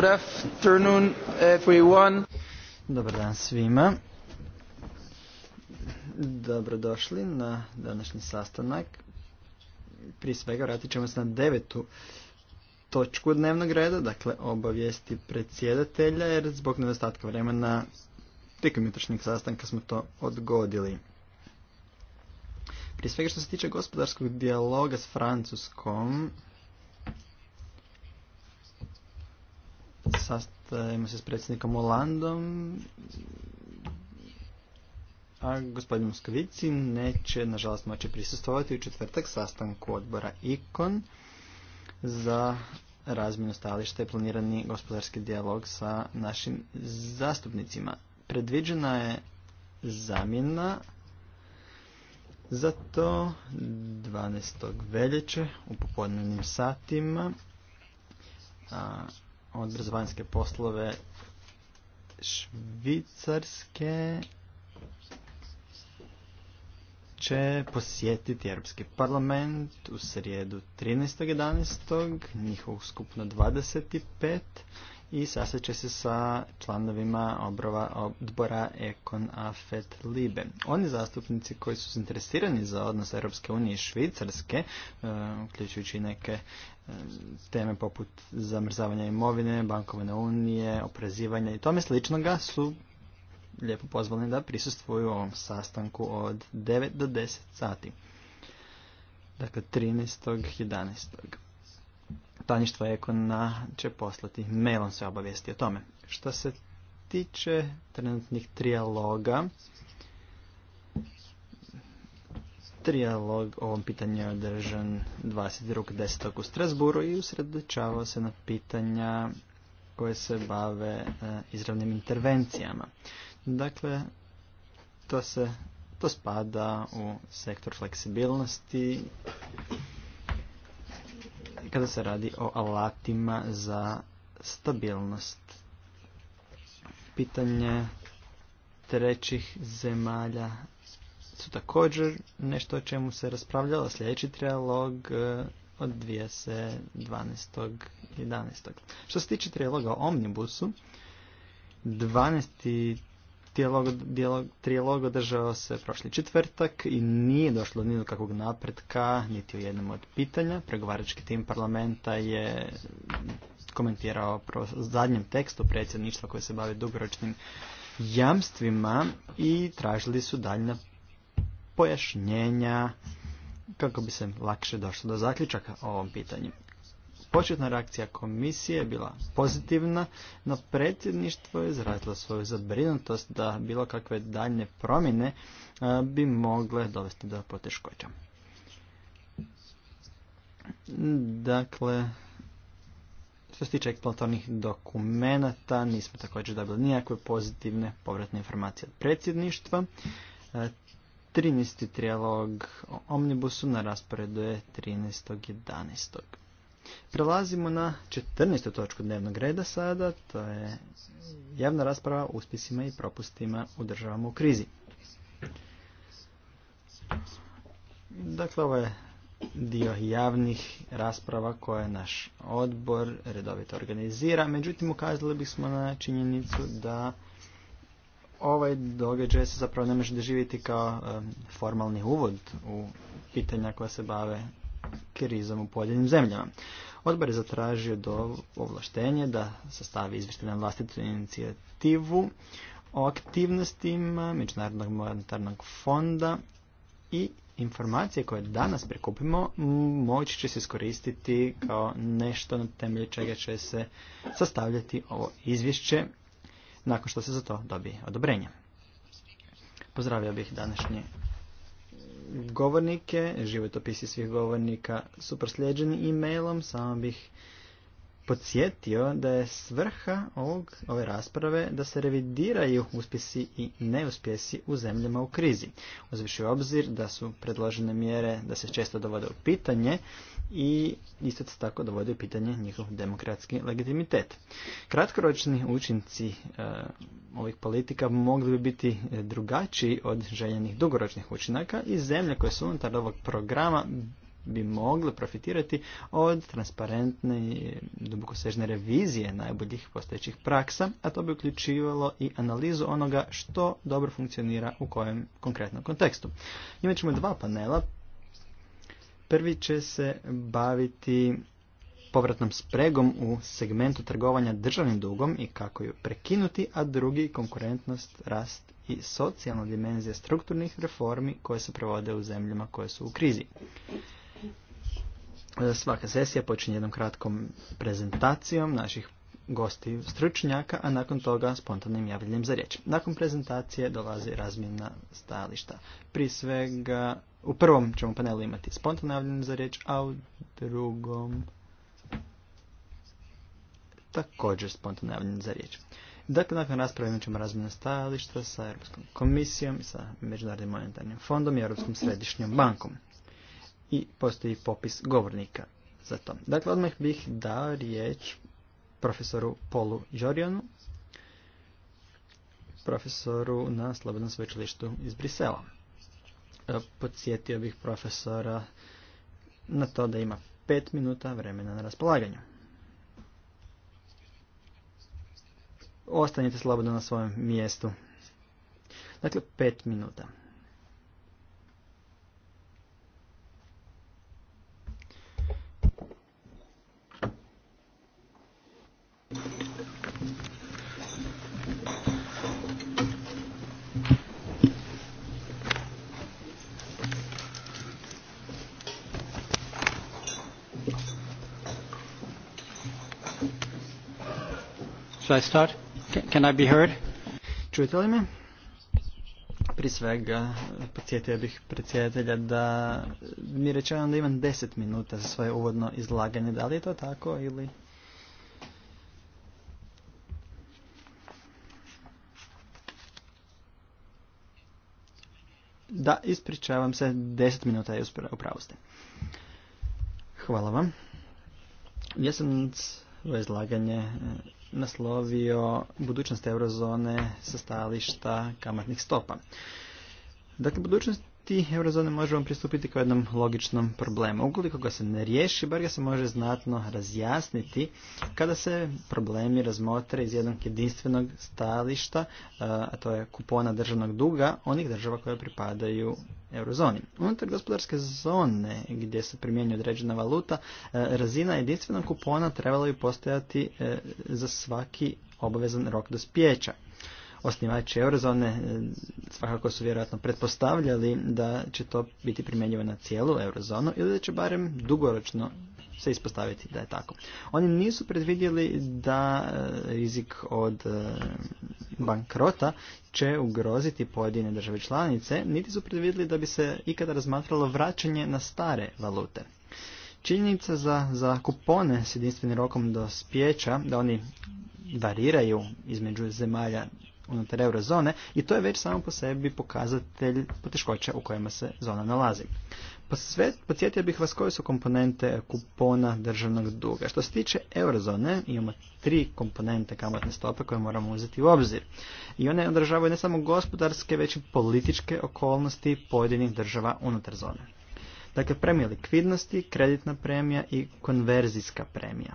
Good afternoon everyone. Dobar dan svima. Dobrodošli na današnji sastanak. Prije svega vratit ćemo se na devetu točku dnevnog reda, dakle obavijesti predsjedatelja, jer zbog nedostatka vremena tijekom jutrošnjeg sastanka smo to odgodili. Prije svega što se tiče gospodarskog dijaloga s Francuskom, Sastajemo se s predsjednikom Olandom. A gospodin Moskovici neće, nažalost, moći prisustovati u četvrtak sastanku odbora IKON za razmjenu stajališta i planirani gospodarski dijalog sa našim zastupnicima. Predviđena je zamjena za to 12. velječe u popodnevnim satima. A, odbor za vanjske poslove Švicarske će posjetiti Europski parlament u srijedu 13.11. njihov skupno 25 i sastat se sa članovima obrova odbora Ekon Afet Libe. Oni zastupnici koji su zainteresirani za odnos Europske unije i Švicarske, e, uključujući neke teme poput zamrzavanja imovine, bankovne unije, oprezivanja i tome sličnoga su lijepo pozvali da prisustvuju u ovom sastanku od 9 do 10 sati. Dakle, 13. 11. Ekona će poslati mailom se obavijesti o tome. Što se tiče trenutnih trijaloga, Trijalog o ovom pitanju je održan 22.10. u Strasburu i usredočavao se na pitanja koje se bave eh, izravnim intervencijama. Dakle, to se to spada u sektor fleksibilnosti kada se radi o alatima za stabilnost. Pitanje trećih zemalja su također nešto o čemu se raspravljalo. Sljedeći trijalog e, odvija se 11. Što se tiče trijaloga o Omnibusu, 12. održao se prošli četvrtak i nije došlo ni do kakvog napretka, niti u jednom od pitanja. Pregovarački tim parlamenta je komentirao pro zadnjem tekstu predsjedništva koje se bavi dugoročnim jamstvima i tražili su daljna pojašnjenja kako bi se lakše došlo do zaključaka o ovom pitanju. Početna reakcija komisije je bila pozitivna, no predsjedništvo je izrazilo svoju zabrinutost da bilo kakve daljne promjene e, bi mogle dovesti do poteškoća. Dakle, što se tiče eksploatornih dokumenata, nismo također dobili nijakve pozitivne povratne informacije od predsjedništva. E, 13. trijalog omnibusu na rasporedu je 11. Prelazimo na 14. točku dnevnog reda sada, to je javna rasprava o uspisima i propustima u državama u krizi. Dakle, ovo je dio javnih rasprava koje naš odbor redovito organizira, međutim ukazali bismo na činjenicu da ovaj događaj se zapravo ne može doživjeti kao formalni uvod u pitanja koja se bave krizom u pojedinim zemljama. Odbor je zatražio do ovlaštenje da sastavi izvještaj na vlastitu inicijativu o aktivnostima Međunarodnog monetarnog fonda i informacije koje danas prikupimo moći će se iskoristiti kao nešto na temelju čega će se sastavljati ovo izvješće nakon što se za to dobije odobrenje. Pozdravio bih današnje govornike, životopisi svih govornika su prosljeđeni e-mailom, samo bih podsjetio da je svrha ovog, ove rasprave da se revidiraju uspjesi i neuspjesi u zemljama u krizi. u obzir da su predložene mjere da se često dovode u pitanje i isto tako dovode u pitanje njihov demokratski legitimitet. Kratkoročni učinci e, ovih politika mogli bi biti drugačiji od željenih dugoročnih učinaka i zemlje koje su unutar ovog programa bi mogle profitirati od transparentne i dubokosežne revizije najboljih postojećih praksa, a to bi uključivalo i analizu onoga što dobro funkcionira u kojem konkretnom kontekstu. Imat ćemo dva panela. Prvi će se baviti povratnom spregom u segmentu trgovanja državnim dugom i kako ju prekinuti, a drugi konkurentnost, rast i socijalna dimenzija strukturnih reformi koje se provode u zemljama koje su u krizi. Svaka sesija počinje jednom kratkom prezentacijom naših gosti stručnjaka, a nakon toga spontanim javljanjem za riječ. Nakon prezentacije dolazi razmjena stajališta. Prije svega, u prvom ćemo panelu imati spontano javljanje za riječ, a u drugom također spontano javljanje za riječ. Dakle, nakon rasprave imat ćemo razmjena stajališta sa Europskom komisijom, sa Međunarodnim monetarnim fondom i Europskom središnjom bankom i postoji popis govornika za to. Dakle, odmah bih dao riječ profesoru Polu Žorionu, profesoru na Slobodnom sveučilištu iz Brisela. E, podsjetio bih profesora na to da ima pet minuta vremena na raspolaganju. Ostanite slobodno na svojem mjestu. Dakle, pet minuta. Should I start? Can I be heard? Čujete li me? Prije svega, podsjetio bih predsjedatelja da mi je rečeno da imam 10 minuta za svoje uvodno izlaganje. Da li je to tako ili... Da, ispričavam se, Deset minuta je upravo ste. Hvala vam. Ja sam izlaganje e, naslovio budućnost eurozone sa stajališta kamatnih stopa. Dakle, budućnost ti eurozone možemo pristupiti kao jednom logičnom problemu. Ukoliko ga se ne riješi, bar ga se može znatno razjasniti kada se problemi razmotre iz jednog jedinstvenog stajališta, a to je kupona državnog duga onih država koje pripadaju eurozoni. Unutar gospodarske zone gdje se primjenjuje određena valuta, razina jedinstvenog kupona trebala bi postojati e, za svaki obavezan rok dospijeća osnivači eurozone e, svakako su vjerojatno pretpostavljali da će to biti primjenjivo na cijelu eurozonu ili da će barem dugoročno se ispostaviti da je tako. Oni nisu predvidjeli da e, rizik od e, bankrota će ugroziti pojedine države članice, niti su predvidjeli da bi se ikada razmatralo vraćanje na stare valute. Činjenica za, za kupone s jedinstvenim rokom do spjeća, da oni variraju između zemalja unutar eurozone i to je već samo po sebi pokazatelj poteškoća u kojima se zona nalazi. Podsjetio bih vas koje su komponente kupona državnog duga. Što se tiče eurozone, imamo tri komponente kamatne stope koje moramo uzeti u obzir. I one održavaju ne samo gospodarske, već i političke okolnosti pojedinih država unutar zone. Dakle, premija likvidnosti, kreditna premija i konverzijska premija.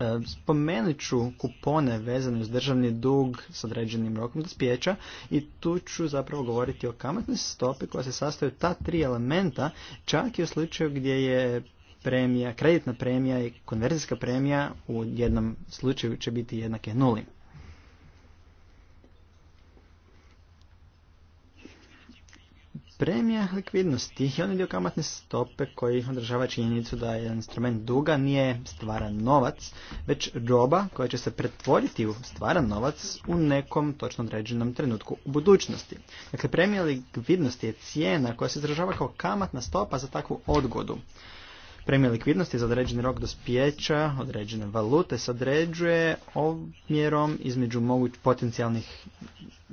E, spomenut ću kupone vezane uz državni dug s određenim rokom dospijeća i tu ću zapravo govoriti o kamatnoj stopi koja se sastoji od ta tri elementa, čak i u slučaju gdje je premija, kreditna premija i konverzijska premija u jednom slučaju će biti jednake nuli. Premija likvidnosti je onaj dio kamatne stope koji održava činjenicu da je instrument duga nije stvaran novac, već roba koja će se pretvoriti u stvaran novac u nekom točno određenom trenutku u budućnosti. Dakle, premija likvidnosti je cijena koja se izražava kao kamatna stopa za takvu odgodu. Premija likvidnosti za određeni rok dospijeća, određene valute se određuje omjerom između mogućih potencijalnih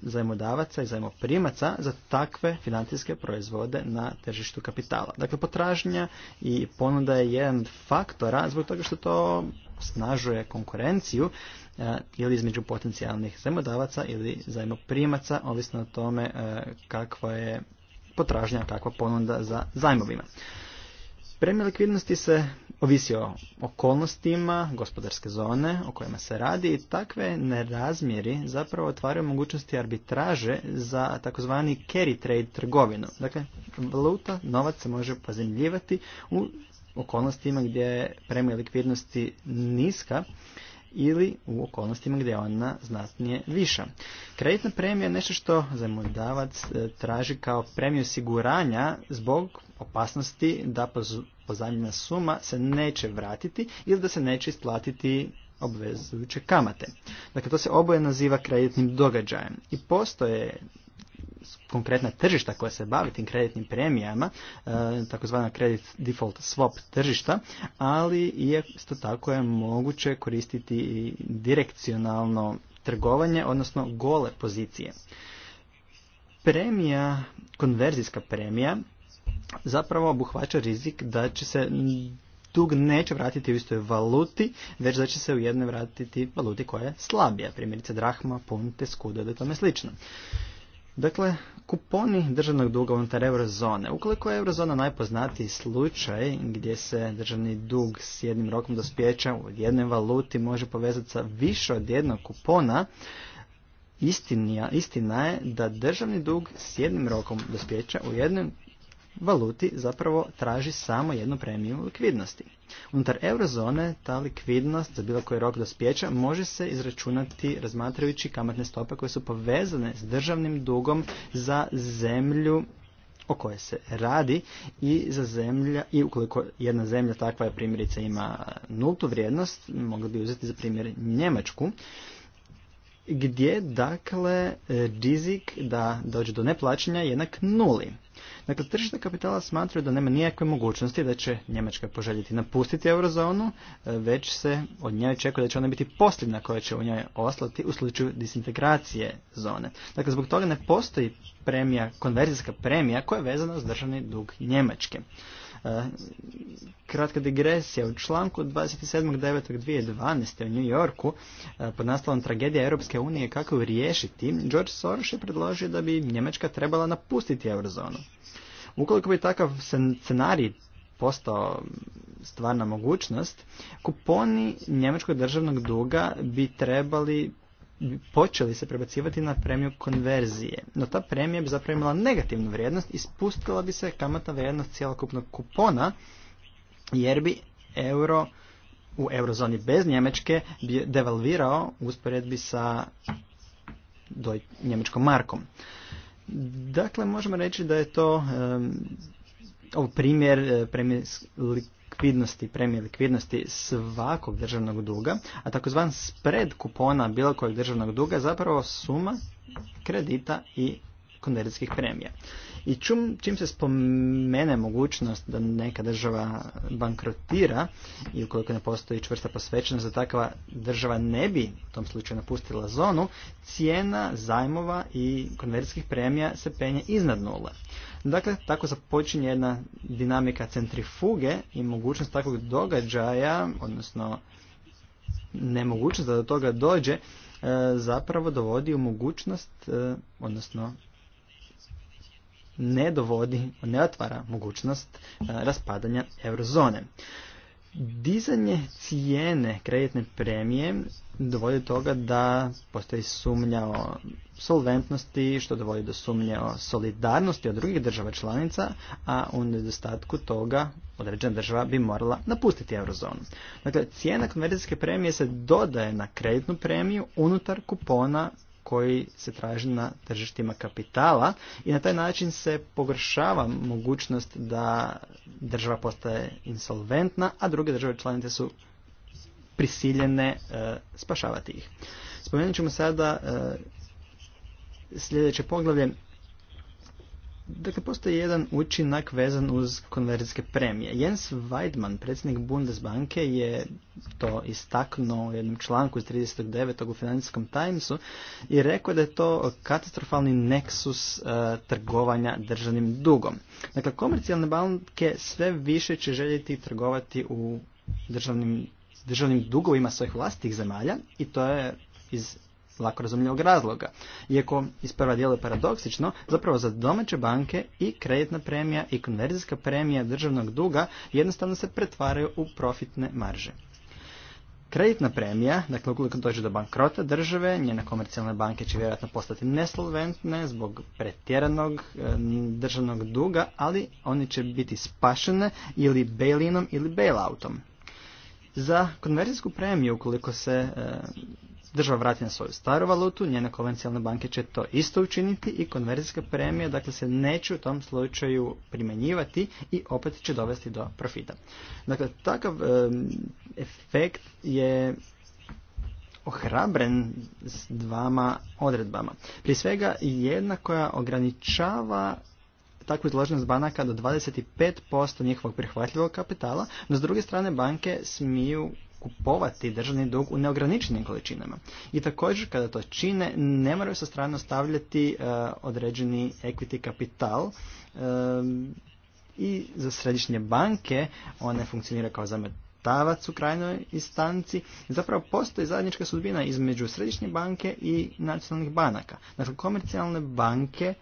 zajmodavaca i zajmoprimaca za takve financijske proizvode na tržištu kapitala. Dakle, potražnja i ponuda je jedan faktor faktora zbog toga što to snažuje konkurenciju eh, ili između potencijalnih zajmodavaca ili zajmoprimaca, ovisno o tome eh, kakva je potražnja, kakva ponuda za zajmovima. Premije likvidnosti se ovisi o okolnostima gospodarske zone o kojima se radi i takve nerazmjeri zapravo otvaraju mogućnosti arbitraže za takozvani carry trade trgovinu. Dakle, valuta, novac se može pozemljivati u okolnostima gdje je premija likvidnosti niska ili u okolnostima gdje je ona znatnije viša. Kreditna premija je nešto što zajmodavac e, traži kao premiju osiguranja zbog opasnosti da pozajmljena suma se neće vratiti ili da se neće isplatiti obvezujuće kamate. Dakle, to se oboje naziva kreditnim događajem i postoje konkretna tržišta koja se bavi tim kreditnim premijama, e, takozvana credit default swap tržišta, ali isto tako je moguće koristiti i direkcionalno trgovanje, odnosno gole pozicije. Premija, konverzijska premija zapravo obuhvaća rizik da će se dug neće vratiti u istoj valuti, već da će se u jednoj vratiti valuti koja je slabija, primjerice drahma, punte, skuda i tome slično. Dakle, kuponi državnog duga unutar eurozone. Ukoliko je eurozona najpoznatiji slučaj gdje se državni dug s jednim rokom dospjeća u jednoj valuti može povezati sa više od jednog kupona, Istinija, istina je da državni dug s jednim rokom dospjeća u jednom valuti zapravo traži samo jednu premiju likvidnosti. Unutar eurozone ta likvidnost za bilo koji rok dospjeća može se izračunati razmatrajući kamatne stope koje su povezane s državnim dugom za zemlju o kojoj se radi i za zemlja i ukoliko jedna zemlja takva je primjerice ima nultu vrijednost, mogli bi uzeti za primjer Njemačku, gdje dakle rizik da dođe do neplaćanja jednak nuli. Dakle, tržište kapitala smatraju da nema nijakve mogućnosti da će Njemačka poželjeti napustiti eurozonu, e, već se od nje očekuje da će ona biti posljedna koja će u njoj oslati u slučaju disintegracije zone. Dakle, zbog toga ne postoji premija, konverzijska premija koja je vezana uz državni dug Njemačke. E, kratka digresija. U članku 27.9.2012. u New Yorku e, pod naslovom Tragedija Europske unije kako ju riješiti, George Soros je predložio da bi Njemačka trebala napustiti eurozonu. Ukoliko bi takav scenarij postao stvarna mogućnost, kuponi njemačkog državnog duga bi trebali počeli se prebacivati na premiju konverzije. No ta premija bi zapravo imala negativnu vrijednost i spustila bi se kamatna vrijednost cjelokupnog kupona jer bi euro u eurozoni bez Njemačke bi devalvirao u usporedbi sa doj, njemačkom markom. Dakle, možemo reći da je to primjer eh, likvidnosti, premije likvidnosti svakog državnog duga, a takozvan spread kupona bilo kojeg državnog duga zapravo suma kredita i konverzijskih premija. I čum, čim se spomene mogućnost da neka država bankrotira i ukoliko ne postoji čvrsta posvećenost da takva država ne bi u tom slučaju napustila zonu, cijena zajmova i konverzijskih premija se penje iznad nula. Dakle, tako započinje jedna dinamika centrifuge i mogućnost takvog događaja, odnosno nemogućnost da do toga dođe, e, zapravo dovodi u mogućnost, e, odnosno ne dovodi, ne otvara mogućnost e, raspadanja eurozone. Dizanje cijene kreditne premije dovodi do toga da postoji sumnja o solventnosti, što dovodi do sumnje o solidarnosti od drugih država članica, a u nedostatku toga određena država bi morala napustiti eurozonu. Dakle, cijena konverzijske premije se dodaje na kreditnu premiju unutar kupona koji se traži na tržištima kapitala i na taj način se pogršava mogućnost da država postaje insolventna, a druge države članice su prisiljene e, spašavati ih. Spomenut ćemo sada e, sljedeće poglavlje Dakle, postoji jedan učinak vezan uz konverzijske premije. Jens Weidmann, predsjednik Bundesbanke, je to istaknuo u jednom članku iz 39. u Financijskom Timesu i rekao da je to katastrofalni neksus e, trgovanja državnim dugom. Dakle, komercijalne banke sve više će željeti trgovati u državnim, državnim dugovima svojih vlastitih zemalja i to je iz razumljivog razloga. Iako prva djeluje paradoksično, zapravo za domaće banke i kreditna premija i konverzijska premija državnog duga jednostavno se pretvaraju u profitne marže. Kreditna premija, dakle ukoliko dođe do bankrota države, njene komercijalne banke će vjerojatno postati nesolventne zbog pretjeranog e, državnog duga, ali oni će biti spašene ili bail-inom ili bail-outom. Za konverzijsku premiju, ukoliko se e, država vrati na svoju staru valutu, njene konvencijalne banke će to isto učiniti i konverzijska premija dakle se neće u tom slučaju primjenjivati i opet će dovesti do profita. Dakle, takav efekt je ohrabren s dvama odredbama. Prije svega jedna koja ograničava takvu izloženost banaka do 25% njihovog prihvatljivog kapitala, no s druge strane banke smiju kupovati državni dug u neograničenim količinama. I također kada to čine ne moraju sa strane stavljati e, određeni equity kapital e, i za središnje banke one funkcionira kao zametavac u krajnoj instanci. Zapravo postoji zajednička sudbina između središnje banke i nacionalnih banaka. Dakle, komercijalne banke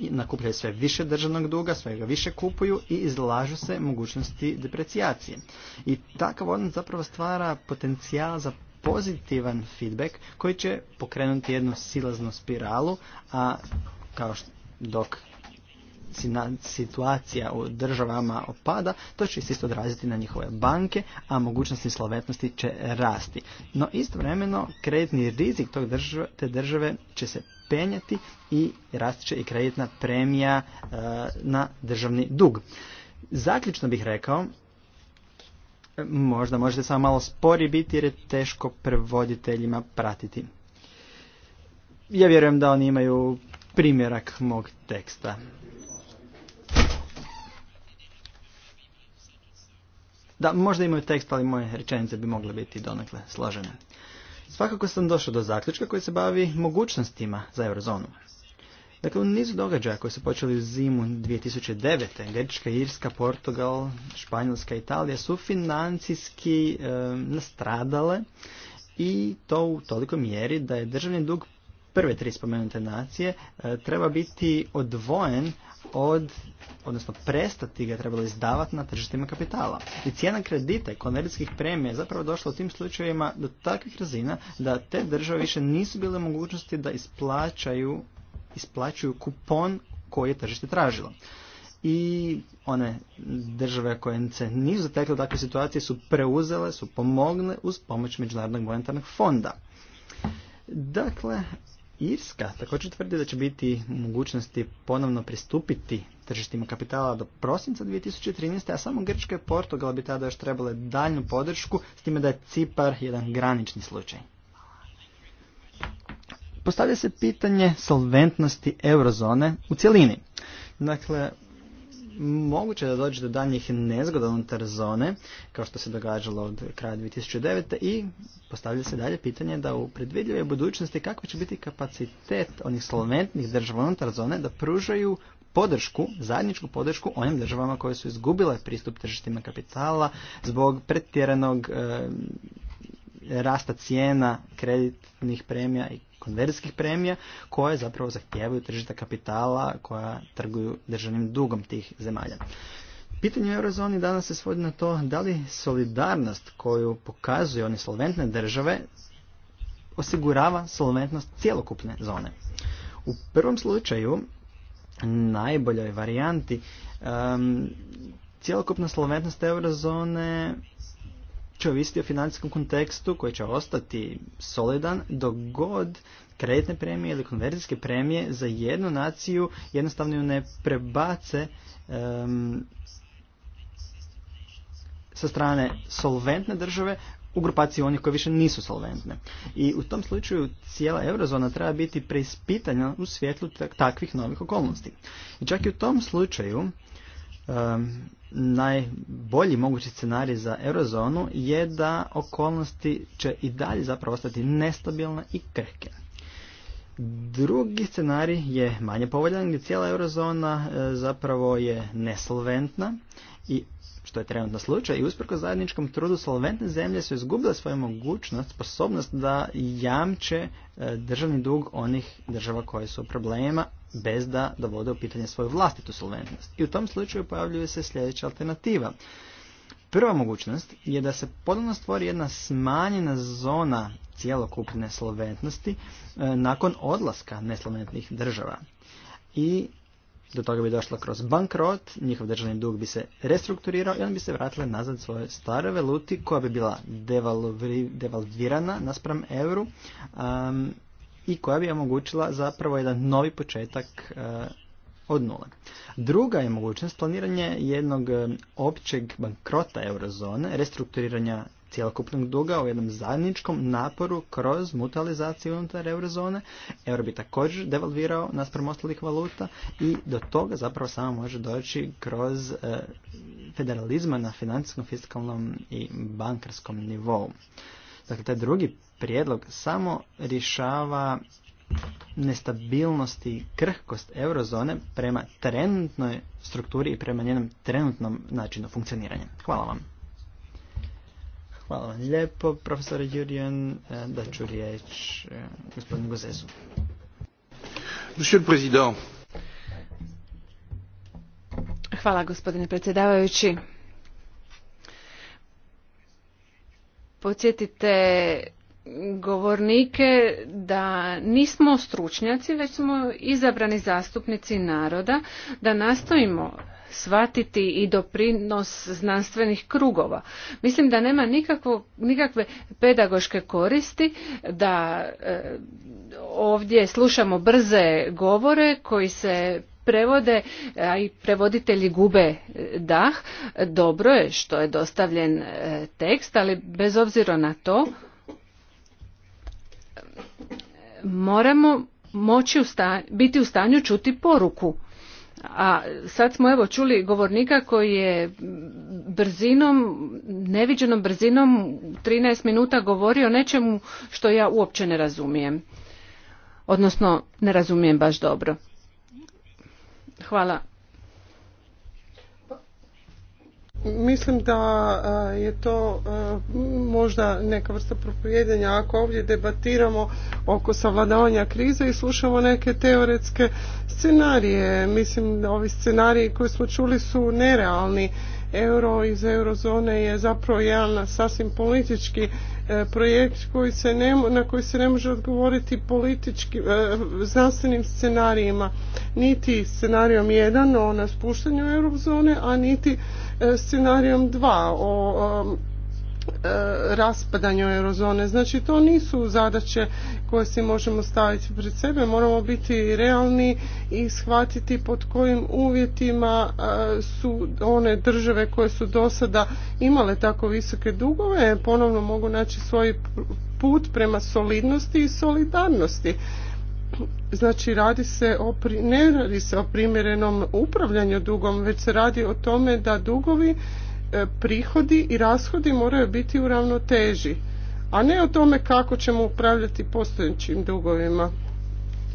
nakupljaju sve više državnog duga, sve ga više kupuju i izlažu se mogućnosti deprecijacije. I takav odnos zapravo stvara potencijal za pozitivan feedback koji će pokrenuti jednu silaznu spiralu, a kao što dok situacija u državama opada, to će se isto odraziti na njihove banke, a mogućnosti slovetnosti će rasti. No istovremeno kreditni rizik tog te države će se penjati i rasti će i kreditna premija e, na državni dug. Zaključno bih rekao, možda možete samo malo spori biti jer je teško prevoditeljima pratiti. Ja vjerujem da oni imaju primjerak mog teksta. Da, možda imaju tekst, ali moje rečenice bi mogle biti donekle složene. Svakako sam došao do zaključka koji se bavi mogućnostima za eurozonu. Dakle, u nizu događaja koji su počeli u zimu 2009. Grčka, Irska, Portugal, Španjolska, Italija su financijski nastradale i to u toliko mjeri da je državni dug prve tri spomenute nacije e, treba biti odvojen od odnosno prestati ga trebalo izdavati na tržištima kapitala. I cijena kredita i konverzijskih premija je zapravo došla u tim slučajevima do takvih razina da te države više nisu bile mogućnosti da isplaćaju, isplaćuju kupon koji je tržište tražilo. I one države koje se nisu zatekle u takve situacije su preuzele, su pomogle uz pomoć Međunarodnog monetarnog fonda. Dakle, Irska također tvrdi da će biti mogućnosti ponovno pristupiti tržištima kapitala do prosinca 2013. a samo Grčka i Portugal bi tada još trebale daljnu podršku s time da je Cipar jedan granični slučaj. Postavlja se pitanje solventnosti eurozone u cjelini. Dakle, moguće da dođe do daljnjih nezgoda unutar zone, kao što se događalo od kraja 2009. i postavlja se dalje pitanje da u predvidljivoj budućnosti kakva će biti kapacitet onih solventnih država unutar zone da pružaju podršku, zajedničku podršku onim državama koje su izgubile pristup tržištima kapitala zbog pretjeranog e, rasta cijena kreditnih premija i konverzijskih premija koje zapravo zahtijevaju tržišta kapitala koja trguju državnim dugom tih zemalja. Pitanje u eurozoni danas se svodi na to da li solidarnost koju pokazuju one solventne države osigurava solventnost cjelokupne zone. U prvom slučaju, najboljoj varijanti, um, cjelokupna solventnost eurozone će ovisiti o financijskom kontekstu koji će ostati solidan dok god kreditne premije ili konverzijske premije za jednu naciju jednostavno ju ne prebace sa strane solventne države u grupaciji onih koje više nisu solventne. I u tom slučaju cijela eurozona treba biti preispitanja u svjetlu takvih novih okolnosti. I čak i u tom slučaju najbolji mogući scenarij za eurozonu je da okolnosti će i dalje zapravo ostati nestabilne i krhke. Drugi scenarij je manje povoljan gdje cijela eurozona e, zapravo je nesolventna i što je trenutno slučaj i usprko zajedničkom trudu solventne zemlje su izgubile svoju mogućnost, sposobnost da jamče e, državni dug onih država koje su u problemima, bez da dovode u pitanje svoju vlastitu solventnost. I u tom slučaju pojavljuje se sljedeća alternativa. Prva mogućnost je da se ponovno stvori jedna smanjena zona cjelokupne solventnosti e, nakon odlaska nesloventnih država. I do toga bi došlo kroz bankrot, njihov državni dug bi se restrukturirao i on bi se vratile nazad svoje stare valuti koja bi bila devalvirana naspram euru i koja bi omogućila zapravo jedan novi početak e, od nula. Druga je mogućnost planiranje jednog e, općeg bankrota eurozone, restrukturiranja cjelokupnog duga u jednom zajedničkom naporu kroz mutualizaciju unutar eurozone. Euro bi također devalvirao naspram ostalih valuta i do toga zapravo samo može doći kroz e, federalizma na financijskom, fiskalnom i bankarskom nivou. Dakle, taj drugi prijedlog samo rješava nestabilnost i krhkost eurozone prema trenutnoj strukturi i prema njenom trenutnom načinu funkcioniranja. Hvala vam. Hvala vam lijepo, profesor Jurijan, e, da ću riječ e, gospodinu Gozesu. Monsieur Hvala gospodine predsjedavajući. Podsjetite govornike da nismo stručnjaci, već smo izabrani zastupnici naroda, da nastojimo shvatiti i doprinos znanstvenih krugova. Mislim da nema nikakvo, nikakve pedagoške koristi da e, ovdje slušamo brze govore koji se prevode, a i prevoditelji gube e, dah. Dobro je što je dostavljen e, tekst, ali bez obzira na to moramo moći u stanju, biti u stanju čuti poruku. A sad smo evo čuli govornika koji je brzinom, neviđenom brzinom 13 minuta govorio o nečemu što ja uopće ne razumijem. Odnosno, ne razumijem baš dobro. Hvala Mislim da e, je to e, možda neka vrsta propovjedanja ako ovdje debatiramo oko savladavanja krize i slušamo neke teoretske scenarije. Mislim da ovi scenariji koje smo čuli su nerealni euro iz eurozone je zapravo jedan sasvim politički e, projekt koji se na koji se ne može odgovoriti politički, e, znanstvenim scenarijima. Niti scenarijom 1 o naspuštanju eurozone, a niti e, scenarijom 2 o E, raspadanju eurozone. Znači to nisu zadaće koje si možemo staviti pred sebe. Moramo biti realni i shvatiti pod kojim uvjetima e, su one države koje su do sada imale tako visoke dugove ponovno mogu naći svoj put prema solidnosti i solidarnosti. Znači radi se o, ne radi se o primjerenom upravljanju dugom, već se radi o tome da dugovi E, prihodi i rashodi moraju biti u ravnoteži, a ne o tome kako ćemo upravljati postojećim dugovima.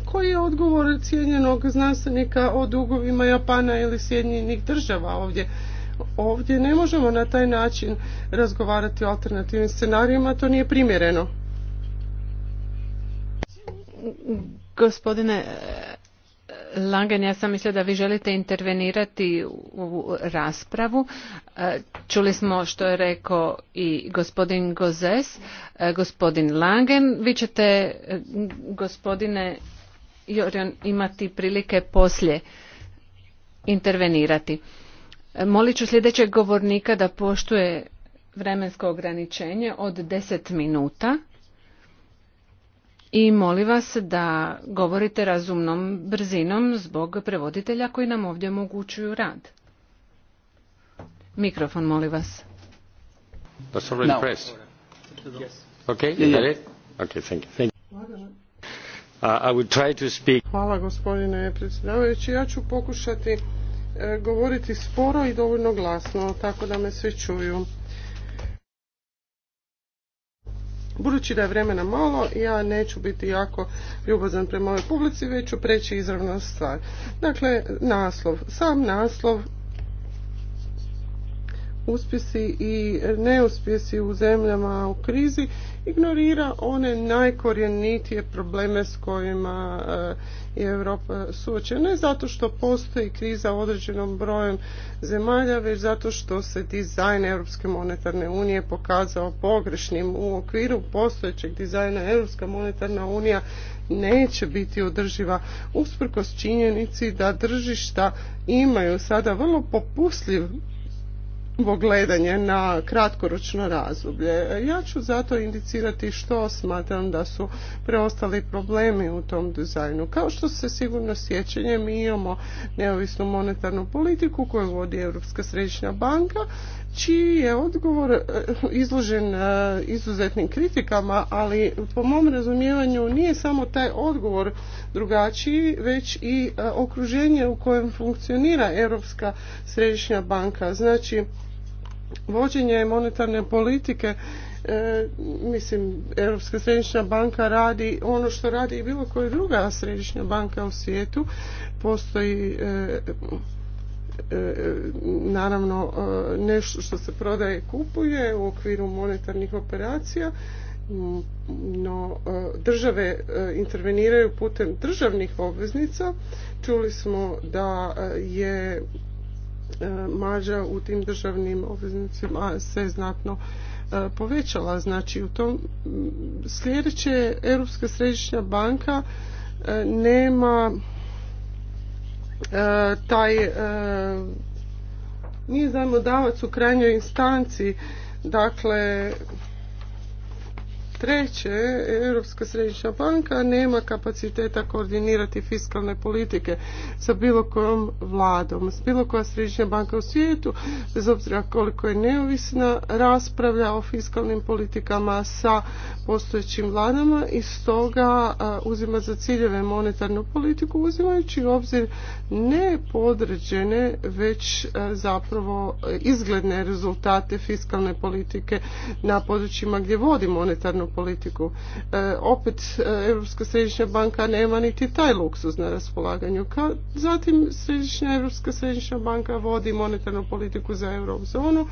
Koji je odgovor cijenjenog znanstvenika o dugovima Japana ili Sjedinjenih država ovdje? Ovdje ne možemo na taj način razgovarati o alternativnim scenarijima, to nije primjereno. Gospodine Langen, ja sam mislila da vi želite intervenirati u raspravu. E, čuli smo što je rekao i gospodin Gozes, e, gospodin Langen. Vi ćete, e, gospodine Jorion, imati prilike poslije intervenirati. Molit ću sljedećeg govornika da poštuje vremensko ograničenje od deset minuta i molim vas da govorite razumnom brzinom zbog prevoditelja koji nam ovdje omogućuju rad. Mikrofon, molim vas. Hvala gospodine predsjedavajući. Ja ću pokušati e, govoriti sporo i dovoljno glasno, tako da me svi čuju. Budući da je vremena malo, ja neću biti jako ljubazan prema ovoj publici, već ću preći izravno stvar. Dakle, naslov. Sam naslov uspjesi i neuspjesi u zemljama u krizi, ignorira one najkorjenitije probleme s kojima eh, je Europa suočena. Ne zato što postoji kriza u određenom brojem zemalja, već zato što se dizajn Europske monetarne unije pokazao pogrešnim. U okviru postojećeg dizajna Europska monetarna unija neće biti održiva usprkos činjenici da držišta imaju sada vrlo popusljiv gledanje na kratkoročno razdoblje. Ja ću zato indicirati što smatram da su preostali problemi u tom dizajnu. Kao što se sigurno sjećanje, mi imamo neovisnu monetarnu politiku koju vodi Europska središnja banka, čiji je odgovor e, izložen e, izuzetnim kritikama, ali po mom razumijevanju nije samo taj odgovor drugačiji, već i e, okruženje u kojem funkcionira Europska središnja banka. Znači, vođenje monetarne politike e, mislim Europska središnja banka radi ono što radi i bilo koja druga središnja banka u svijetu postoji e, e, naravno nešto što se prodaje i kupuje u okviru monetarnih operacija no države interveniraju putem državnih obveznica. Čuli smo da je E, marža u tim državnim obveznicima se znatno e, povećala. Znači u tom sljedeće Europska središnja banka e, nema taj nije zajmodavac u krajnjoj instanci dakle Treće, Europska središnja banka nema kapaciteta koordinirati fiskalne politike sa bilo kojom vladom. S bilo koja središnja banka u svijetu, bez obzira koliko je neovisna, raspravlja o fiskalnim politikama sa postojećim vladama i stoga uzima za ciljeve monetarnu politiku, uzimajući u obzir ne podređene, već zapravo izgledne rezultate fiskalne politike na područjima gdje vodi monetarnu monetarnu politiku. E, opet e, Europska središnja banka nema niti taj luksuz na raspolaganju. zatim središnja Europska središnja banka vodi monetarnu politiku za eurozonu,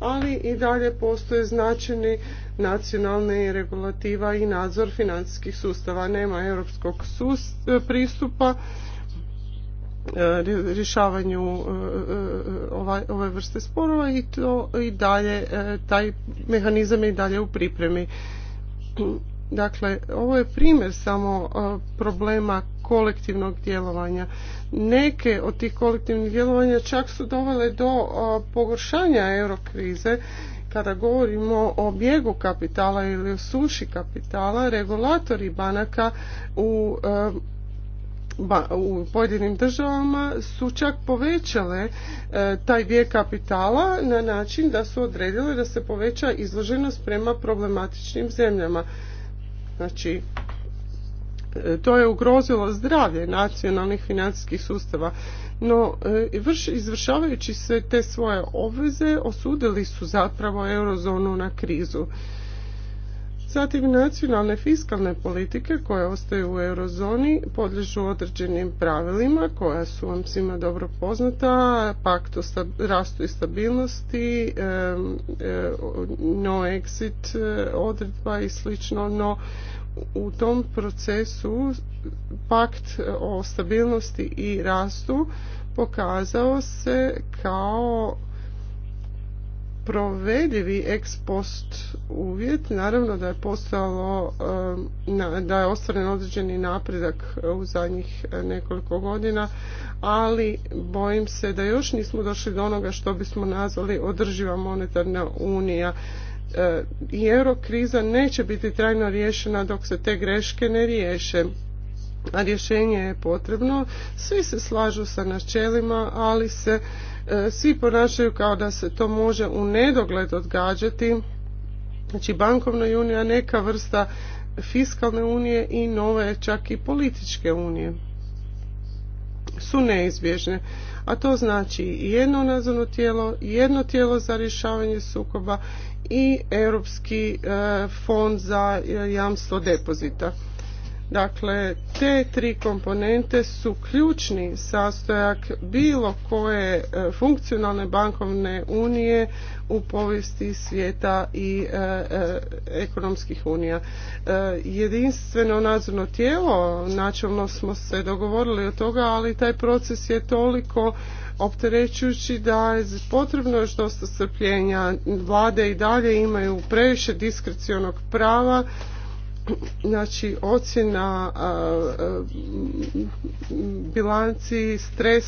ali i dalje postoje značajni nacionalne regulativa i nadzor financijskih sustava. Nema europskog e, pristupa rješavanju ovaj, ove vrste sporova i to i dalje taj mehanizam je i dalje u pripremi. Dakle, ovo je primjer samo e, problema kolektivnog djelovanja. Neke od tih kolektivnih djelovanja čak su dovele do e, pogoršanja eurokrize kada govorimo o bijegu kapitala ili o suši kapitala, regulatori banaka u e, u pojedinim državama su čak povećale e, taj vijek kapitala na način da su odredile da se poveća izloženost prema problematičnim zemljama. Znači, e, to je ugrozilo zdravlje nacionalnih financijskih sustava. No, e, vrš, izvršavajući se te svoje obveze, osudili su zapravo eurozonu na krizu. Zatim nacionalne fiskalne politike koje ostaju u eurozoni podliježu određenim pravilima koja su vam svima dobro poznata, pakt o rastu i stabilnosti, no exit e, odredba i slično, no u tom procesu pakt o stabilnosti i rastu pokazao se kao provedivi ex post uvjet, naravno da je postalo um, da je ostvaren određeni napredak u zadnjih e, nekoliko godina, ali bojim se da još nismo došli do onoga što bismo nazvali održiva monetarna unija e, i euro kriza neće biti trajno riješena dok se te greške ne riješe a rješenje je potrebno svi se slažu sa načelima ali se E, svi ponašaju kao da se to može u nedogled odgađati. Znači bankovna unija neka vrsta fiskalne unije i nove čak i političke unije su neizbježne. A to znači jedno nazvano tijelo, jedno tijelo za rješavanje sukoba i Europski e, fond za e, jamstvo depozita. Dakle, te tri komponente su ključni sastojak bilo koje e, funkcionalne bankovne unije u povijesti svijeta i e, e, ekonomskih unija. jedinstveno nadzorno tijelo, načelno smo se dogovorili o toga, ali taj proces je toliko opterećujući da je potrebno još dosta strpljenja. Vlade i dalje imaju previše diskrecionog prava znači ocjena bilanci, stres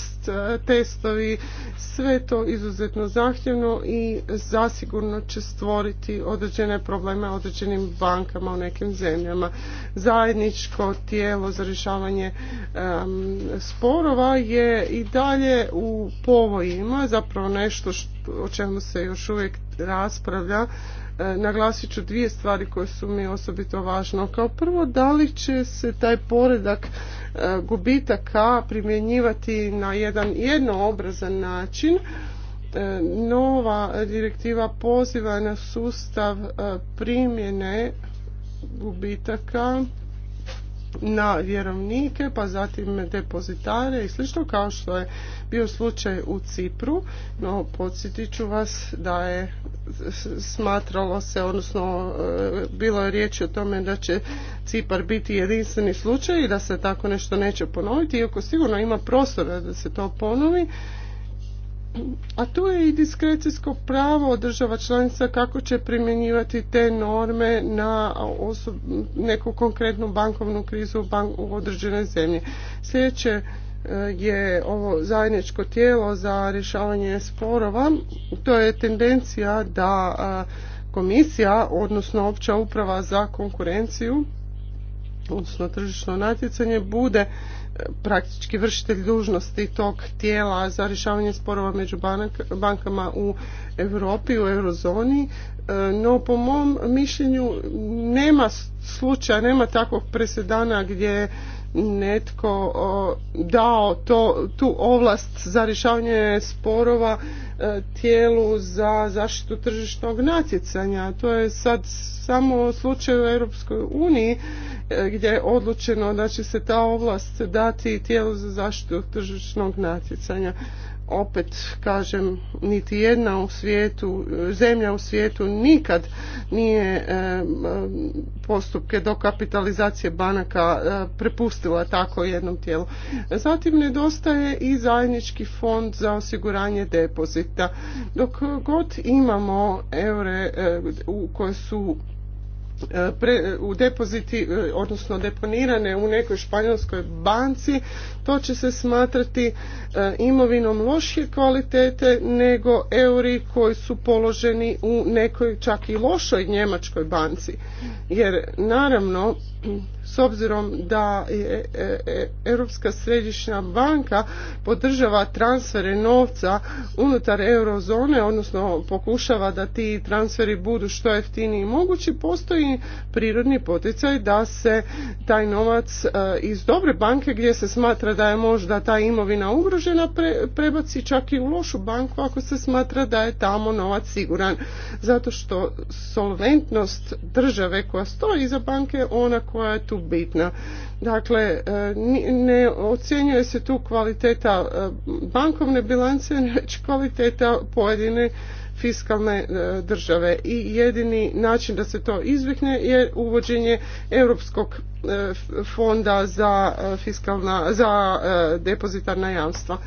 testovi, sve to izuzetno zahtjevno i zasigurno će stvoriti određene probleme određenim bankama u nekim zemljama. Zajedničko tijelo za rješavanje sporova je i dalje u povojima, zapravo nešto o čemu se još uvijek raspravlja E, naglasit ću dvije stvari koje su mi osobito važne. Kao prvo, da li će se taj poredak e, gubitaka primjenjivati na jedan jednoobrazan način? E, nova direktiva poziva na sustav primjene gubitaka na vjerovnike, pa zatim depozitare i slično kao što je bio slučaj u Cipru. No, podsjetit ću vas da je smatralo se, odnosno e, bilo je riječi o tome da će Cipar biti jedinstveni slučaj i da se tako nešto neće ponoviti, iako sigurno ima prostora da se to ponovi a tu je i diskrecijsko pravo država članica kako će primjenjivati te norme na neku konkretnu bankovnu krizu u, određene u određenoj zemlji. Sljedeće e, je ovo zajedničko tijelo za rješavanje sporova. To je tendencija da komisija, odnosno opća uprava za konkurenciju, odnosno tržišno natjecanje, bude praktički vršitelj dužnosti tog tijela za rješavanje sporova među bankama u Europi, u eurozoni, e, no po mom mišljenju nema slučaja, nema takvog presedana gdje netko dao to, tu ovlast za rješavanje sporova e, tijelu za zaštitu tržišnog natjecanja. To je sad samo slučaj u Europskoj uniji gdje je odlučeno da će se ta ovlast dati tijelu za zaštitu tržišnog natjecanja. Opet kažem, niti jedna u svijetu, zemlja u svijetu nikad nije e, postupke do kapitalizacije banaka e, prepustila tako jednom tijelu. Zatim nedostaje i zajednički fond za osiguranje depozita. Dok god imamo eure e, u koje su E, u depoziti, e, odnosno deponirane u nekoj španjolskoj banci, to će se smatrati e, imovinom lošije kvalitete nego euri koji su položeni u nekoj čak i lošoj njemačkoj banci. Jer naravno s obzirom da e, e, e, Europska središnja banka podržava transfere novca unutar eurozone, odnosno pokušava da ti transferi budu što jeftiniji mogući, postoji prirodni poticaj da se taj novac iz dobre banke gdje se smatra da je možda ta imovina ugrožena prebaci čak i u lošu banku ako se smatra da je tamo novac siguran. Zato što solventnost države koja stoji iza banke, ona koja je tu bitna. Dakle, e, ne ocjenjuje se tu kvaliteta e, bankovne bilance, već kvaliteta pojedine fiskalne e, države i jedini način da se to izbjegne je uvođenje europskog fonda za fiskalna za depozitarna jamstva.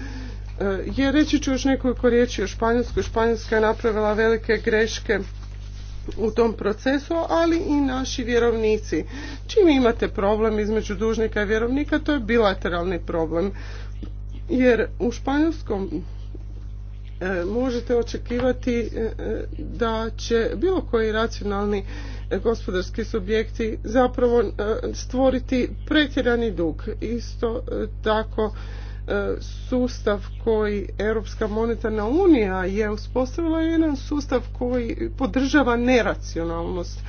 Je reći ću još nekoliko riječi o Španjolskoj. Španjolska je napravila velike greške u tom procesu, ali i naši vjerovnici. Čim imate problem između dužnika i vjerovnika, to je bilateralni problem. Jer u španjolskom e, možete očekivati e, e, da će bilo koji racionalni gospodarski subjekti zapravo stvoriti pretjerani dug. Isto tako E, sustav koji Europska monetarna unija je uspostavila jedan sustav koji podržava neracionalnost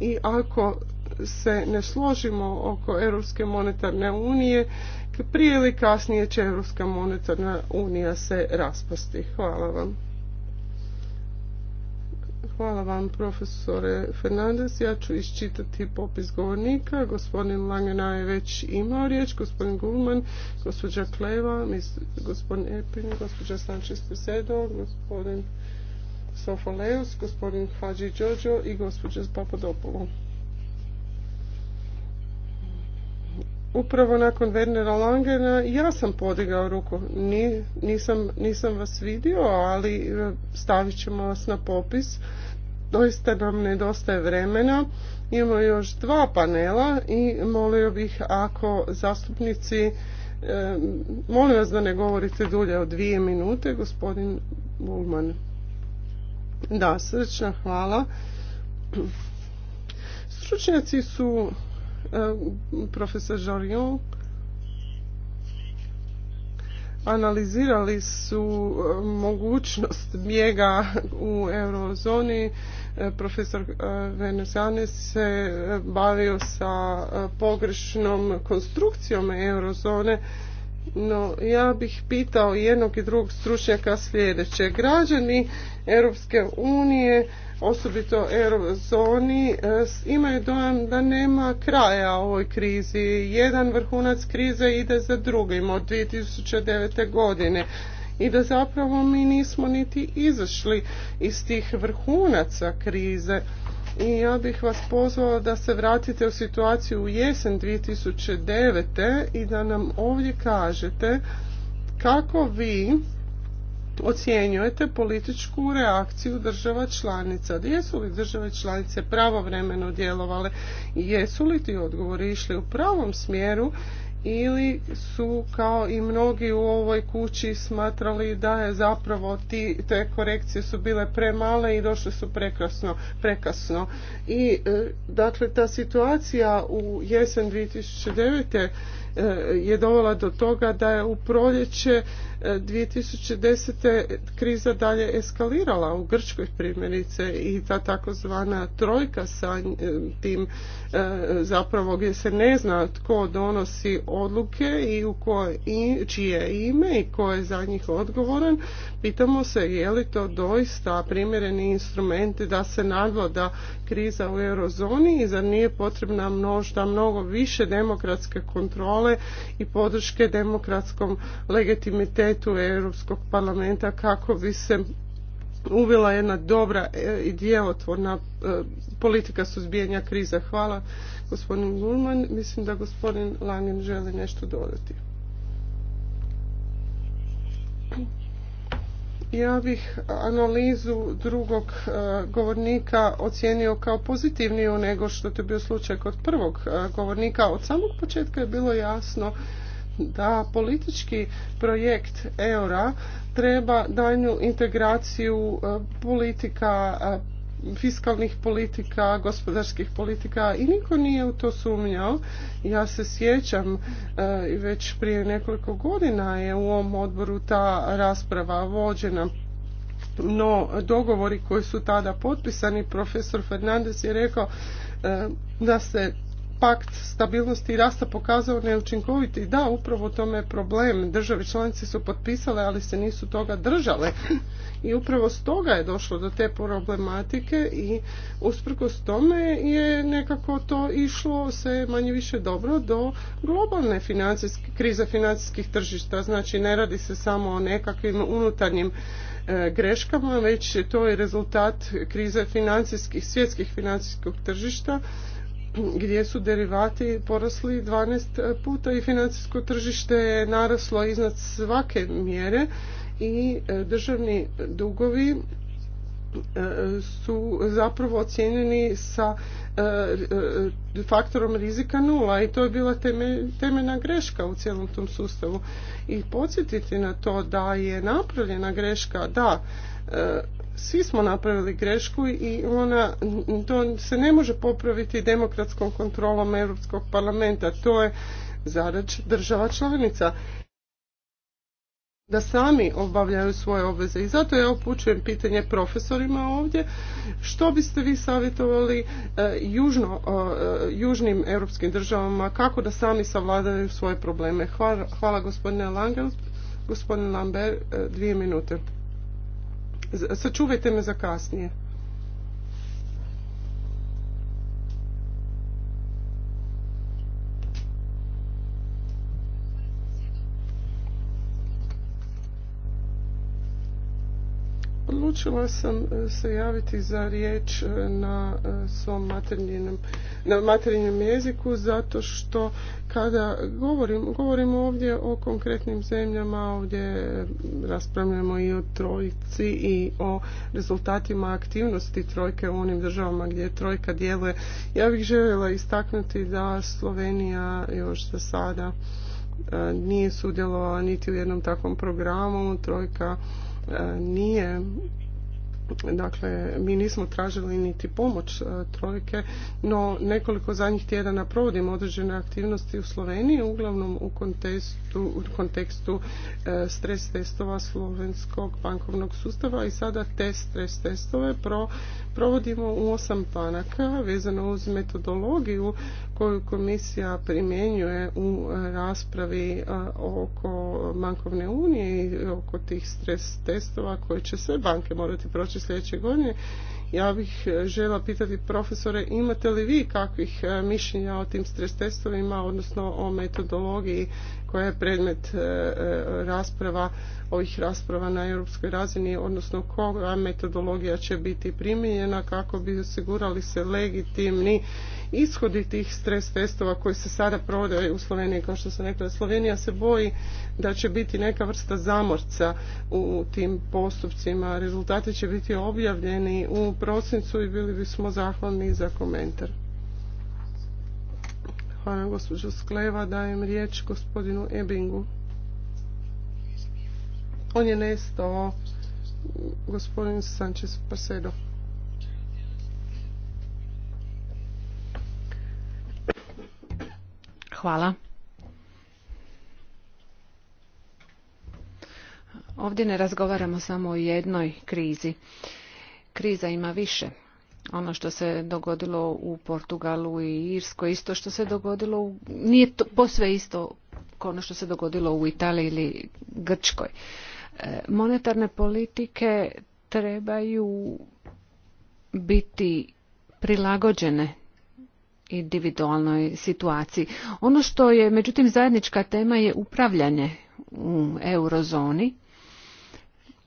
i ako se ne složimo oko Europske monetarne unije prije ili kasnije će Europska monetarna unija se raspasti. Hvala vam. Hvala vam profesore Fernandez. Ja ću iščitati popis govornika. Gospodin Langena je već imao riječ, gospodin Gulman, gospođa Kleva, gospodin Epin, gospođa Sančis Pesedo, gospodin Sofoleus, gospodin Hadži Đođo i gospođa Papadopoulou. upravo nakon Wernera Langena ja sam podigao ruku. nisam, nisam vas vidio, ali e, stavit ćemo vas na popis doista nam nedostaje vremena. Imamo još dva panela i molio bih ako zastupnici, e, molim vas da ne govorite dulje od dvije minute, gospodin Bulman. Da, srčna hvala. Stručnjaci su e, profesor Jorion, analizirali su e, mogućnost bijega u eurozoni E, profesor e, Venezani se e, bavio sa pogrešnom konstrukcijom eurozone, no ja bih pitao jednog i drugog stručnjaka sljedeće. Građani Europske unije, osobito eurozoni, imaju dojam da nema kraja ovoj krizi. Jedan vrhunac krize ide za drugim od 2009. godine i da zapravo mi nismo niti izašli iz tih vrhunaca krize i ja bih vas pozvala da se vratite u situaciju u jesen 2009. i da nam ovdje kažete kako vi ocjenjujete političku reakciju država članica. Jesu li države članice pravovremeno djelovale? Jesu li ti odgovori išli u pravom smjeru ili su kao i mnogi u ovoj kući smatrali da je zapravo ti, te korekcije su bile premale i došle su prekrasno, prekasno. I e, dakle ta situacija u jesen 2009. Eh, je dovela do toga da je u proljeće 2010. Eh, kriza dalje eskalirala u Grčkoj primjerice i ta takozvana trojka sa eh, tim zapravo gdje se ne zna tko donosi odluke i u koje, čije ime i ko je za njih odgovoran pitamo se je li to doista primjereni instrument da se nadvlada kriza u eurozoni i zar nije potrebna možda mnogo više demokratske kontrole kontrole i podrške demokratskom legitimitetu Europskog parlamenta kako bi se uvela jedna dobra e, i djelotvorna e, politika suzbijanja kriza. Hvala gospodin Gulman. Mislim da gospodin Lanin želi nešto dodati. Ja bih analizu drugog e, govornika ocijenio kao pozitivniju nego što to je bio slučaj kod prvog e, govornika. Od samog početka je bilo jasno da politički projekt eura treba daljnju integraciju e, politika fiskalnih politika, gospodarskih politika i niko nije u to sumnjao. Ja se sjećam e, i već prije nekoliko godina je u ovom odboru ta rasprava vođena no dogovori koji su tada potpisani profesor Fernandez je rekao e, da se pakt stabilnosti i rasta pokazao neučinkoviti. Da, upravo tome je problem. Države članice su potpisale, ali se nisu toga držale. I upravo stoga je došlo do te problematike i usprkos tome je nekako to išlo se manje više dobro do globalne financijske, krize financijskih tržišta. Znači ne radi se samo o nekakvim unutarnjim e, greškama, već to je rezultat krize financijskih, svjetskih financijskog tržišta gdje su derivati porasli 12 puta i financijsko tržište je naraslo iznad svake mjere i e, državni dugovi e, su zapravo ocijenjeni sa e, faktorom rizika nula i to je bila temeljna greška u cijelom tom sustavu. I podsjetiti na to da je napravljena greška, da svi smo napravili grešku i ona to se ne može popraviti demokratskom kontrolom Europskog parlamenta. To je zadač država članica da sami obavljaju svoje obveze. I zato ja upućujem pitanje profesorima ovdje. Što biste vi savjetovali e, e, južnim europskim državama kako da sami savladaju svoje probleme? Hvala, gospodine Langel. Gospodine Lambert, e, dvije minute. Sačuvajte me za kasnije. odlučila sam e, se javiti za riječ e, na e, svom materinjem, na materinjem jeziku zato što kada govorim, ovdje o konkretnim zemljama, ovdje raspravljamo i o trojci i o rezultatima aktivnosti trojke u onim državama gdje trojka djeluje. Ja bih željela istaknuti da Slovenija još za sada nije sudjelovala niti u jednom takvom programu. Trojka E, nije Dakle, mi nismo tražili niti pomoć e, trojke, no nekoliko zadnjih tjedana provodimo određene aktivnosti u Sloveniji, uglavnom u kontekstu, u kontekstu e, stres testova slovenskog bankovnog sustava i sada te stres testove provodimo u osam panaka vezano uz metodologiju koju komisija primjenjuje u e, raspravi e, oko bankovne unije i oko tih stres testova koje će sve banke morati proći sljedeće godine. Ja bih e, žela pitati profesore imate li vi kakvih mišljenja o tim stres testovima, odnosno o metodologiji koja je predmet e, e, rasprava, ovih rasprava na europskoj razini, odnosno koja metodologija će biti primijenjena kako bi osigurali se legitimni ishodi tih stres testova koji se sada prodaju u Sloveniji, kao što sam rekla. Slovenija se boji da će biti neka vrsta zamorca u tim postupcima. Rezultati će biti objavljeni u prosincu i bili bismo zahvalni za komentar poštovana gospođo Skleva. Dajem riječ gospodinu Ebingu. On je nestao gospodin Sanchez Pasedo. Hvala. Ovdje ne razgovaramo samo o jednoj krizi. Kriza ima više ono što se dogodilo u Portugalu i Irskoj, isto što se dogodilo, u, nije to posve isto kao ono što se dogodilo u Italiji ili Grčkoj. E, monetarne politike trebaju biti prilagođene individualnoj situaciji. Ono što je međutim zajednička tema je upravljanje u eurozoni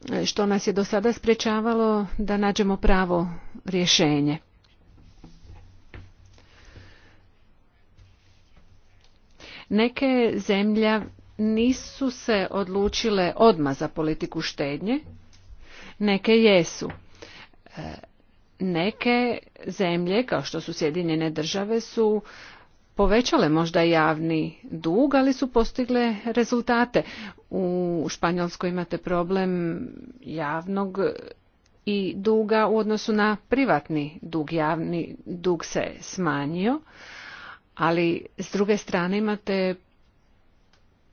E, što nas je do sada sprečavalo da nađemo pravo rješenje. Neke zemlje nisu se odlučile odmah za politiku štednje, neke jesu. E, neke zemlje, kao što su Sjedinjene države, su povećale možda javni dug, ali su postigle rezultate. U Španjolskoj imate problem javnog i duga u odnosu na privatni dug. Javni dug se smanjio, ali s druge strane imate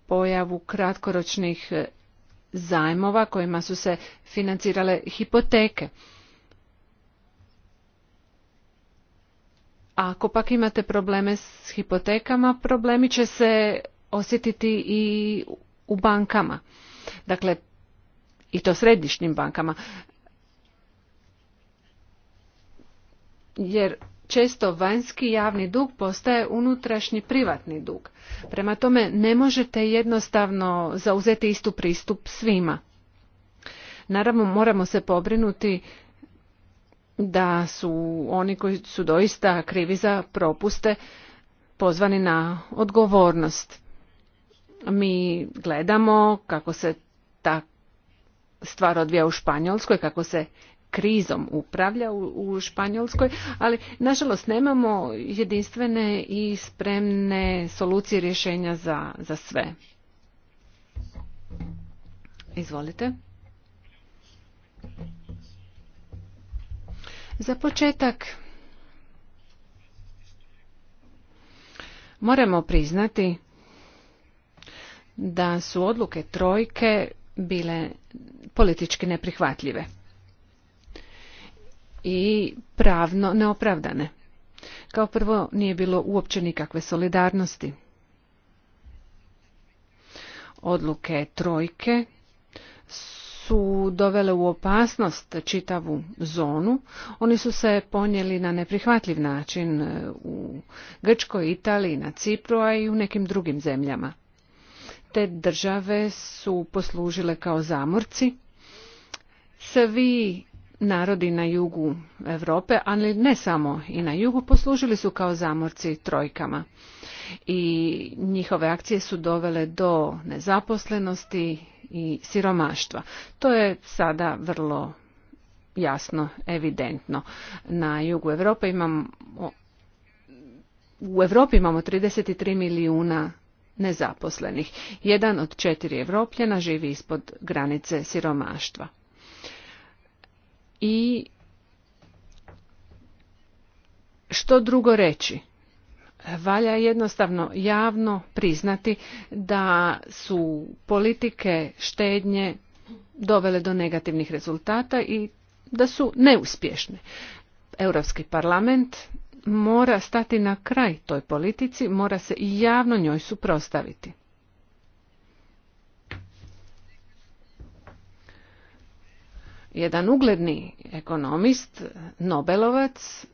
pojavu kratkoročnih zajmova kojima su se financirale hipoteke. Ako pak imate probleme s hipotekama, problemi će se osjetiti i u bankama. Dakle, i to središnjim bankama. Jer često vanjski javni dug postaje unutrašnji privatni dug. Prema tome ne možete jednostavno zauzeti istu pristup svima. Naravno moramo se pobrinuti da su oni koji su doista krivi za propuste pozvani na odgovornost. Mi gledamo kako se ta stvar odvija u Španjolskoj, kako se krizom upravlja u, u Španjolskoj, ali nažalost nemamo jedinstvene i spremne solucije rješenja za, za sve. Izvolite. Za početak moramo priznati da su odluke trojke bile politički neprihvatljive i pravno neopravdane. Kao prvo nije bilo uopće nikakve solidarnosti. Odluke trojke su dovele u opasnost čitavu zonu. Oni su se ponijeli na neprihvatljiv način e, u Grčkoj, Italiji, na Cipru, a i u nekim drugim zemljama. Te države su poslužile kao zamorci. Svi narodi na jugu Europe, ali ne samo i na jugu, poslužili su kao zamorci trojkama. I njihove akcije su dovele do nezaposlenosti, i siromaštva. To je sada vrlo jasno, evidentno. Na jugu Europe imamo u Europi imamo 33 milijuna nezaposlenih. Jedan od četiri Evropljena živi ispod granice siromaštva. I što drugo reći? Valja jednostavno javno priznati da su politike štednje dovele do negativnih rezultata i da su neuspješne. Europski parlament mora stati na kraj toj politici, mora se i javno njoj suprostaviti. Jedan ugledni ekonomist, Nobelovac,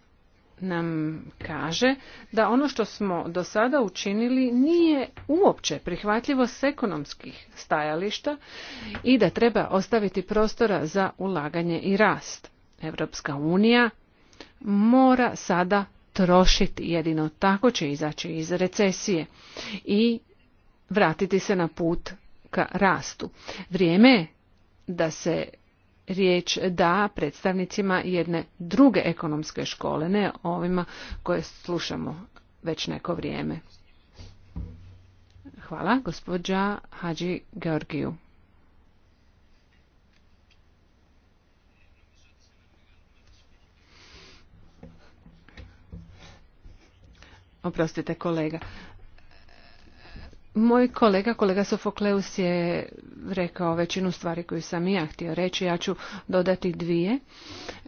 nam kaže da ono što smo do sada učinili nije uopće prihvatljivo s ekonomskih stajališta i da treba ostaviti prostora za ulaganje i rast. Evropska unija mora sada trošiti, jedino tako će izaći iz recesije i vratiti se na put ka rastu. Vrijeme je da se riječ da predstavnicima jedne druge ekonomske škole, ne ovima koje slušamo već neko vrijeme. Hvala, gospođa Hadži Georgiju. Oprostite kolega, moj kolega, kolega Sofokleus je rekao većinu stvari koju sam i ja htio reći. Ja ću dodati dvije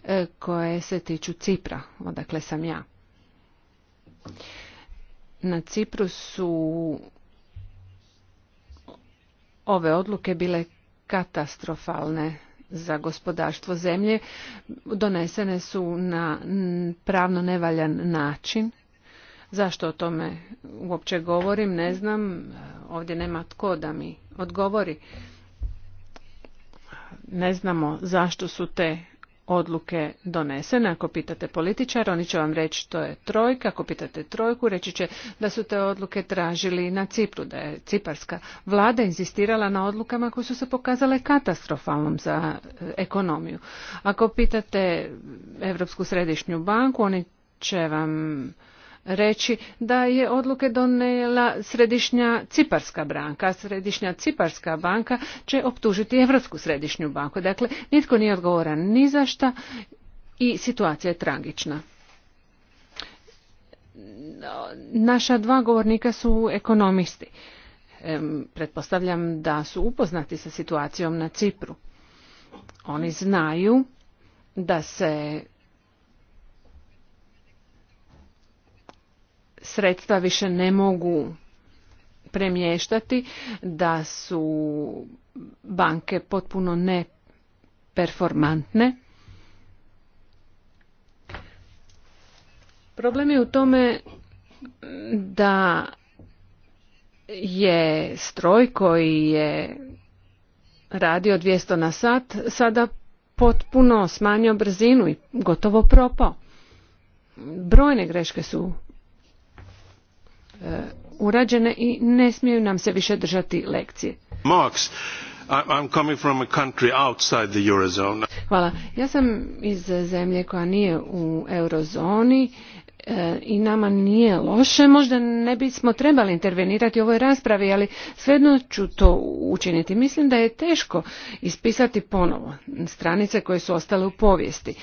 e, koje se tiču Cipra, odakle sam ja. Na Cipru su ove odluke bile katastrofalne za gospodarstvo zemlje. Donesene su na pravno nevaljan način Zašto o tome uopće govorim, ne znam. Ovdje nema tko da mi odgovori. Ne znamo zašto su te odluke donesene. Ako pitate političara, oni će vam reći to je trojka. Ako pitate trojku, reći će da su te odluke tražili na Cipru, da je ciparska vlada insistirala na odlukama koje su se pokazale katastrofalnom za e, ekonomiju. Ako pitate Europsku središnju banku, oni će vam reći da je odluke donijela središnja Ciparska banka. Središnja Ciparska banka će optužiti Europsku središnju banku. Dakle, nitko nije odgovoran ni za šta i situacija je tragična. Naša dva govornika su ekonomisti. Pretpostavljam da su upoznati sa situacijom na Cipru. Oni znaju da se sredstva više ne mogu premještati, da su banke potpuno neperformantne. Problem je u tome da je stroj koji je radio 200 na sat sada potpuno smanjio brzinu i gotovo propao. Brojne greške su E, urađene i ne smiju nam se više držati lekcije. Hvala. Ja sam iz zemlje koja nije u eurozoni e, i nama nije loše. Možda ne bismo trebali intervenirati u ovoj raspravi, ali svejedno ću to učiniti. Mislim da je teško ispisati ponovo stranice koje su ostale u povijesti.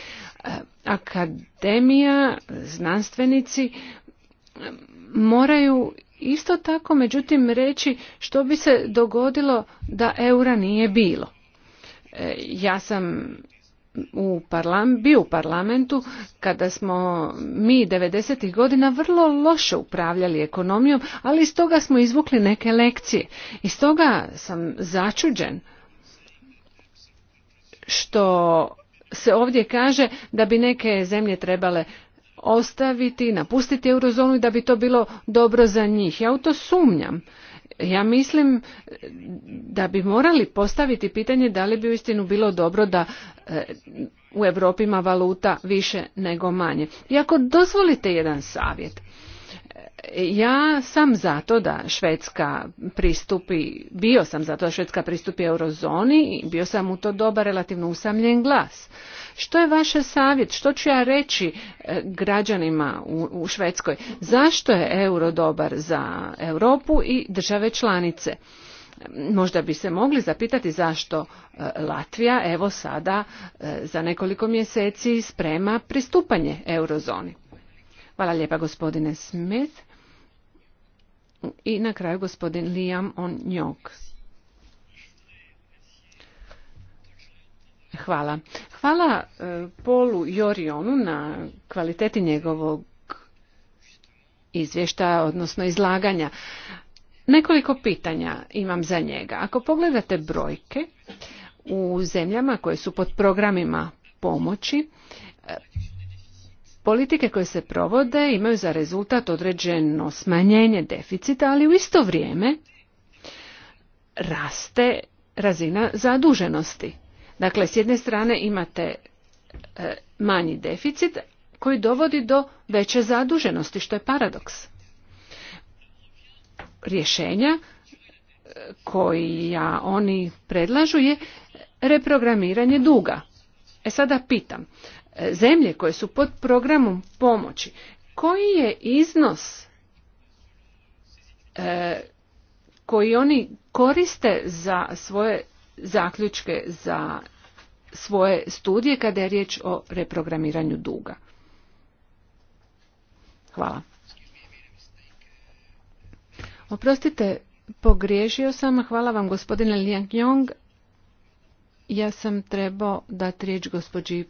E, akademija, znanstvenici moraju isto tako međutim reći što bi se dogodilo da eura nije bilo. E, ja sam u bio u parlamentu kada smo mi 90. godina vrlo loše upravljali ekonomijom, ali iz toga smo izvukli neke lekcije. Iz toga sam začuđen što se ovdje kaže da bi neke zemlje trebale ostaviti, napustiti eurozonu i da bi to bilo dobro za njih. Ja u to sumnjam. Ja mislim da bi morali postaviti pitanje da li bi uistinu bilo dobro da e, u Europi ima valuta više nego manje. I ako dozvolite jedan savjet, ja sam za to da Švedska pristupi, bio sam zato da Švedska pristupi eurozoni i bio sam u to doba relativno usamljen glas. Što je vaš savjet? Što ću ja reći e, građanima u, u Švedskoj? Zašto je euro dobar za Europu i države članice? Možda bi se mogli zapitati zašto e, Latvija evo sada e, za nekoliko mjeseci sprema pristupanje eurozoni. Hvala lijepa gospodine Smith. I na kraju gospodin Liam Onjok. Hvala. Hvala e, Polu Jorionu na kvaliteti njegovog izvještaja, odnosno izlaganja. Nekoliko pitanja imam za njega. Ako pogledate brojke u zemljama koje su pod programima pomoći, Politike koje se provode imaju za rezultat određeno smanjenje deficita, ali u isto vrijeme raste razina zaduženosti. Dakle, s jedne strane imate e, manji deficit koji dovodi do veće zaduženosti, što je paradoks. Rješenja e, koja oni predlažu je reprogramiranje duga. E sada pitam, E, zemlje koje su pod programom pomoći, koji je iznos e, koji oni koriste za svoje zaključke, za svoje studije kada je riječ o reprogramiranju duga? Hvala. Oprostite, pogriješio sam. Hvala vam gospodine Liang Ja sam trebao dati riječ gospođi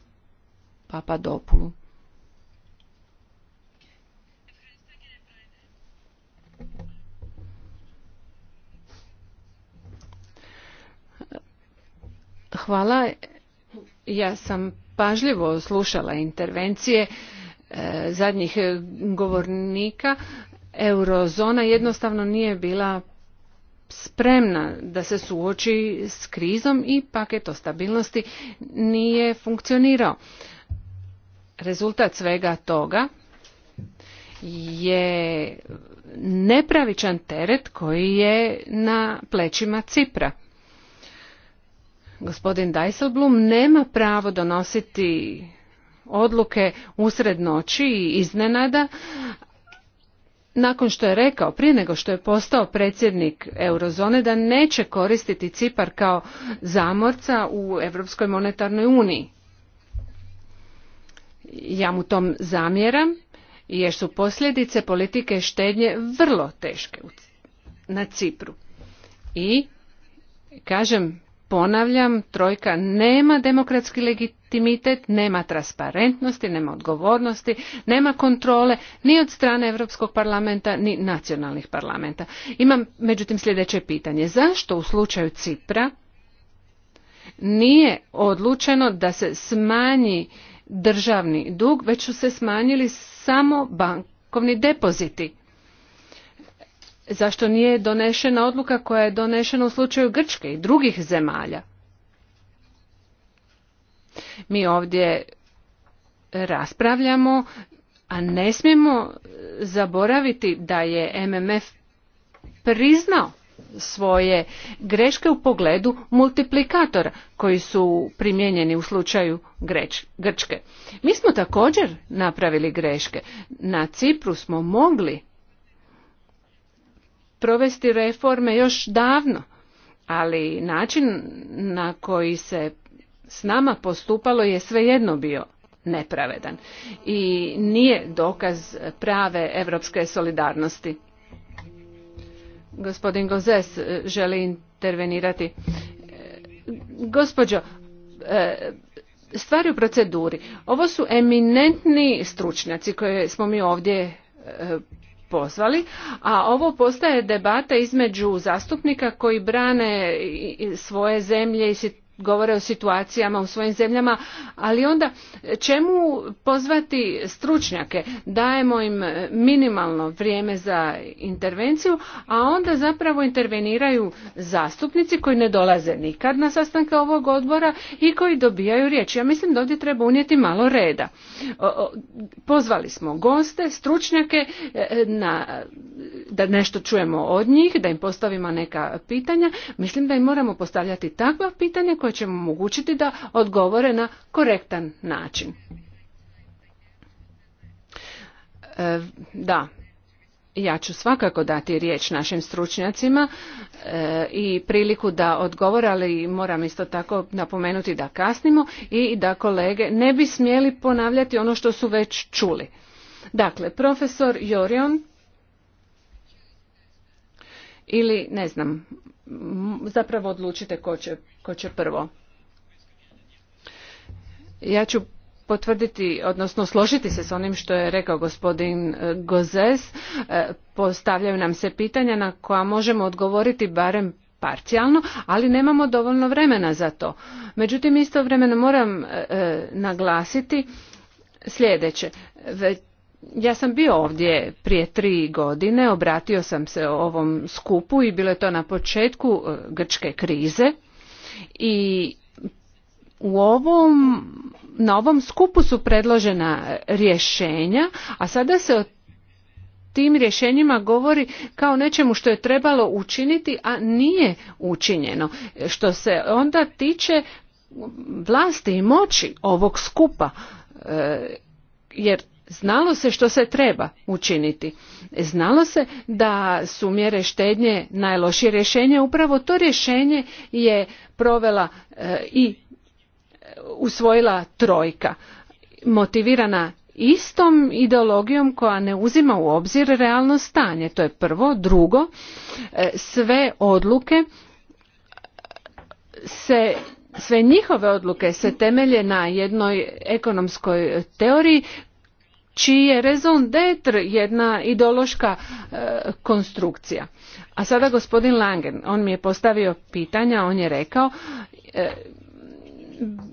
Hvala. Ja sam pažljivo slušala intervencije e, zadnjih govornika. Eurozona jednostavno nije bila spremna da se suoči s krizom i paket o stabilnosti nije funkcionirao rezultat svega toga je nepravičan teret koji je na plećima Cipra. Gospodin Dijsselblum nema pravo donositi odluke usred noći i iznenada nakon što je rekao prije nego što je postao predsjednik eurozone da neće koristiti Cipar kao zamorca u Europskoj monetarnoj uniji. Ja mu tom zamjeram jer su posljedice politike štednje vrlo teške na Cipru. I kažem, ponavljam, trojka nema demokratski legitimitet, nema transparentnosti, nema odgovornosti, nema kontrole ni od strane Europskog parlamenta ni nacionalnih parlamenta. Imam međutim sljedeće pitanje. Zašto u slučaju Cipra nije odlučeno da se smanji državni dug, već su se smanjili samo bankovni depoziti. Zašto nije donešena odluka koja je donešena u slučaju Grčke i drugih zemalja? Mi ovdje raspravljamo, a ne smijemo zaboraviti da je MMF priznao svoje greške u pogledu multiplikatora koji su primijenjeni u slučaju Grčke. Mi smo također napravili greške. Na Cipru smo mogli provesti reforme još davno, ali način na koji se s nama postupalo je svejedno bio nepravedan i nije dokaz prave europske solidarnosti. Gospodin Gozes e, želi intervenirati. E, gospođo, e, stvari u proceduri. Ovo su eminentni stručnjaci koje smo mi ovdje pozvali, a ovo postaje debata između zastupnika koji brane svoje zemlje i govore o situacijama u svojim zemljama, ali onda čemu pozvati stručnjake? Dajemo im minimalno vrijeme za intervenciju, a onda zapravo interveniraju zastupnici koji ne dolaze nikad na sastanke ovog odbora i koji dobijaju riječ. Ja mislim da ovdje treba unijeti malo reda. Pozvali smo goste, stručnjake, e, na, da nešto čujemo od njih, da im postavimo neka pitanja. Mislim da im moramo postavljati takva pitanja koje će mu omogućiti da odgovore na korektan način. E, da, ja ću svakako dati riječ našim stručnjacima e, i priliku da odgovore, ali moram isto tako napomenuti da kasnimo i da kolege ne bi smjeli ponavljati ono što su već čuli. Dakle, profesor Jorion ili ne znam, zapravo odlučite ko će, ko će prvo. Ja ću potvrditi, odnosno složiti se s onim što je rekao gospodin e, Gozes. E, postavljaju nam se pitanja na koja možemo odgovoriti barem parcijalno, ali nemamo dovoljno vremena za to. Međutim, istovremeno moram e, naglasiti sljedeće. Već ja sam bio ovdje prije tri godine, obratio sam se ovom skupu i bilo je to na početku e, grčke krize i u ovom, na ovom skupu su predložena rješenja, a sada se o tim rješenjima govori kao nečemu što je trebalo učiniti, a nije učinjeno. Što se onda tiče vlasti i moći ovog skupa, e, jer Znalo se što se treba učiniti. Znalo se da su mjere štednje najlošije rješenje. Upravo to rješenje je provela e, i e, usvojila trojka. Motivirana istom ideologijom koja ne uzima u obzir realno stanje. To je prvo. Drugo, e, sve odluke se sve njihove odluke se temelje na jednoj ekonomskoj teoriji čiji je raison d'etre jedna ideološka e, konstrukcija. A sada gospodin Langen, on mi je postavio pitanja, on je rekao e,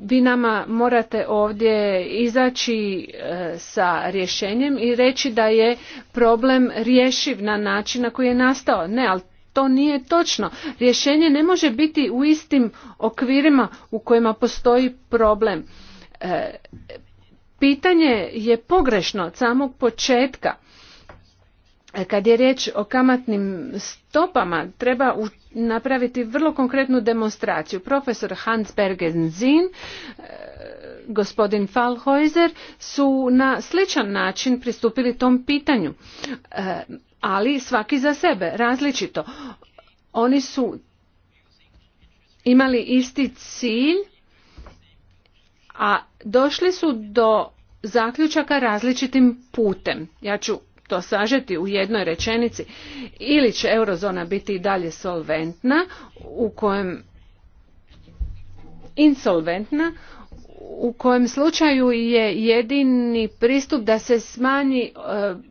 vi nama morate ovdje izaći e, sa rješenjem i reći da je problem rješiv na način na koji je nastao. Ne, ali to nije točno. Rješenje ne može biti u istim okvirima u kojima postoji problem pitanje je pogrešno od samog početka. E, kad je riječ o kamatnim stopama, treba napraviti vrlo konkretnu demonstraciju. Profesor Hans Bergenzin, e, gospodin Fallhäuser su na sličan način pristupili tom pitanju, e, ali svaki za sebe, različito. Oni su imali isti cilj, a došli su do zaključaka različitim putem. Ja ću to sažeti u jednoj rečenici. Ili će eurozona biti i dalje solventna, u kojem insolventna, u kojem slučaju je jedini pristup da se smanji e,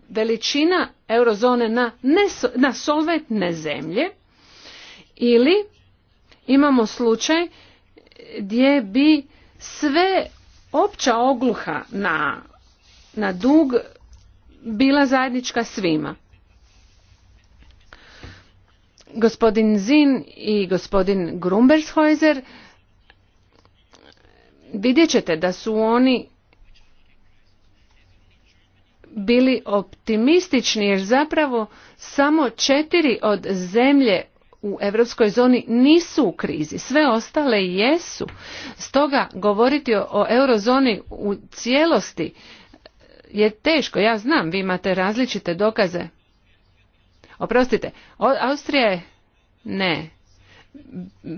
veličina eurozone na, na solventne zemlje ili imamo slučaj gdje bi sve opća ogluha na, na dug bila zajednička svima. Gospodin Zin i gospodin Grumbershojzer vidjet ćete da su oni bili optimistični jer zapravo samo četiri od zemlje u europskoj zoni nisu u krizi, sve ostale jesu. Stoga govoriti o eurozoni u cijelosti je teško, ja znam, vi imate različite dokaze. Oprostite, Austrija je ne.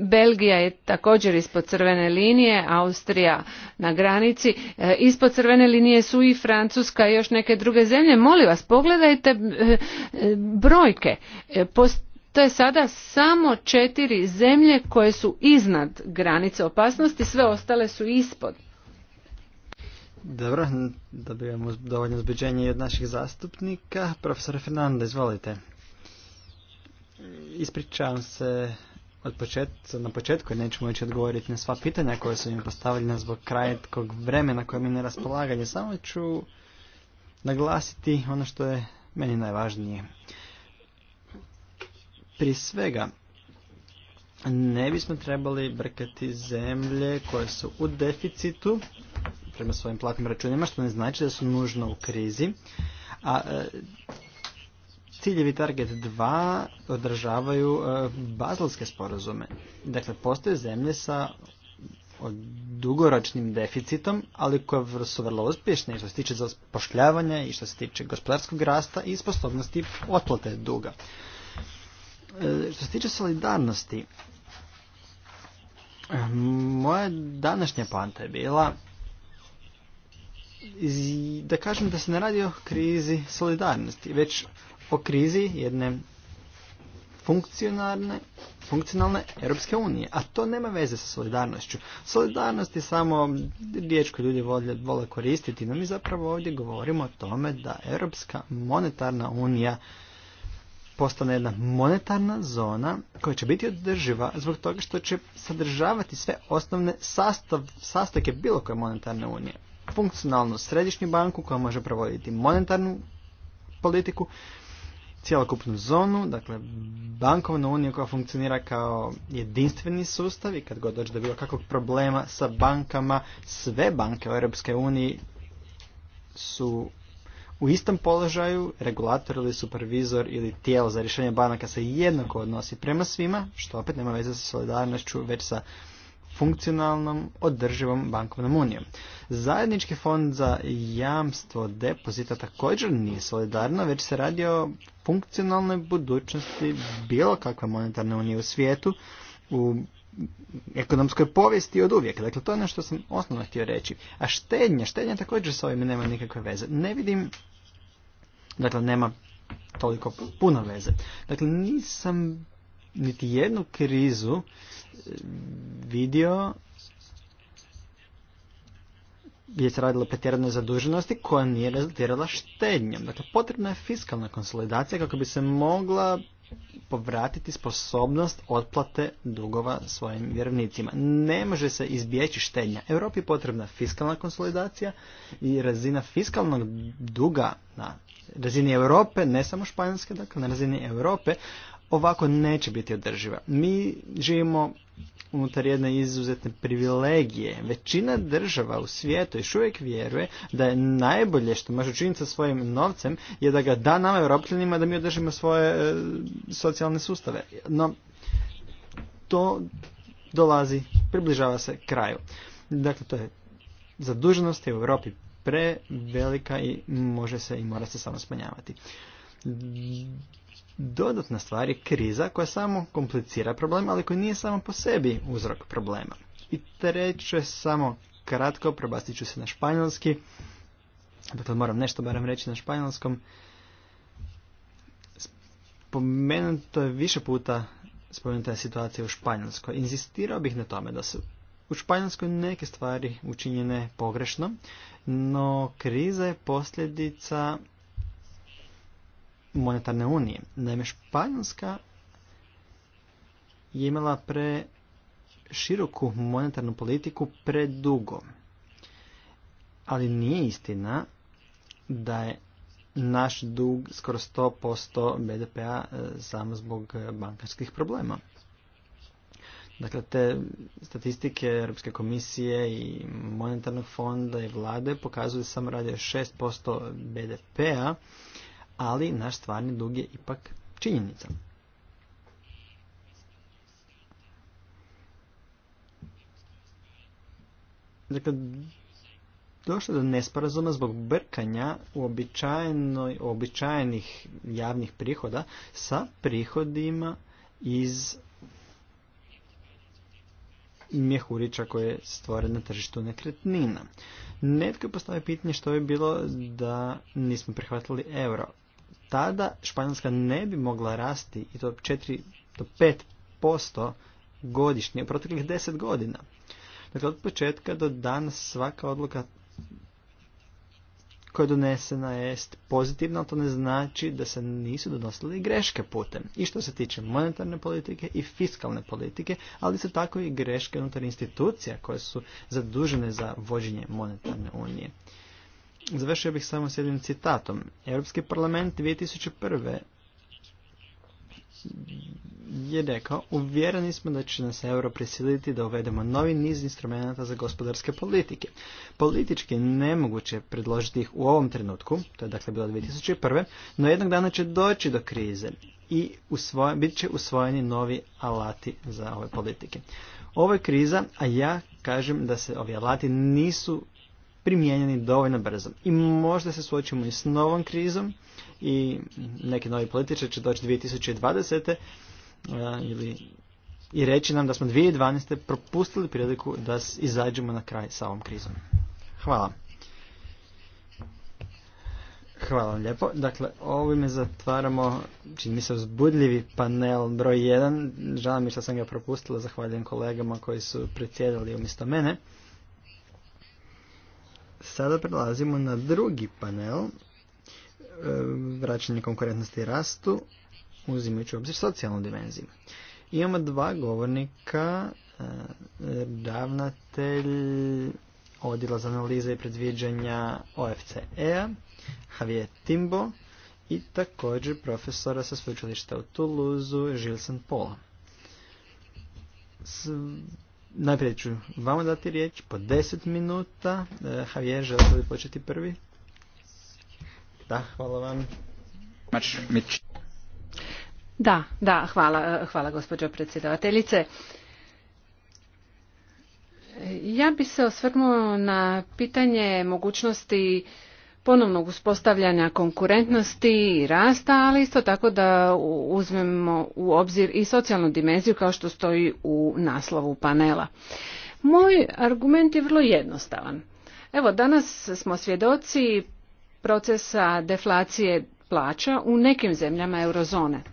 Belgija je također ispod crvene linije, Austrija na granici, e, ispod crvene linije su i Francuska i još neke druge zemlje. Molim vas, pogledajte e, e, brojke. E, to je sada samo četiri zemlje koje su iznad granice opasnosti, sve ostale su ispod. Dobro, dobijemo dovoljno zbiđenje i od naših zastupnika. Profesor Fernanda, izvolite. Ispričavam se od početka, na početku, neću moći odgovoriti na sva pitanja koja su im postavljena zbog krajetkog vremena koje mi je na raspolaganju. Samo ću naglasiti ono što je meni najvažnije. Prije svega, ne bismo trebali brkati zemlje koje su u deficitu prema svojim platnim računima, što ne znači da su nužno u krizi. A e, ciljevi Target 2 održavaju e, bazalske sporazume. Dakle, postoje zemlje sa dugoročnim deficitom, ali koje su vrlo uspješne što se tiče zapošljavanja i što se tiče gospodarskog rasta i sposobnosti otplate duga. E, što se tiče solidarnosti, e, moja današnja poanta je bila da kažem da se ne radi o krizi solidarnosti, već o krizi jedne funkcionalne, funkcionalne Europske unije. A to nema veze sa solidarnošću. Solidarnost je samo riječ koju ljudi vole, vole koristiti, no mi zapravo ovdje govorimo o tome da Europska monetarna unija postane jedna monetarna zona koja će biti održiva zbog toga što će sadržavati sve osnovne sastav, sastojke bilo koje monetarne unije. Funkcionalnu središnju banku koja može provoditi monetarnu politiku, cijelokupnu zonu, dakle bankovnu uniju koja funkcionira kao jedinstveni sustav i kad god dođe do bilo kakvog problema sa bankama, sve banke u europske uniji su u istom položaju regulator ili supervizor ili tijelo za rješenje banaka se jednako odnosi prema svima, što opet nema veze sa solidarnošću, već sa funkcionalnom, održivom bankovnom unijom. Zajednički fond za jamstvo depozita također nije solidarno, već se radi o funkcionalnoj budućnosti bilo kakve monetarne unije u svijetu, u ekonomskoj povijesti od uvijek. Dakle, to je ono što sam osnovno htio reći. A štednja, štednja također s ovim nema nikakve veze. Ne vidim, dakle, nema toliko puno veze. Dakle, nisam niti jednu krizu e, vidio gdje se radilo pretjerane zaduženosti koja nije rezultirala štednjom. Dakle, potrebna je fiskalna konsolidacija kako bi se mogla povratiti sposobnost otplate dugova svojim vjerovnicima. Ne može se izbjeći štednja. Europi je potrebna fiskalna konsolidacija i razina fiskalnog duga na razini Europe, ne samo Španjolske, dakle na razini Europe, ovako neće biti održiva. Mi živimo unutar jedne izuzetne privilegije. Većina država u svijetu još uvijek vjeruje da je najbolje što može učiniti sa svojim novcem je da ga da nama europljanima da mi održimo svoje e, socijalne sustave. No, to dolazi, približava se kraju. Dakle, to je zaduženost je u Europi prevelika i može se i mora se samo smanjavati dodatna stvar je kriza koja samo komplicira problem, ali koja nije samo po sebi uzrok problema. I treće, samo kratko, probastit ću se na španjolski. Dakle, moram nešto barem reći na španjolskom. Spomenuto je više puta spomenuta je situacija u Španjolskoj. Inzistirao bih na tome da su u Španjolskoj neke stvari učinjene pogrešno, no kriza je posljedica monetarne unije. Naime, Španjolska je imala pre široku monetarnu politiku predugo. Ali nije istina da je naš dug skoro 100% BDP-a e, samo zbog e, bankarskih problema. Dakle, te statistike Europske komisije i Monetarnog fonda i vlade pokazuju samo radi 6% BDP-a ali naš stvarni dug je ipak činjenica. Dakle, došlo do nesporazuma zbog brkanja uobičajenih javnih prihoda sa prihodima iz mjehurića koje je stvoren na tržištu nekretnina. Netko je postavio pitanje što bi bilo da nismo prihvatili euro tada Španjolska ne bi mogla rasti i to 4 do 5% godišnje u proteklih 10 godina. Dakle, od početka do danas svaka odluka koja je donesena jest pozitivna, ali to ne znači da se nisu donosile i greške putem. I što se tiče monetarne politike i fiskalne politike, ali se tako i greške unutar institucija koje su zadužene za vođenje monetarne unije. Završio bih samo s jednim citatom. Europski parlament 2001. je rekao, uvjereni smo da će nas euro prisiliti da uvedemo novi niz instrumenta za gospodarske politike. Politički nemoguće predložiti ih u ovom trenutku, to je dakle bilo 2001. No jednog dana će doći do krize i usvoj, bit će usvojeni novi alati za ove politike. Ovo je kriza, a ja kažem da se ovi alati nisu primijenjeni dovoljno brzo. I možda se suočimo i s novom krizom i neki novi političari će doći 2020. ili i reći nam da smo 2012. propustili priliku da izađemo na kraj sa ovom krizom. Hvala. Hvala lijepo. Dakle, ovime zatvaramo, čini mi se uzbudljivi panel broj 1. Žao mi što sam ga propustila, zahvaljujem kolegama koji su predsjedali umjesto mene. Sada prelazimo na drugi panel, e, vraćanje konkurentnosti i rastu, uzimajući u obzir socijalnu dimenziju. Imamo dva govornika, e, ravnatelj odjela za analize i predviđanja OFCE-a, Javier Timbo i također profesora sa sveučilišta u Toulouse, Pola. Pola. Najprije ću vama dati riječ po deset minuta. E, Javier, želite li početi prvi? Da, hvala vam. Da, da, hvala, hvala gospođo predsjedavateljice. Ja bi se osvrnuo na pitanje mogućnosti ponovnog uspostavljanja konkurentnosti i rasta, ali isto tako da uzmemo u obzir i socijalnu dimenziju kao što stoji u naslovu panela. Moj argument je vrlo jednostavan. Evo, danas smo svjedoci procesa deflacije plaća u nekim zemljama eurozone.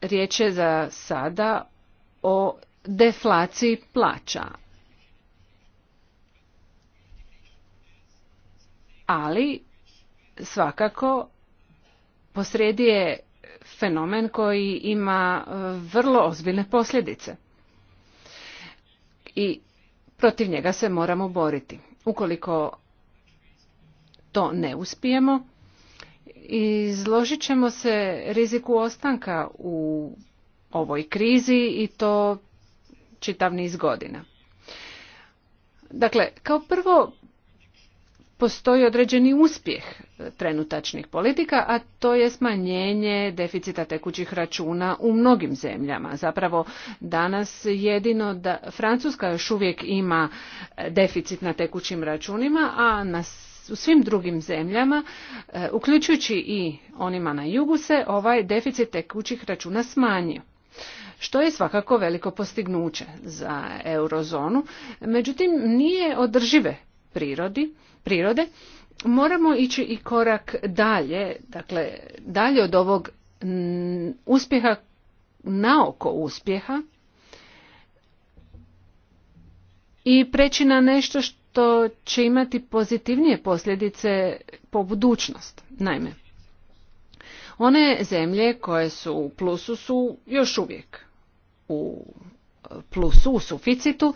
Riječ je za sada o deflaciji plaća, ali svakako posrijedi je fenomen koji ima e, vrlo ozbiljne posljedice i protiv njega se moramo boriti. Ukoliko to ne uspijemo, izložit ćemo se riziku ostanka u ovoj krizi i to čitav niz godina. Dakle, kao prvo postoji određeni uspjeh e, trenutačnih politika, a to je smanjenje deficita tekućih računa u mnogim zemljama. Zapravo danas jedino da Francuska još uvijek ima e, deficit na tekućim računima, a na u svim drugim zemljama, e, uključujući i onima na jugu, se ovaj deficit tekućih računa smanjio što je svakako veliko postignuće za eurozonu, međutim nije održive prirode, moramo ići i korak dalje, dakle dalje od ovog mm, uspjeha naoko uspjeha i preći na nešto što će imati pozitivnije posljedice po budućnost. Naime, one zemlje koje su u plusu su još uvijek u plusu, u suficitu,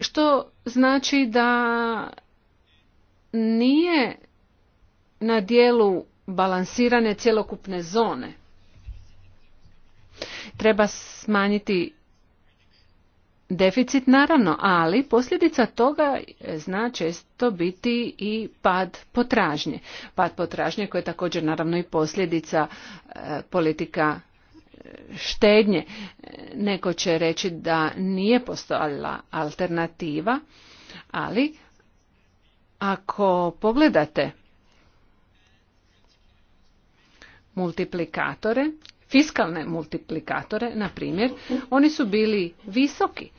što znači da nije na dijelu balansirane cjelokupne zone. Treba smanjiti deficit naravno, ali posljedica toga zna često biti i pad potražnje. Pad potražnje koje je također naravno i posljedica e, politika štednje. Neko će reći da nije postojala alternativa, ali ako pogledate multiplikatore, fiskalne multiplikatore, na primjer, oni su bili visoki.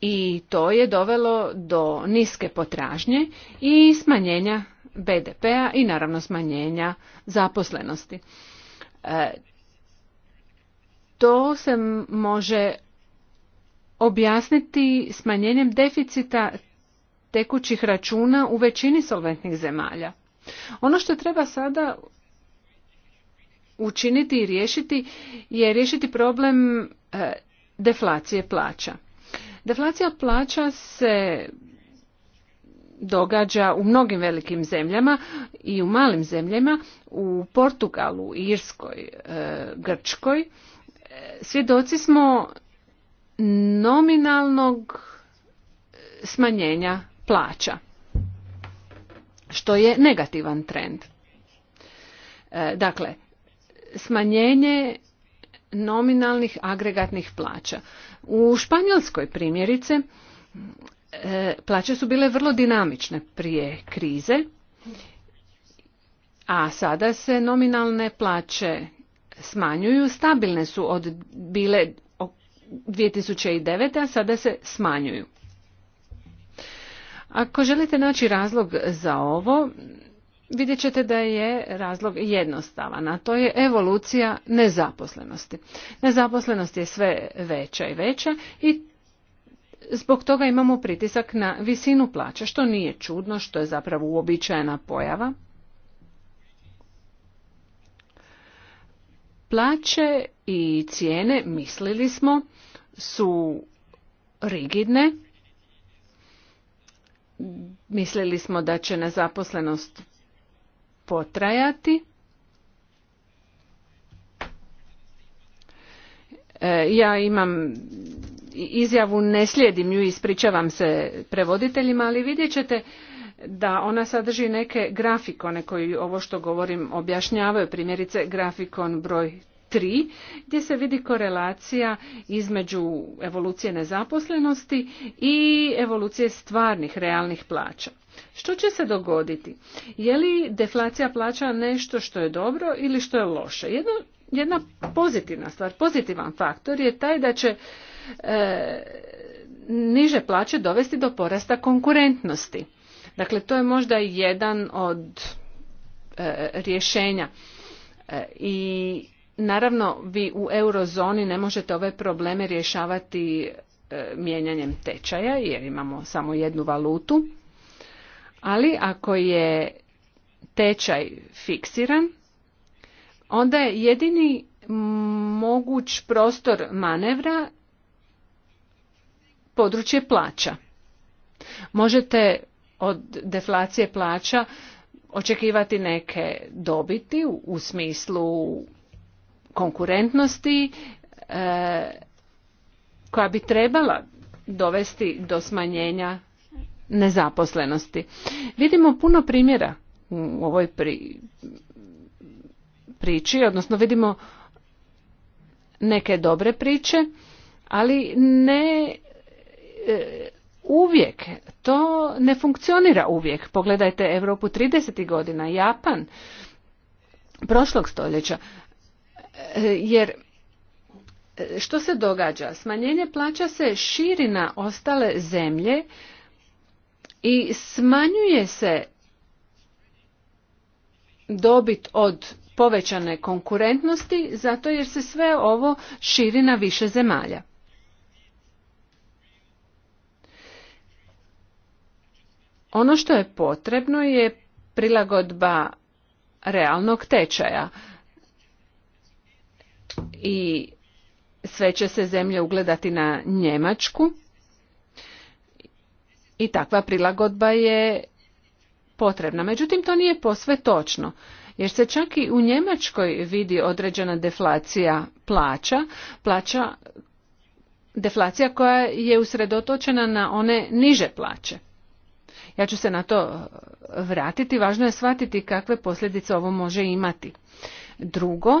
I to je dovelo do niske potražnje i smanjenja BDP-a i naravno smanjenja zaposlenosti. E, to se može objasniti smanjenjem deficita tekućih računa u većini solventnih zemalja. Ono što treba sada učiniti i riješiti je riješiti problem e, deflacije plaća. Deflacija plaća se događa u mnogim velikim zemljama i u malim zemljama, u Portugalu, Irskoj, e, Grčkoj. E, svjedoci smo nominalnog smanjenja plaća, što je negativan trend. E, dakle, smanjenje nominalnih agregatnih plaća. U Španjolskoj primjerice E, plaće su bile vrlo dinamične prije krize, a sada se nominalne plaće smanjuju, stabilne su od bile 2009. a sada se smanjuju. Ako želite naći razlog za ovo, vidjet ćete da je razlog jednostavan, a to je evolucija nezaposlenosti. Nezaposlenost je sve veća i veća i Zbog toga imamo pritisak na visinu plaća, što nije čudno, što je zapravo uobičajena pojava. Plaće i cijene, mislili smo, su rigidne. Mislili smo da će nezaposlenost potrajati. E, ja imam izjavu ne slijedim ju ispričavam se prevoditeljima ali vidjet ćete da ona sadrži neke grafikone koji ovo što govorim objašnjavaju primjerice grafikon broj tri gdje se vidi korelacija između evolucije nezaposlenosti i evolucije stvarnih realnih plaća. Što će se dogoditi? Je li deflacija plaća nešto što je dobro ili što je loše? jedna pozitivna stvar, pozitivan faktor je taj da će E, niže plaće dovesti do porasta konkurentnosti. Dakle, to je možda jedan od e, rješenja. E, I naravno vi u eurozoni ne možete ove probleme rješavati mijenjanjem tečaja jer imamo samo jednu valutu. Ali ako je tečaj fiksiran, onda je jedini moguć prostor manevra područje plaća. Možete od deflacije plaća očekivati neke dobiti u smislu konkurentnosti e, koja bi trebala dovesti do smanjenja nezaposlenosti. Vidimo puno primjera u ovoj priči, odnosno vidimo neke dobre priče, ali ne uvijek. To ne funkcionira uvijek. Pogledajte Europu 30. godina, Japan, prošlog stoljeća. E, jer e, što se događa? Smanjenje plaća se širi na ostale zemlje i smanjuje se dobit od povećane konkurentnosti zato jer se sve ovo širi na više zemalja. Ono što je potrebno je prilagodba realnog tečaja i sve će se zemlje ugledati na Njemačku i takva prilagodba je potrebna. Međutim, to nije posve točno, jer se čak i u Njemačkoj vidi određena deflacija plaća, plaća deflacija koja je usredotočena na one niže plaće. Ja ću se na to eh, vratiti. Važno je shvatiti kakve posljedice ovo može imati. Drugo,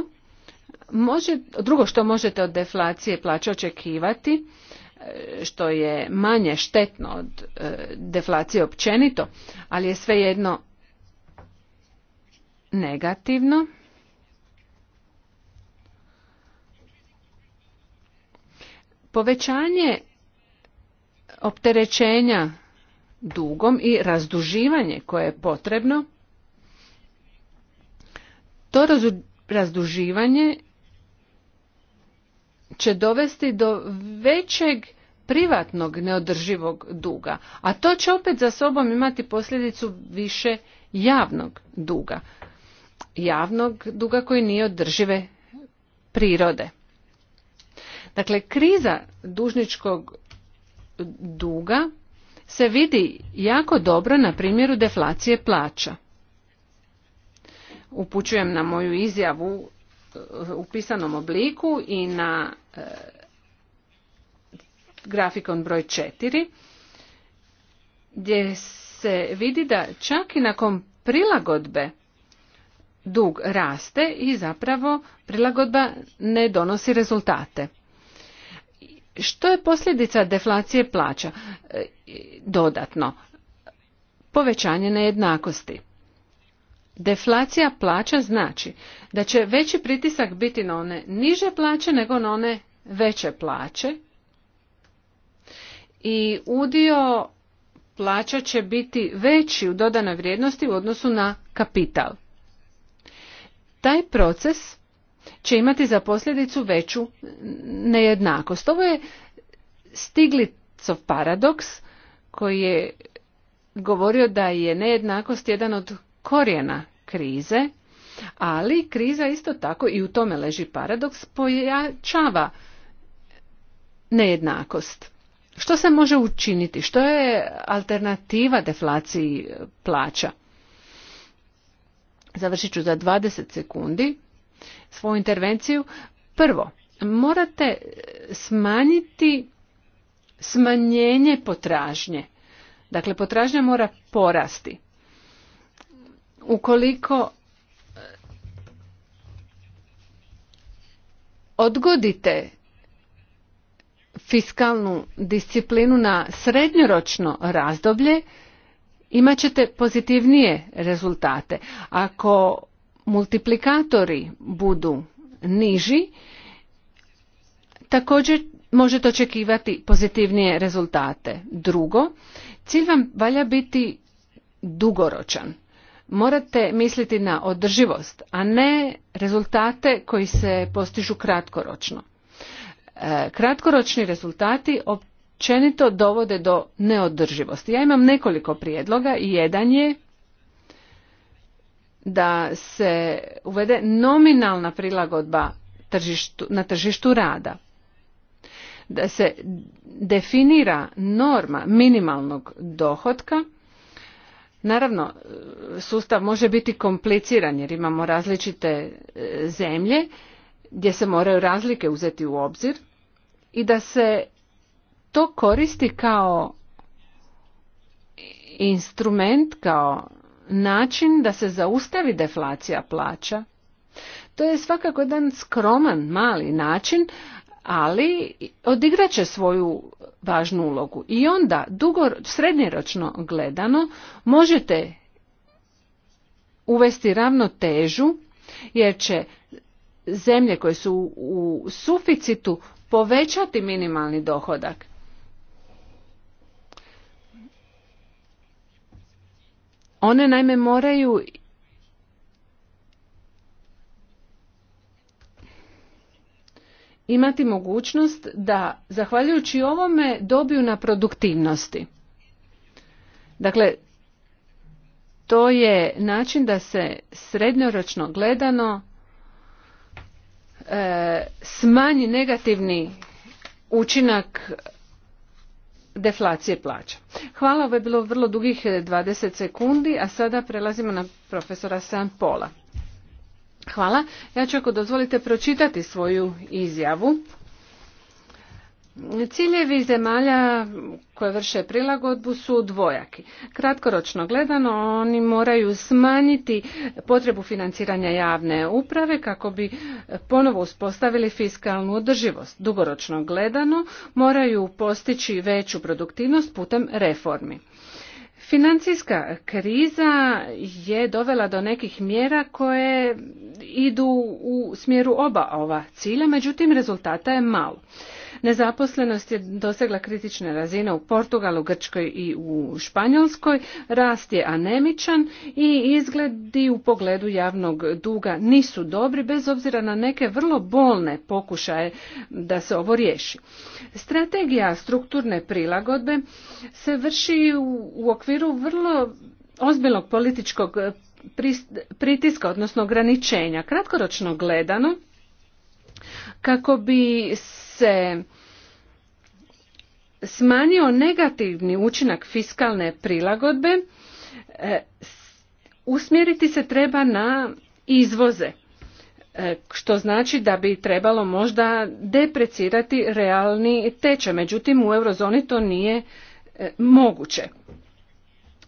može, drugo što možete od deflacije plaća očekivati, eh, što je manje štetno od eh, deflacije općenito, ali je svejedno negativno. Povećanje opterećenja dugom i razduživanje koje je potrebno, to razduživanje će dovesti do većeg privatnog neodrživog duga, a to će opet za sobom imati posljedicu više javnog duga. Javnog duga koji nije održive prirode. Dakle, kriza dužničkog duga se vidi jako dobro na primjeru deflacije plaća. Upućujem na moju izjavu e, u pisanom obliku i na e, grafikon broj 4 gdje se vidi da čak i nakon prilagodbe dug raste i zapravo prilagodba ne donosi rezultate. Što je posljedica deflacije plaća? E, dodatno, povećanje nejednakosti. Deflacija plaća znači da će veći pritisak biti na one niže plaće nego na one veće plaće i udio plaća će biti veći u dodanoj vrijednosti u odnosu na kapital. Taj proces će imati za posljedicu veću nejednakost. Ovo je Stiglicov paradoks koji je govorio da je nejednakost jedan od korijena krize, ali kriza isto tako i u tome leži paradoks pojačava nejednakost. Što se može učiniti? Što je alternativa deflaciji plaća? Završit ću za 20 sekundi svoju intervenciju. Prvo, morate smanjiti smanjenje potražnje. Dakle, potražnja mora porasti. Ukoliko eh, odgodite fiskalnu disciplinu na srednjoročno razdoblje, imat ćete pozitivnije rezultate. Ako multiplikatori budu niži, također možete očekivati pozitivnije rezultate. Drugo, cilj vam valja biti dugoročan. Morate misliti na održivost, a ne rezultate koji se postižu kratkoročno. E, kratkoročni rezultati općenito dovode do neodrživosti. Ja imam nekoliko prijedloga i jedan je da se uvede nominalna prilagodba na tržištu rada da se definira norma minimalnog dohotka naravno sustav može biti kompliciran jer imamo različite e, zemlje gdje se moraju razlike uzeti u obzir i da se to koristi kao instrument kao način da se zaustavi deflacija plaća. To je svakako jedan skroman, mali način, ali odigraće svoju važnu ulogu. I onda, dugo, srednjeročno gledano, možete uvesti ravnotežu, jer će zemlje koje su u suficitu povećati minimalni dohodak. One naime moraju imati mogućnost da zahvaljujući ovome dobiju na produktivnosti. Dakle, to je način da se srednjoročno gledano e, smanji negativni učinak deflacije plaća. Hvala, ovo je bilo vrlo dugih 20 eh, sekundi, a sada prelazimo na profesora sam Pola. Hvala, ja ću ako dozvolite pročitati svoju izjavu. Ciljevi zemalja koje vrše prilagodbu su dvojaki. Kratkoročno gledano oni moraju smanjiti potrebu financiranja javne uprave kako bi ponovo uspostavili fiskalnu održivost. Dugoročno gledano moraju postići veću produktivnost putem reformi. Financijska kriza je dovela do nekih mjera koje idu u smjeru oba ova cilja, međutim rezultata je malo. Nezaposlenost je dosegla kritične razine u Portugalu, Grčkoj i u Španjolskoj. Rast je anemičan i izgledi u pogledu javnog duga nisu dobri bez obzira na neke vrlo bolne pokušaje da se ovo riješi. Strategija strukturne prilagodbe se vrši u okviru vrlo ozbiljnog političkog pritiska, odnosno ograničenja. Kratkoročno gledano, kako bi se smanjio negativni učinak fiskalne prilagodbe, e, usmjeriti se treba na izvoze e, što znači da bi trebalo možda deprecirati realni tečaj. Međutim, u eurozoni to nije e, moguće.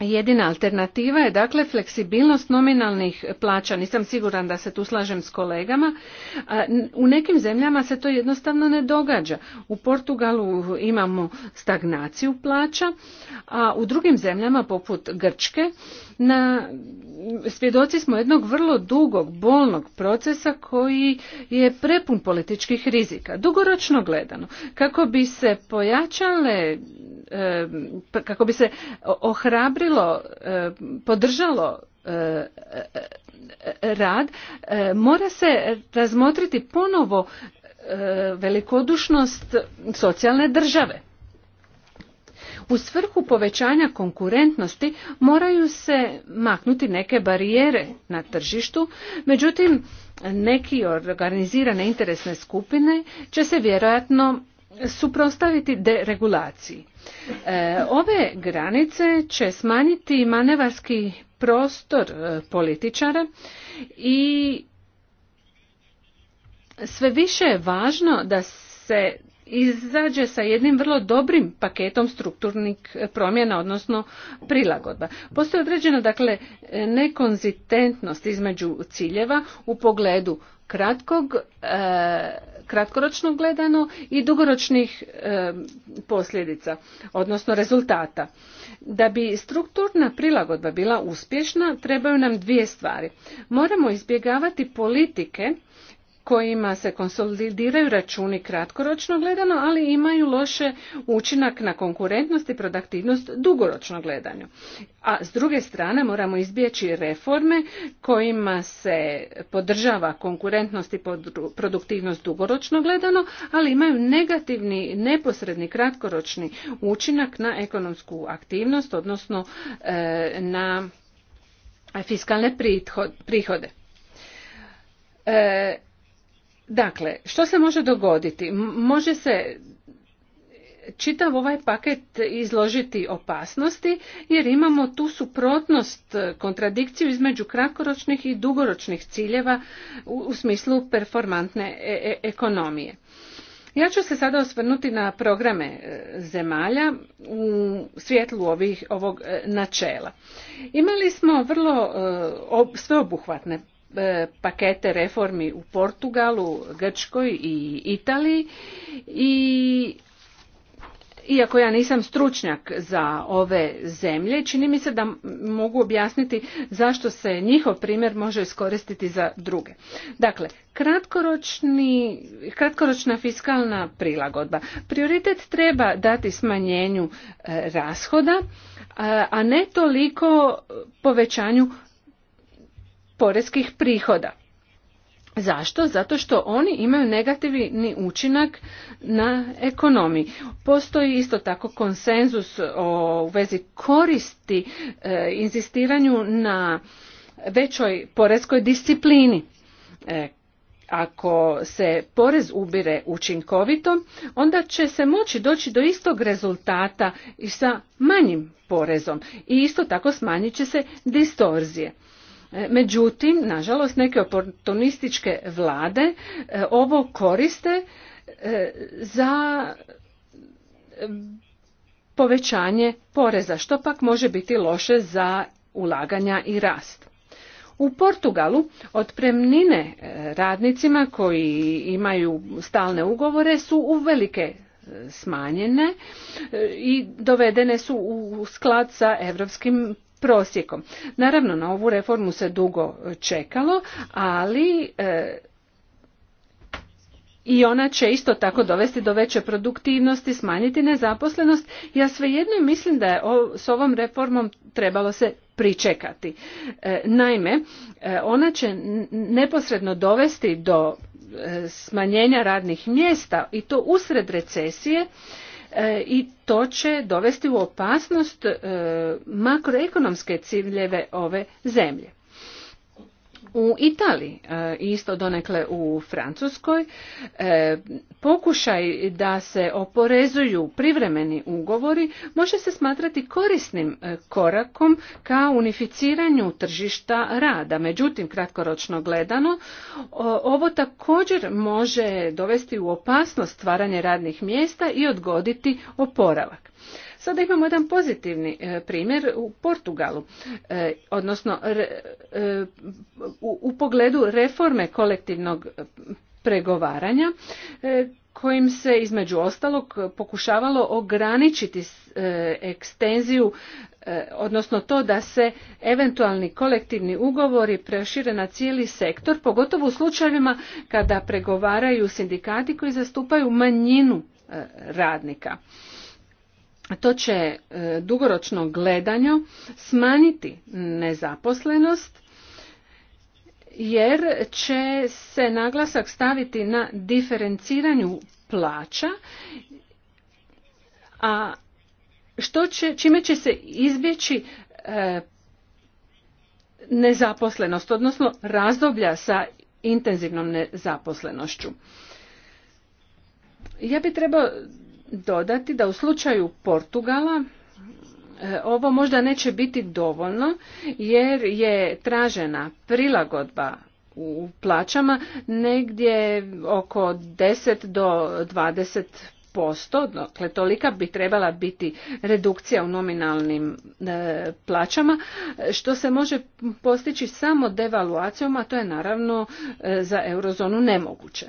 Jedina alternativa je dakle fleksibilnost nominalnih plaća. Nisam siguran da se tu slažem s kolegama. U nekim zemljama se to jednostavno ne događa. U Portugalu imamo stagnaciju plaća, a u drugim zemljama poput Grčke na svjedoci smo jednog vrlo dugog bolnog procesa koji je prepun političkih rizika dugoročno gledano kako bi se pojačale kako bi se ohrabrilo podržalo rad mora se razmotriti ponovo velikodušnost socijalne države u svrhu povećanja konkurentnosti moraju se maknuti neke barijere na tržištu, međutim neki organizirane interesne skupine će se vjerojatno suprotstaviti deregulaciji. E, ove granice će smanjiti manevarski prostor e, političara i sve više je važno da se izađe sa jednim vrlo dobrim paketom strukturnih e, promjena, odnosno prilagodba. Postoji određena dakle, e, nekonzistentnost između ciljeva u pogledu kratkog, e, kratkoročno gledano i dugoročnih posljedica, odnosno rezultata. Da bi strukturna prilagodba bila uspješna, trebaju nam dvije stvari. Moramo izbjegavati politike kojima se konsolidiraju računi kratkoročno gledano, ali imaju loše učinak na konkurentnost i produktivnost dugoročno gledanju. A s druge strane moramo izbjeći reforme kojima se podržava konkurentnost i produktivnost dugoročno gledano, ali imaju negativni, neposredni kratkoročni učinak na ekonomsku aktivnost, odnosno e, na fiskalne prihode. E, Dakle, što se može dogoditi? Može se čitav ovaj paket izložiti opasnosti jer imamo tu suprotnost, e, kontradikciju između kratkoročnih i dugoročnih ciljeva u, smislu performantne e, e, ekonomije. Ja ću se sada osvrnuti na programe zemalja u svjetlu ovih, ovog načela. Imali smo vrlo sveobuhvatne E, pakete reformi u Portugalu, Grčkoj i Italiji i iako ja nisam stručnjak za ove zemlje, čini mi se da mogu objasniti zašto se njihov primjer može iskoristiti za druge. Dakle, kratkoročna fiskalna prilagodba. Prioritet treba dati smanjenju e, rashoda, a ne toliko povećanju poreskih prihoda. Zašto? Zato što oni imaju negativni učinak na ekonomiji. Postoji isto tako konsenzus e, o, u vezi koristi e, inzistiranju na većoj poreskoj disciplini. E, ako se porez ubire učinkovito, onda će se moći doći do istog rezultata i sa manjim porezom i isto tako smanjit će se distorzije. E, međutim, nažalost, neke oportunističke vlade e, ovo koriste e, za povećanje poreza, što pak može biti loše za ulaganja i rast. U Portugalu otpremnine radnicima koji imaju stalne ugovore su uvelike smanjene i dovedene su u sklad sa europskim prosjekom. Naravno, na ovu reformu se dugo čekalo, ali e, i ona će isto tako dovesti do veće produktivnosti, smanjiti nezaposlenost. Ja svejedno mislim da je s ovom reformom trebalo se pričekati. E, naime, e, ona će neposredno dovesti do smanjenja radnih mjesta i to usred recesije E, i to će dovesti u opasnost e, makroekonomske ciljeve ove zemlje u Italiji i e, isto donekle u Francuskoj e, pokušaj da se oporezuju privremeni ugovori može se smatrati korisnim e, korakom ka unificiranju tržišta rada. Međutim, kratkoročno gledano, ovo također može dovesti u opasnost stvaranje radnih mjesta i odgoditi oporavak. Sada imamo jedan pozitivni e, primjer u Portugalu, e, odnosno e, u pogledu reforme kolektivnog pregovaranja kojim se između ostalog pokušavalo ograničiti ekstenziju odnosno to da se eventualni kolektivni ugovori prešire na cijeli sektor pogotovo u slučajevima kada pregovaraju sindikati koji zastupaju manjinu radnika to će e, dugoročno gledanje smanjiti nezaposlenost jer će se naglasak staviti na diferenciranju plaća a što će, čime će se izbjeći e, nezaposlenost odnosno razdoblja sa intenzivnom nezaposlenošću ja bi trebao dodati da u slučaju Portugala e, ovo možda neće biti dovoljno jer je tražena prilagodba u plaćama negdje oko 10 do 20 posto, dakle tolika bi trebala biti redukcija u nominalnim e, plaćama, što se može postići samo devaluacijom, a to je naravno e, za eurozonu nemoguće.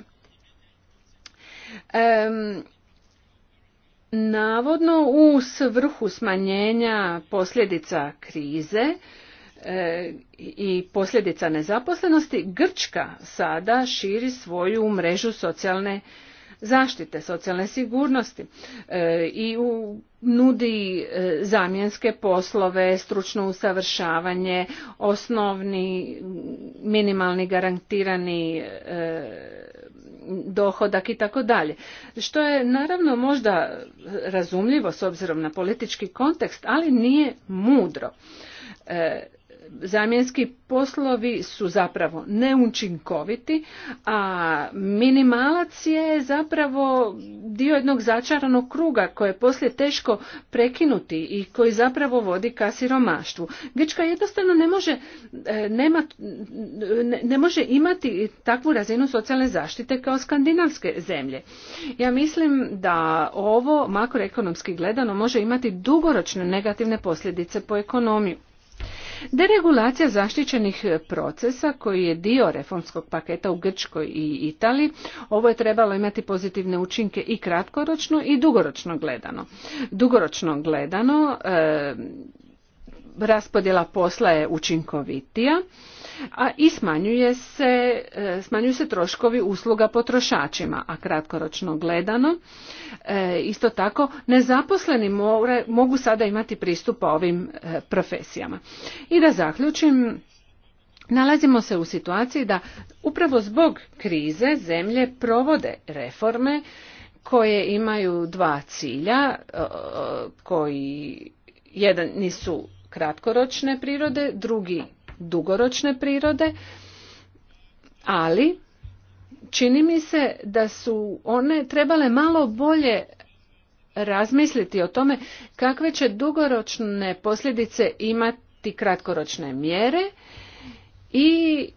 Navodno u svrhu smanjenja posljedica krize e, i posljedica nezaposlenosti, Grčka sada širi svoju mrežu socijalne zaštite, socijalne sigurnosti e, i nudi e, zamjenske poslove, stručno usavršavanje, osnovni minimalni garantirani dohodak i tako dalje. Što je naravno možda razumljivo s obzirom na politički kontekst, ali nije mudro. E, zamjenski poslovi su zapravo neučinkoviti, a minimalac je zapravo dio jednog začaranog kruga koje je poslije teško prekinuti i koji zapravo vodi ka siromaštvu. Grčka jednostavno ne može, e, nema, ne može imati takvu razinu socijalne zaštite kao skandinavske zemlje. Ja mislim da ovo makroekonomski gledano može imati dugoročne negativne posljedice po ekonomiju. Deregulacija zaštićenih procesa koji je dio reformskog paketa u Grčkoj i Italiji, ovo je trebalo imati pozitivne učinke i kratkoročno i dugoročno gledano. Dugoročno gledano e, raspodjela posla je učinkovitija a i se, e, smanjuju se troškovi usluga potrošačima, a kratkoročno gledano e, isto tako nezaposleni mogu sada imati pristup ovim e, profesijama. I da zaključim, Nalazimo se u situaciji da upravo zbog krize zemlje provode reforme koje imaju dva cilja, koji jedan nisu kratkoročne prirode, drugi dugoročne prirode, ali čini mi se da su one trebale malo bolje razmisliti o tome kakve će dugoročne posljedice imati kratkoročne mjere i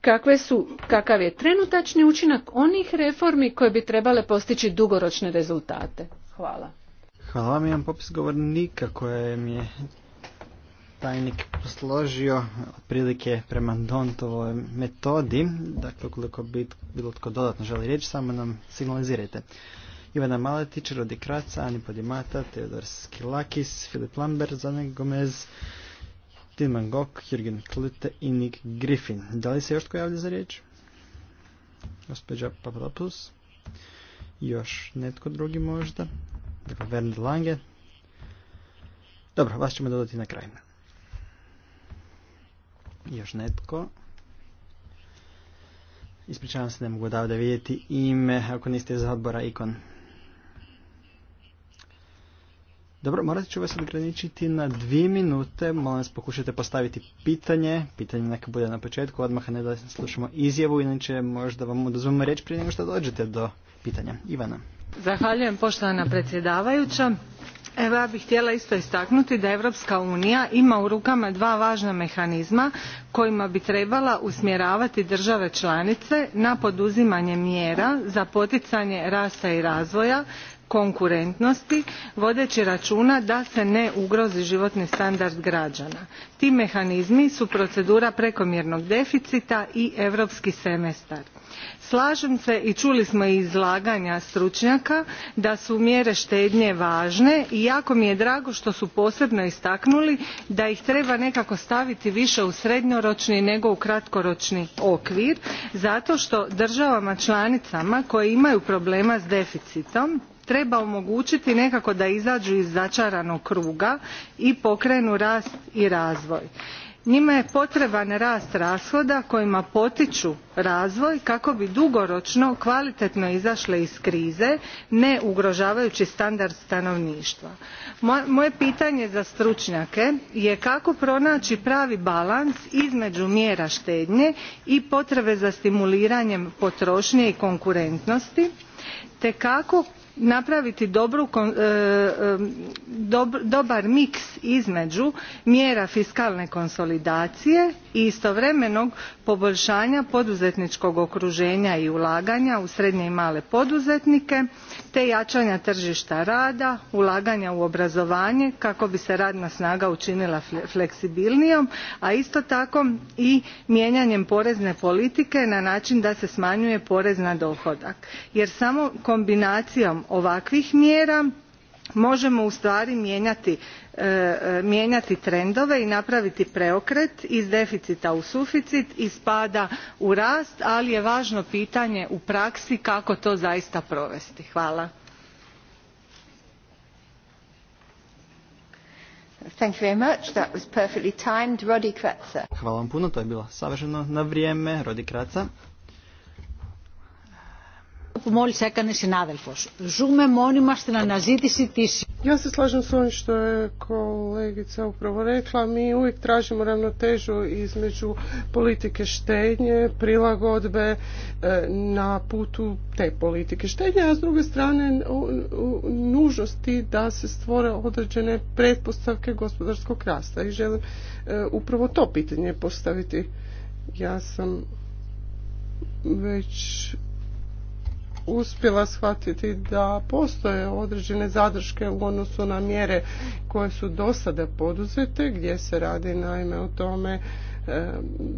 kakve su, kakav je trenutačni učinak onih reformi koje bi trebale postići dugoročne rezultate. Hvala. Hvala vam, imam popis govornika koje mi je tajnik posložio otprilike prema Dontovoj metodi. Dakle, ukoliko bi bilo tko dodatno želi reći, samo nam signalizirajte. Ivana Maletić, Rodi Kraca, Ani Podimata, Teodor Skilakis, Filip Lambert, Zane Gomez, Tilman Gok, Jürgen Klute i Nick Griffin. Da li se još tko javlja za riječ? Gospođa Papadopoulos? Još netko drugi možda? Dakle, Lange. Dobro, vas ćemo dodati na kraj. Još netko. Ispričavam se, ne mogu odavde vidjeti ime ako niste iz odbora ikon. Dobro, morat ću vas ograničiti na dvije minute. Molim vas pokušajte postaviti pitanje. Pitanje neka bude na početku, odmah ne da slušamo izjavu, inače možda vam oduzmemo reč prije nego što dođete do pitanja. Ivana. Zahvaljujem poštovana predsjedavajuća. Evo ja bih htjela isto istaknuti da Europska unija ima u rukama dva važna mehanizma kojima bi trebala usmjeravati države članice na poduzimanje mjera za poticanje rasta i razvoja konkurentnosti vodeći računa da se ne ugrozi životni standard građana. ti mehanizmi su procedura prekomjernog deficita i europski semestar. slažem se i čuli smo iz izlaganja stručnjaka da su mjere štednje važne i jako mi je drago što su posebno istaknuli da ih treba nekako staviti više u srednjoročni nego u kratkoročni okvir zato što državama članicama koje imaju problema s deficitom treba omogućiti nekako da izađu iz začaranog kruga i pokrenu rast i razvoj njima je potreban rast rashoda kojima potiču razvoj kako bi dugoročno kvalitetno izašle iz krize ne ugrožavajući standard stanovništva moje pitanje za stručnjake je kako pronaći pravi balans između mjera štednje i potrebe za stimuliranjem potrošnje i konkurentnosti te kako napraviti dobru, e, e, dobar miks između mjera fiskalne konsolidacije i istovremenog poboljšanja poduzetničkog okruženja i ulaganja u srednje i male poduzetnike te jačanja tržišta rada ulaganja u obrazovanje kako bi se radna snaga učinila fleksibilnijom a isto tako i mijenjanjem porezne politike na način da se smanjuje porez na dohodak jer samo kombinacijom ovakvih mjera možemo ustvari e, mijenjati, trendove i napraviti preokret iz deficita u suficit iz pada u rast ali je važno pitanje u praksi kako to zaista provesti. hvala. vam puno, to je bilo savršeno na vrijeme. Rodi Kratca. Ja se slažem s ovim što je kolegica upravo rekla. Mi uvijek tražimo ravnotežu između politike štednje, prilagodbe e, na putu te politike štednje, a s druge strane nužnosti da se stvore određene pretpostavke gospodarskog rasta. I želim e, upravo to pitanje postaviti. Ja sam već uspjela shvatiti da postoje određene zadrške u odnosu na mjere koje su do sada poduzete, gdje se radi naime o tome e,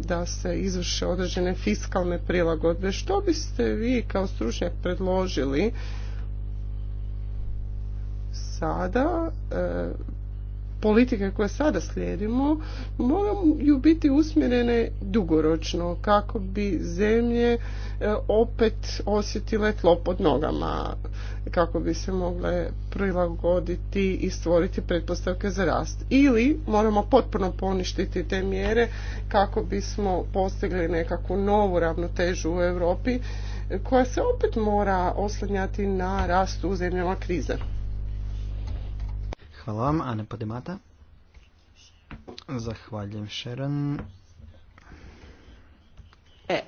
da se izvrše određene fiskalne prilagodbe. Što biste vi kao stručnjak predložili sada e, politike koje sada slijedimo moraju biti usmjerene dugoročno kako bi zemlje e, opet osjetile tlo pod nogama kako bi se mogle prilagoditi i stvoriti pretpostavke za rast. Ili moramo potpuno poništiti te mjere kako bismo postigli nekakvu novu ravnotežu u Europi koja se opet mora oslanjati na rast u zemljama krize. Hvala vam, Ana Podemata. Zahvaljujem, Sharon. E,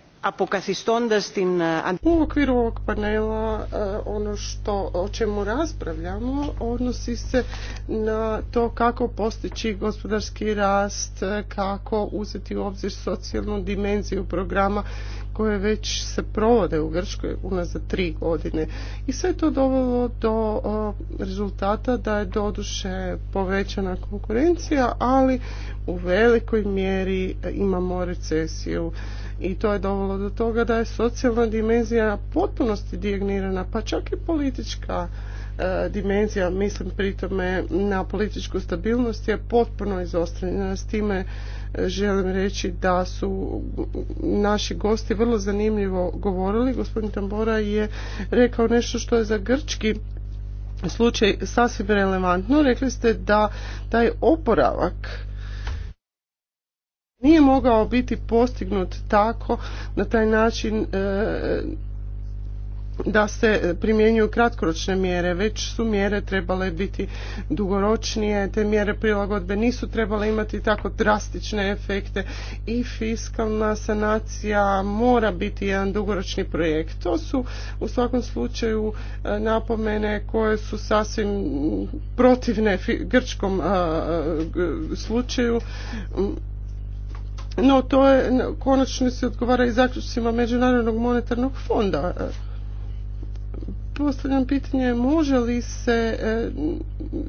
e u okviru ovog panela e, ono što o čemu raspravljamo odnosi se na to kako postići gospodarski rast, e, kako uzeti u obzir socijalnu dimenziju programa koje već se provode u Grčkoj unazad tri godine. I sve to dovelo do rezultata da je doduše povećana konkurencija, ali u velikoj mjeri imamo recesiju i to je dovelo do toga da je socijalna dimenzija potpunosti dijegnirana, pa čak i politička E, dimenzija, mislim pritome na političku stabilnost, je potpuno izostavljena. S time e, želim reći da su naši gosti vrlo zanimljivo govorili. Gospodin Tambora je rekao nešto što je za grčki slučaj sasvim relevantno. Rekli ste da taj oporavak nije mogao biti postignut tako na taj način e, da se primjenjuju kratkoročne mjere, već su mjere trebale biti dugoročnije, te mjere prilagodbe nisu trebale imati tako drastične efekte i fiskalna sanacija mora biti jedan dugoročni projekt. To su u svakom slučaju e, napomene koje su sasvim protivne grčkom e, e, slučaju no to je konačno se odgovara i zaključcima Međunarodnog monetarnog fonda postavljam pitanje može li se e,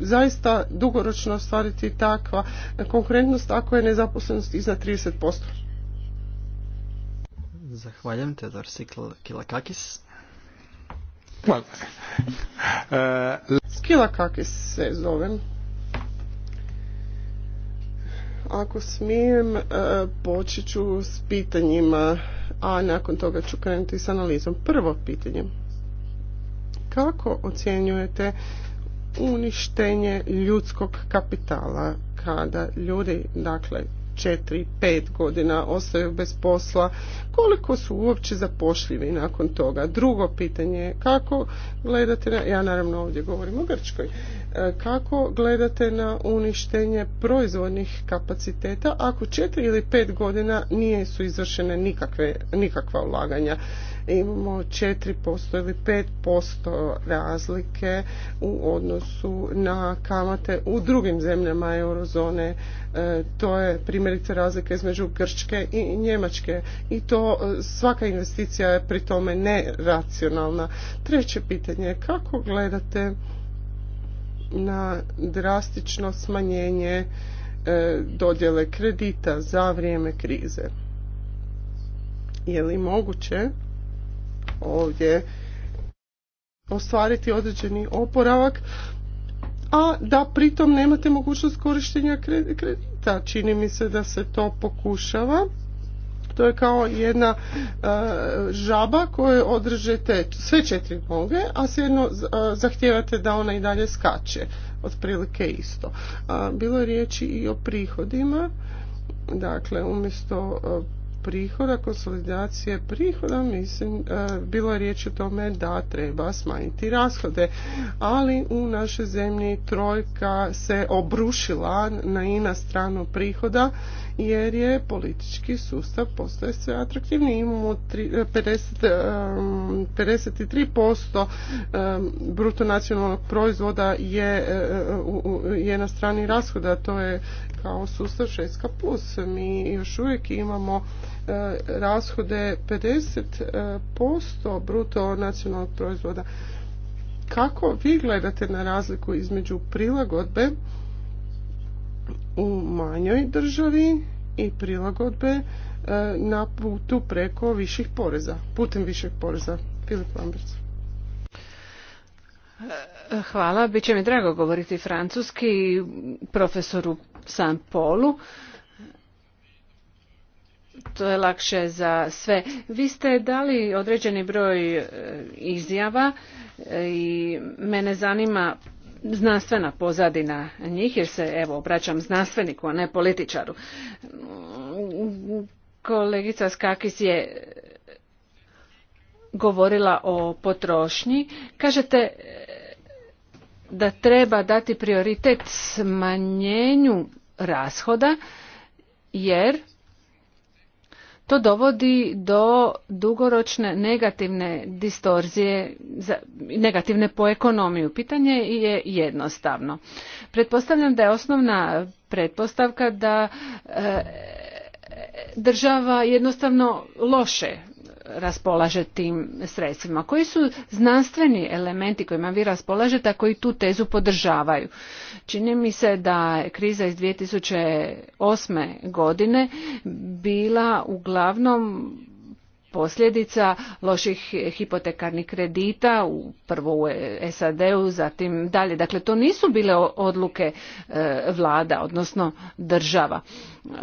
zaista dugoročno ostvariti takva konkurentnost ako je nezaposlenost iznad 30%? Zahvaljujem, Teodor Sikl Kilakakis. se zovem. Ako smijem, e, počet ću s pitanjima, a nakon toga ću krenuti s analizom. Prvo pitanje. Kako ocjenjujete uništenje ljudskog kapitala kada ljudi, dakle, četiri, pet godina ostaju bez posla, koliko su uopće zapošljivi nakon toga? Drugo pitanje je kako gledate na, ja naravno ovdje govorim o Grčkoj, e, kako gledate na uništenje proizvodnih kapaciteta ako četiri ili pet godina nije su izvršene nikakve, nikakva ulaganja? imamo 4% ili 5% razlike u odnosu na kamate u drugim zemljama eurozone. E, to je primjerice razlika između Grčke i Njemačke i to e, svaka investicija je pri tome neracionalna. Treće pitanje je kako gledate na drastično smanjenje e, dodjele kredita za vrijeme krize je li moguće ovdje ostvariti određeni oporavak a da pritom nemate mogućnost korištenja kredita. Čini mi se da se to pokušava. To je kao jedna e, žaba koju održete sve četiri noge, a svejedno e, zahtijevate da ona i dalje skače. Otprilike isto. Bilo je riječi i o prihodima. Dakle, umjesto e, prihoda, konsolidacije prihoda, mislim, e, bilo je riječ o tome da treba smanjiti rashode, ali u našoj zemlji trojka se obrušila na ina stranu prihoda jer je politički sustav postaje sve atraktivniji. Imamo 53% eh, eh, eh, bruto nacionalnog proizvoda je, na strani rashoda. To je kao sustav 6 plus. Mi još uvijek imamo rashode 50% bruto nacionalnog proizvoda. Kako vi gledate na razliku između prilagodbe u manjoj državi i prilagodbe e, na putu preko viših poreza, putem viših poreza. Filip Lambert. Hvala, bit će mi drago govoriti francuski profesoru San Polu. To je lakše za sve. Vi ste dali određeni broj e, izjava e, i mene zanima znanstvena pozadina njih, jer se evo obraćam znanstveniku, a ne političaru. Kolegica Skakis je govorila o potrošnji. Kažete e, da treba dati prioritet smanjenju rashoda jer to dovodi do dugoročne negativne distorzije, negativne po ekonomiju. Pitanje je jednostavno. Pretpostavljam da je osnovna pretpostavka da e, država jednostavno loše raspolaže tim sredstvima. Koji su znanstveni elementi kojima vi raspolažete, a koji tu tezu podržavaju? Čini mi se da je kriza iz 2008. godine bila uglavnom posljedica loših hipotekarnih kredita, prvo u SAD-u, zatim dalje. Dakle, to nisu bile odluke e, vlada, odnosno država.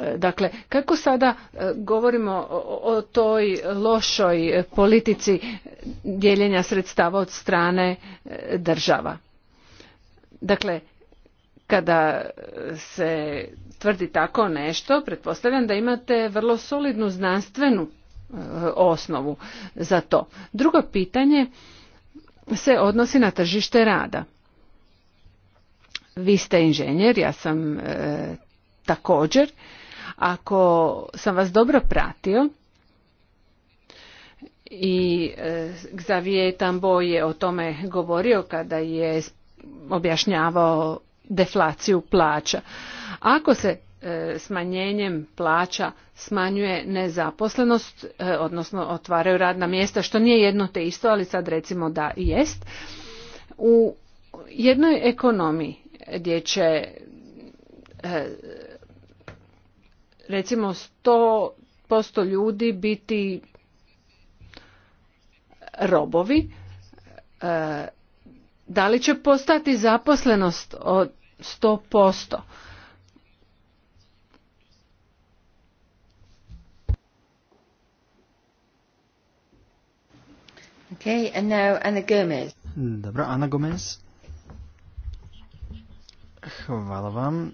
E, dakle, kako sada e, govorimo o toj lošoj politici dijeljenja sredstava od strane država? Dakle, kada se tvrdi tako nešto, pretpostavljam da imate vrlo solidnu znanstvenu E, osnovu za to. Drugo pitanje se odnosi na tržište rada. Vi ste inženjer, ja sam e, također. Ako sam vas dobro pratio i e, Xavier Tambo je o tome govorio kada je objašnjavao deflaciju plaća. Ako se E, smanjenjem plaća smanjuje nezaposlenost, e, odnosno otvaraju radna mjesta, što nije jedno te isto, ali sad recimo da i jest. U jednoj ekonomiji gdje će e, recimo posto ljudi biti robovi, da li će postati zaposlenost od sto posto Okay, Gomez. Dobro, Ana Gomez. Hvala vam.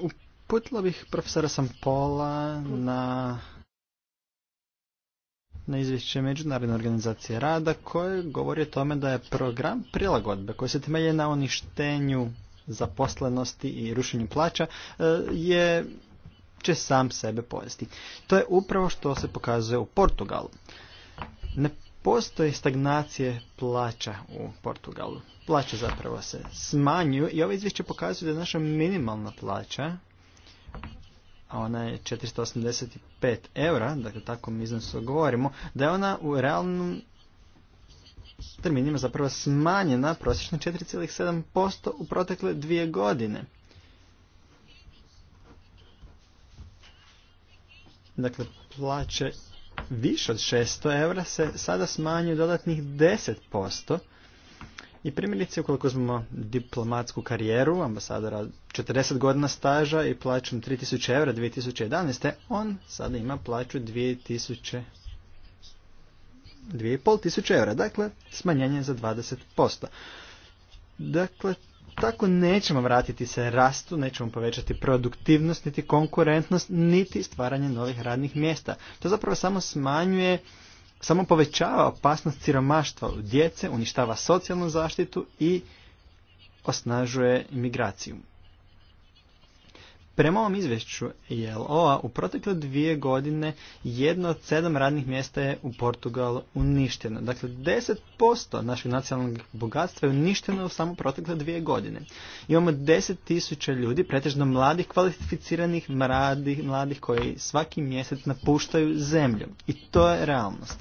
Uputila bih profesora Sampola na na izvješće Međunarodne organizacije rada koje govori o tome da je program prilagodbe koji se temelje na uništenju zaposlenosti i rušenju plaća e, je će sam sebe pojesti. To je upravo što se pokazuje u Portugalu. Ne postoji stagnacije plaća u Portugalu. Plaće zapravo se smanjuju i ovo izvješće pokazuje da je naša minimalna plaća, a ona je 485 eura, dakle takvom iznosu govorimo, da je ona u realnom terminima zapravo smanjena prosječno 4,7% u protekle dvije godine. Dakle, plaće više od 600 eura se sada smanjuje dodatnih 10%. I primjerice, ukoliko smo diplomatsku karijeru, ambasadora 40 godina staža i plaćom 3000 eura 2011. On sada ima plaću 2500 eura, dakle smanjenje za 20%. Dakle, tako nećemo vratiti se rastu, nećemo povećati produktivnost, niti konkurentnost, niti stvaranje novih radnih mjesta. To zapravo samo smanjuje, samo povećava opasnost siromaštva u djece, uništava socijalnu zaštitu i osnažuje imigraciju. Prema ovom izvješću ILO-a u protekle dvije godine jedno od sedam radnih mjesta je u Portugalu uništeno. Dakle, 10% našeg nacionalnog bogatstva je uništeno u samo protekle dvije godine. Imamo 10.000 ljudi, pretežno mladih, kvalificiranih mladih, mladih koji svaki mjesec napuštaju zemlju. I to je realnost.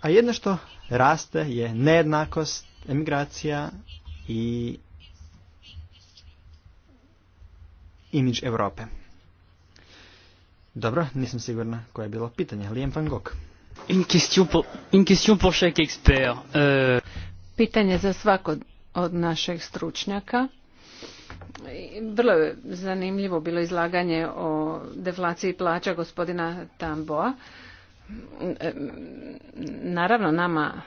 A jedno što raste je nejednakost, emigracija i imidž Europe. Dobro, nisam sigurna koje je bilo pitanje. Lijem Van Gogh. Une question pour, chaque expert. Euh, pitanje za svako od naših stručnjaka. Vrlo je zanimljivo bilo izlaganje o deflaciji plaća gospodina Tamboa. Naravno, nama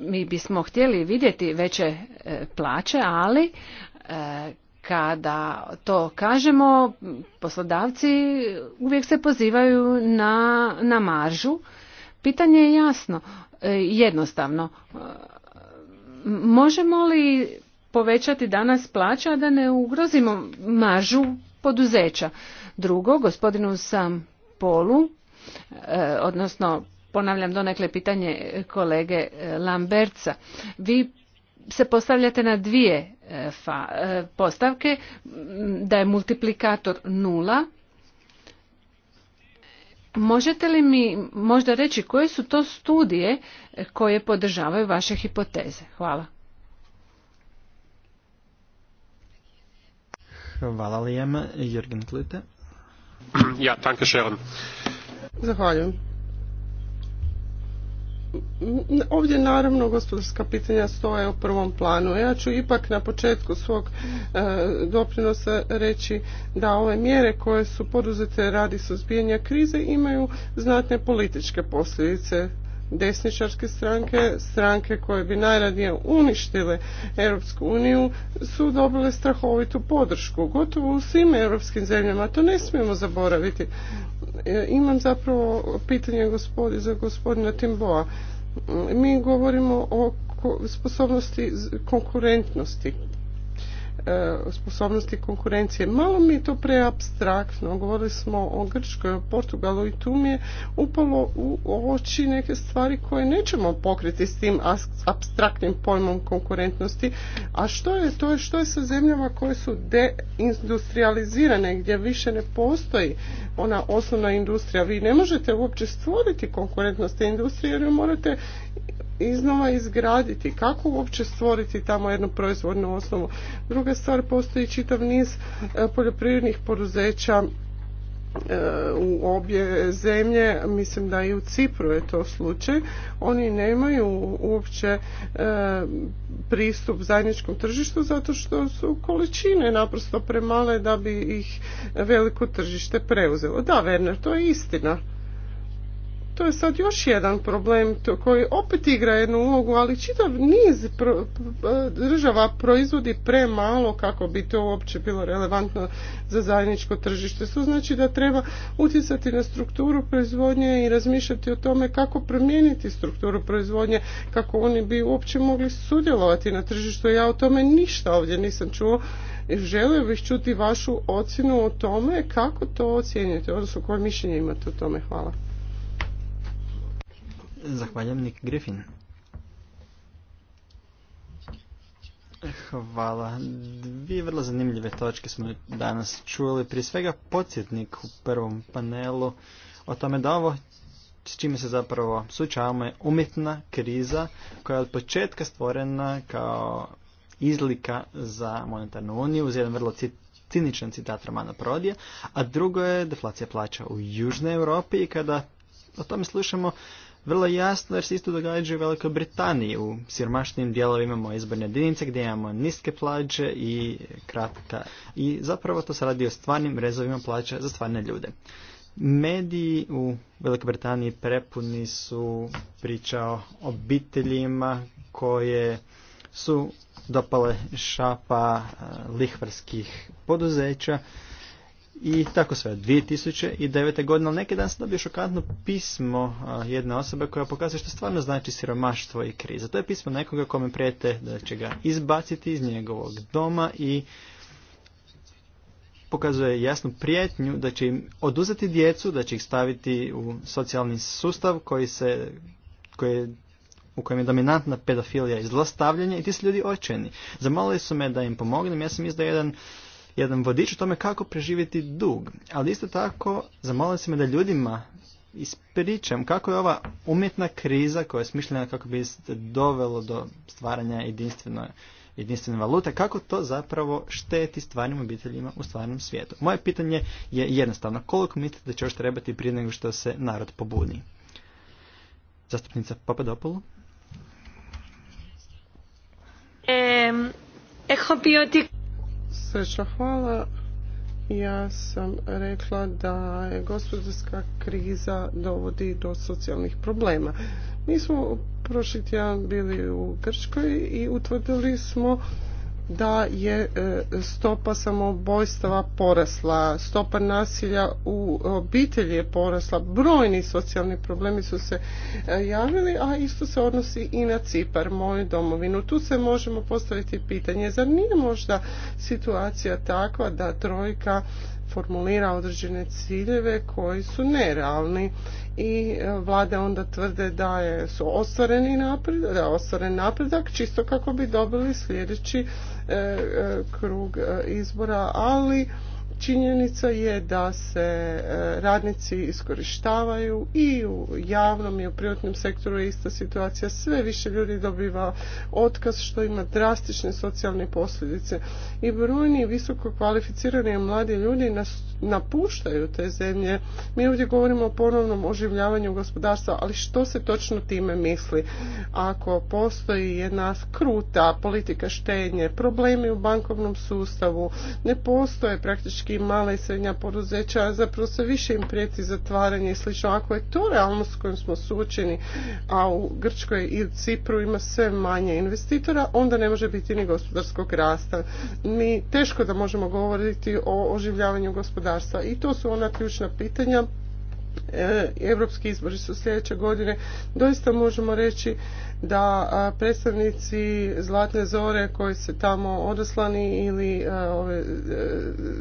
mi bismo htjeli vidjeti veće e, plaće, ali e, kada to kažemo, poslodavci uvijek se pozivaju na, na maržu. Pitanje je jasno, e, jednostavno. E, možemo li povećati danas plaća da ne ugrozimo maržu poduzeća? Drugo, gospodinu sam polu, e, odnosno ponavljam donekle pitanje kolege Lamberca. Vi se postavljate na dvije E, postavke, da je multiplikator nula. Možete li mi možda reći koje su to studije koje podržavaju vaše hipoteze? Hvala. Hvala Lijema. Jürgen Klite. Ja, danke schön. Zahvaljujem. Ovdje naravno gospodarska pitanja stoje u prvom planu. Ja ću ipak na početku svog e, doprinosa reći da ove mjere koje su poduzete radi suzbijanja krize imaju znatne političke posljedice desničarske stranke, stranke koje bi najradije uništile Europsku uniju, su dobile strahovitu podršku. Gotovo u svim europskim zemljama, to ne smijemo zaboraviti. E, imam zapravo pitanje gospodi, za gospodina Timboa. Mi govorimo o sposobnosti konkurentnosti E, sposobnosti konkurencije. Malo mi je to preabstraktno. Govorili smo o Grčkoj, o Portugalu i tu mi je upalo u oči neke stvari koje nećemo pokriti s tim abstraktnim pojmom konkurentnosti. A što je to? što je sa zemljama koje su deindustrializirane, gdje više ne postoji ona osnovna industrija? Vi ne možete uopće stvoriti konkurentnost te industrije jer ju morate iznova izgraditi? Kako uopće stvoriti tamo jednu proizvodnu osnovu? Druga stvar, postoji čitav niz e, poljoprivrednih poduzeća e, u obje zemlje, mislim da i u Cipru je to slučaj, oni nemaju uopće e, pristup zajedničkom tržištu zato što su količine naprosto premale da bi ih veliko tržište preuzelo. Da, Werner, to je istina. To je sad još jedan problem koji opet igra jednu ulogu, ali čitav niz e, država proizvodi premalo kako bi to uopće bilo relevantno za zajedničko tržište. To znači da treba utjecati na strukturu proizvodnje i razmišljati o tome kako promijeniti strukturu proizvodnje, kako oni bi uopće mogli sudjelovati na tržištu. Ja o tome ništa ovdje nisam čuo. Želio bih čuti vašu ocjenu o tome kako to ocjenjujete, odnosno koje mišljenje imate o tome. Hvala. Zahvaljujem Nick Griffin. Hvala. Dvije vrlo zanimljive točke smo danas čuli. Prije svega podsjetnik u prvom panelu o tome da ovo s čime se zapravo sučavamo je umjetna kriza koja je od početka stvorena kao izlika za monetarnu uniju uz jedan vrlo ciničan citat Romana Prodija, a drugo je deflacija plaća u Južnoj Europi i kada o tome slušamo vrlo jasno jer se isto događa u Velikoj Britaniji. U siromašnim dijelovima imamo izborne jedinice gdje imamo niske plaće i kratka. I zapravo to se radi o stvarnim rezovima plaća za stvarne ljude. Mediji u Velikoj Britaniji prepuni su priča o obiteljima koje su dopale šapa eh, lihvarskih poduzeća i tako sve, 2009. godine, ali neki dan sam dobio šokantno pismo jedne osobe koja pokazuje što stvarno znači siromaštvo i kriza. To je pismo nekoga kome prijete da će ga izbaciti iz njegovog doma i pokazuje jasnu prijetnju da će im oduzeti djecu, da će ih staviti u socijalni sustav koji se, koji u kojem je dominantna pedofilija i zlostavljanje i ti su ljudi očeni. Zamolili su me da im pomognem, ja sam izdao jedan jedan vodič o tome kako preživjeti dug. Ali isto tako zamolim se me da ljudima ispričam kako je ova umjetna kriza koja je smišljena kako bi dovelo do stvaranja jedinstvene, jedinstvene valute, kako to zapravo šteti stvarnim obiteljima u stvarnom svijetu. Moje pitanje je jednostavno, koliko mislite da će još trebati prije nego što se narod pobuni. Zastupnica Papadopoulou. ehopiotik sreća hvala. Ja sam rekla da je gospodarska kriza dovodi do socijalnih problema. Mi smo prošli tjedan bili u Grčkoj i utvrdili smo da je e, stopa samoubojstava porasla, stopa nasilja u obitelji je porasla, brojni socijalni problemi su se e, javili, a isto se odnosi i na Cipar, moju domovinu. Tu se možemo postaviti pitanje, zar nije možda situacija takva da trojka formulira određene ciljeve koji su nerealni i e, vlade onda tvrde da je, su ostvareni napredak, da je ostvaren napredak čisto kako bi dobili sljedeći e, e, krug izbora, ali Činjenica je da se e, radnici iskorištavaju i u javnom i u privatnom sektoru je ista situacija. Sve više ljudi dobiva otkaz što ima drastične socijalne posljedice. I brojni visoko kvalificirani mladi ljudi napuštaju te zemlje. Mi ovdje govorimo o ponovnom oživljavanju gospodarstva, ali što se točno time misli? Ako postoji jedna kruta politika štenje, problemi u bankovnom sustavu, ne postoje praktički i mala i srednja poduzeća zapravo sve više im prijeti zatvaranje i slično. Ako je to realnost s kojom smo suočeni, a u Grčkoj i Cipru ima sve manje investitora, onda ne može biti ni gospodarskog rasta. Mi teško da možemo govoriti o oživljavanju gospodarstva i to su ona ključna pitanja europski izbori su sljedeće godine, doista možemo reći da predstavnici Zlatne zore koji se tamo odoslani ili ove e,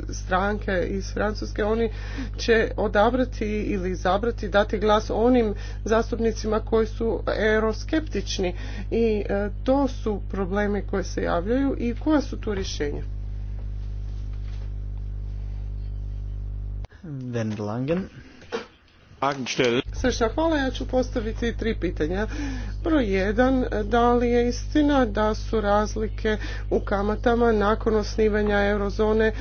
stranke iz Francuske, oni će odabrati ili izabrati, dati glas onim zastupnicima koji su euroskeptični i e, to su problemi koji se javljaju i koja su tu rješenja. Wendelangen fragen stellen. Srša hvala. Ja ću postaviti tri pitanja. Prvo jedan, da li je istina da su razlike u kamatama nakon osnivanja eurozone e,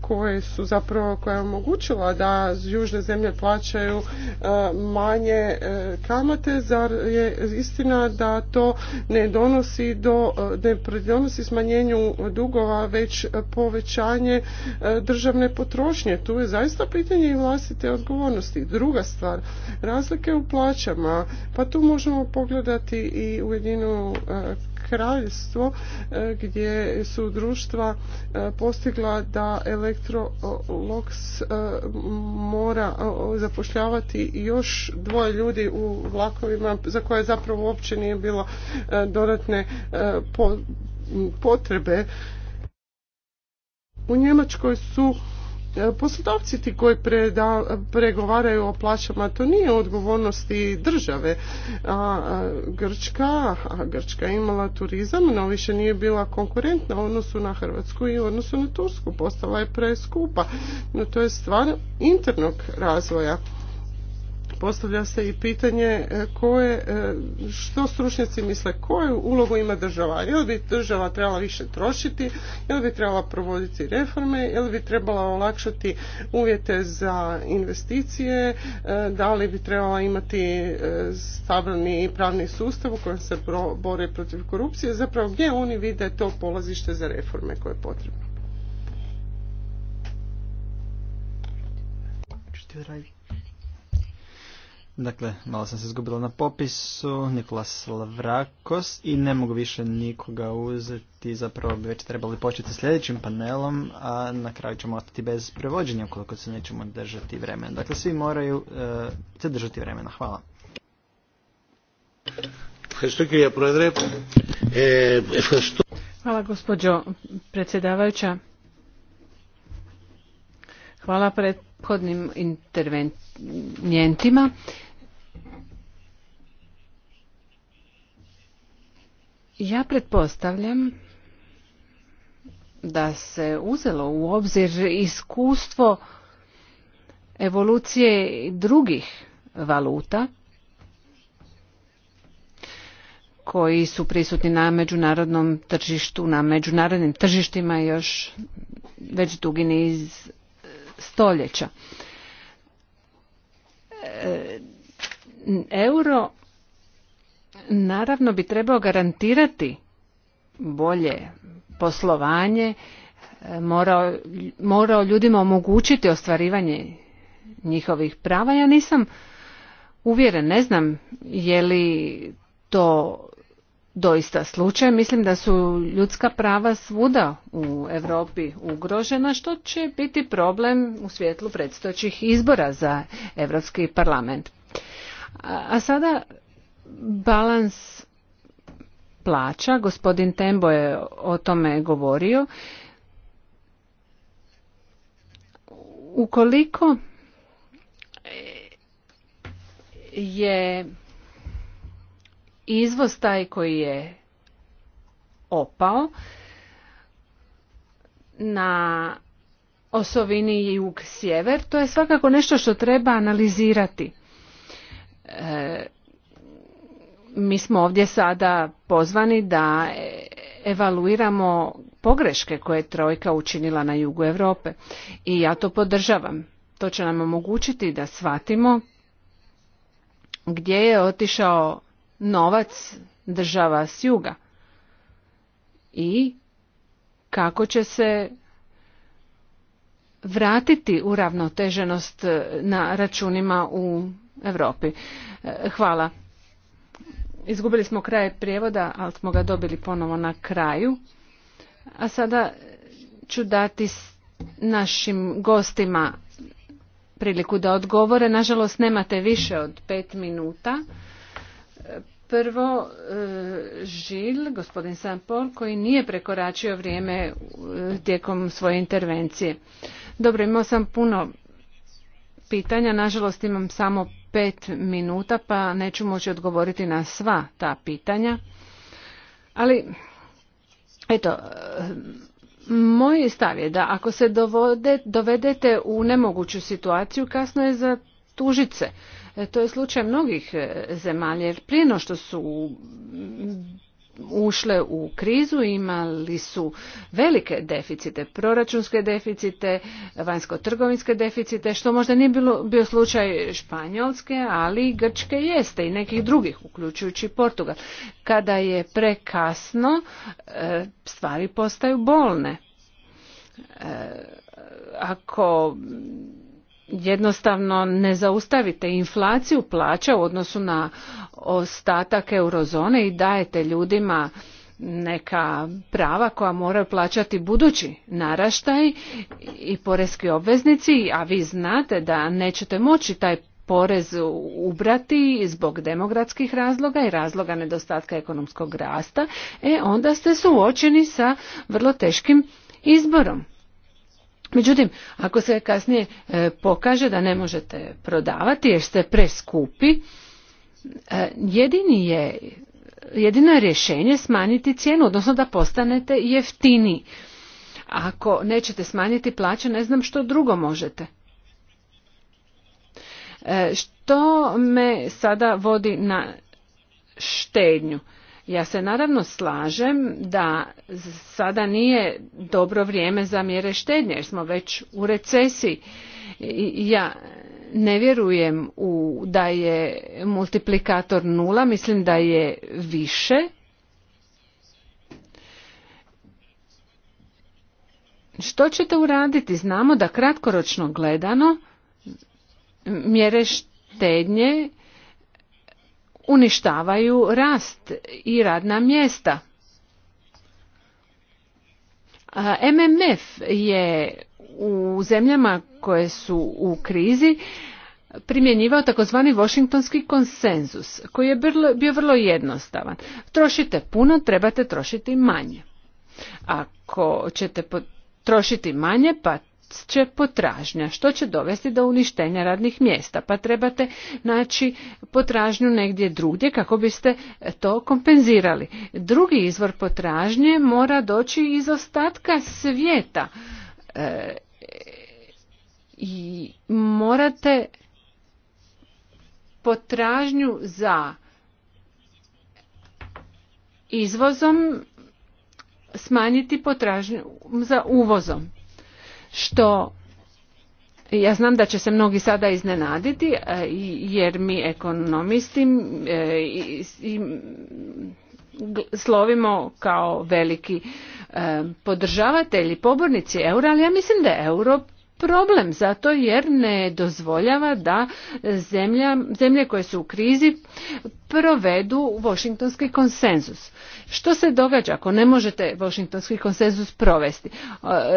koje su zapravo, koja je omogućila da južne zemlje plaćaju e, manje e, kamate, zar je istina da to ne donosi do, ne pridonosi smanjenju dugova, već povećanje državne potrošnje. Tu je zaista pitanje i vlastite odgovornosti. Druga stvar, Razlike u plaćama, pa tu možemo pogledati i Ujedinu e, kraljevstvo e, gdje su društva e, postigla da Electrolux mora zapošljavati još dvoje ljudi u vlakovima za koje zapravo uopće nije bilo dodatne potrebe. U Njemačkoj su poslodavci ti koji pregovaraju o plaćama, to nije odgovornosti države. A, a Grčka, a Grčka je imala turizam, no više nije bila konkurentna u odnosu na Hrvatsku i u odnosu na Tursku. Postala je preskupa. No to je stvar internog razvoja. Postavlja se i pitanje e, koje, e, što stručnjaci misle, koju ulogu ima država? li bi država trebala više trošiti, li bi trebala provoditi reforme, jel bi trebala olakšati uvjete za investicije, e, da li bi trebala imati stabilni pravni sustav u kojem se bore protiv korupcije, zapravo gdje oni vide to polazište za reforme koje je potrebno. Dakle, malo sam se izgubila na popisu, Nikolas Lavrakos i ne mogu više nikoga uzeti, zapravo bi već trebali početi sljedećim panelom, a na kraju ćemo ostati bez prevođenja ukoliko se nećemo držati vremena. Dakle, svi moraju e, se držati vremena. Hvala. Hvala gospođo predsjedavajuća. Hvala prethodnim intervenjentima. Ja pretpostavljam da se uzelo u obzir iskustvo evolucije drugih valuta koji su prisutni na međunarodnom tržištu, na međunarodnim tržištima još već dugi niz e, stoljeća. E, euro naravno bi trebao garantirati bolje poslovanje, e, morao, morao ljudima omogućiti ostvarivanje njihovih prava. Ja nisam uvjeren, ne znam je li to doista slučaj. Mislim da su ljudska prava svuda u Europi ugrožena, što će biti problem u svjetlu predstojećih izbora za Europski parlament. A sada balans plaća, gospodin Tembo je o tome govorio. Ukoliko je izvoz taj koji je opao na osovini jug sjever, to je svakako nešto što treba analizirati. E, mi smo ovdje sada pozvani da evaluiramo pogreške koje je trojka učinila na jugu Europe i ja to podržavam. To će nam omogućiti da shvatimo gdje je otišao novac država s juga i kako će se vratiti uravnoteženost na računima u Europi. Hvala. Izgubili smo kraj prijevoda, ali smo ga dobili ponovo na kraju. A sada ću dati našim gostima priliku da odgovore. Nažalost, nemate više od pet minuta. Prvo, e, Žil, gospodin Sampol, koji nije prekoračio vrijeme e, tijekom svoje intervencije. Dobro, imao sam puno pitanja, nažalost imam samo pet minuta pa neću moći odgovoriti na sva ta pitanja. Ali, eto, moj stav je da ako se dovode, dovedete u nemoguću situaciju, kasno je za tužice. E, to je slučaj mnogih e, zemalja, jer prije no što su ušle u krizu imali su velike deficite, proračunske deficite, vanjsko-trgovinske deficite, što možda nije bilo, bio slučaj Španjolske, ali i Grčke jeste i nekih drugih, uključujući Portugal. Kada je prekasno, e, stvari postaju bolne. E, ako jednostavno ne zaustavite inflaciju plaća u odnosu na ostatak eurozone i dajete ljudima neka prava koja moraju plaćati budući naraštaj i poreski obveznici, a vi znate da nećete moći taj porez ubrati zbog demokratskih razloga i razloga nedostatka ekonomskog rasta, e onda ste suočeni sa vrlo teškim izborom. Međutim, ako se kasnije e, pokaže da ne možete prodavati jer ste preskupi, e, jedini je, jedino je rješenje smanjiti cijenu, odnosno da postanete jeftini. Ako nećete smanjiti plaće, ne znam što drugo možete. E, što me sada vodi na štednju? Ja se naravno slažem da sada nije dobro vrijeme za mjere štednje jer smo već u recesiji. Ja ne vjerujem u da je multiplikator nula, mislim da je više. Što ćete uraditi? Znamo da kratkoročno gledano mjere štednje uništavaju rast i radna mjesta. MMF je u zemljama koje su u krizi primjenjivao takozvani Washingtonski konsenzus koji je bio vrlo jednostavan. Trošite puno, trebate trošiti manje. Ako ćete trošiti manje, pa će potražnja, što će dovesti do uništenja radnih mjesta, pa trebate naći potražnju negdje drugdje kako biste to kompenzirali. Drugi izvor potražnje mora doći iz ostatka svijeta e, i morate potražnju za izvozom smanjiti potražnju za uvozom što ja znam da će se mnogi sada iznenaditi e, jer mi ekonomisti e, slovimo kao veliki e, podržavatelji, pobornici eura, ali ja mislim da je euro problem zato jer ne dozvoljava da zemlja, zemlje koje su u krizi provedu Washingtonski konsenzus. Što se događa ako ne možete Washingtonski konsenzus provesti? E,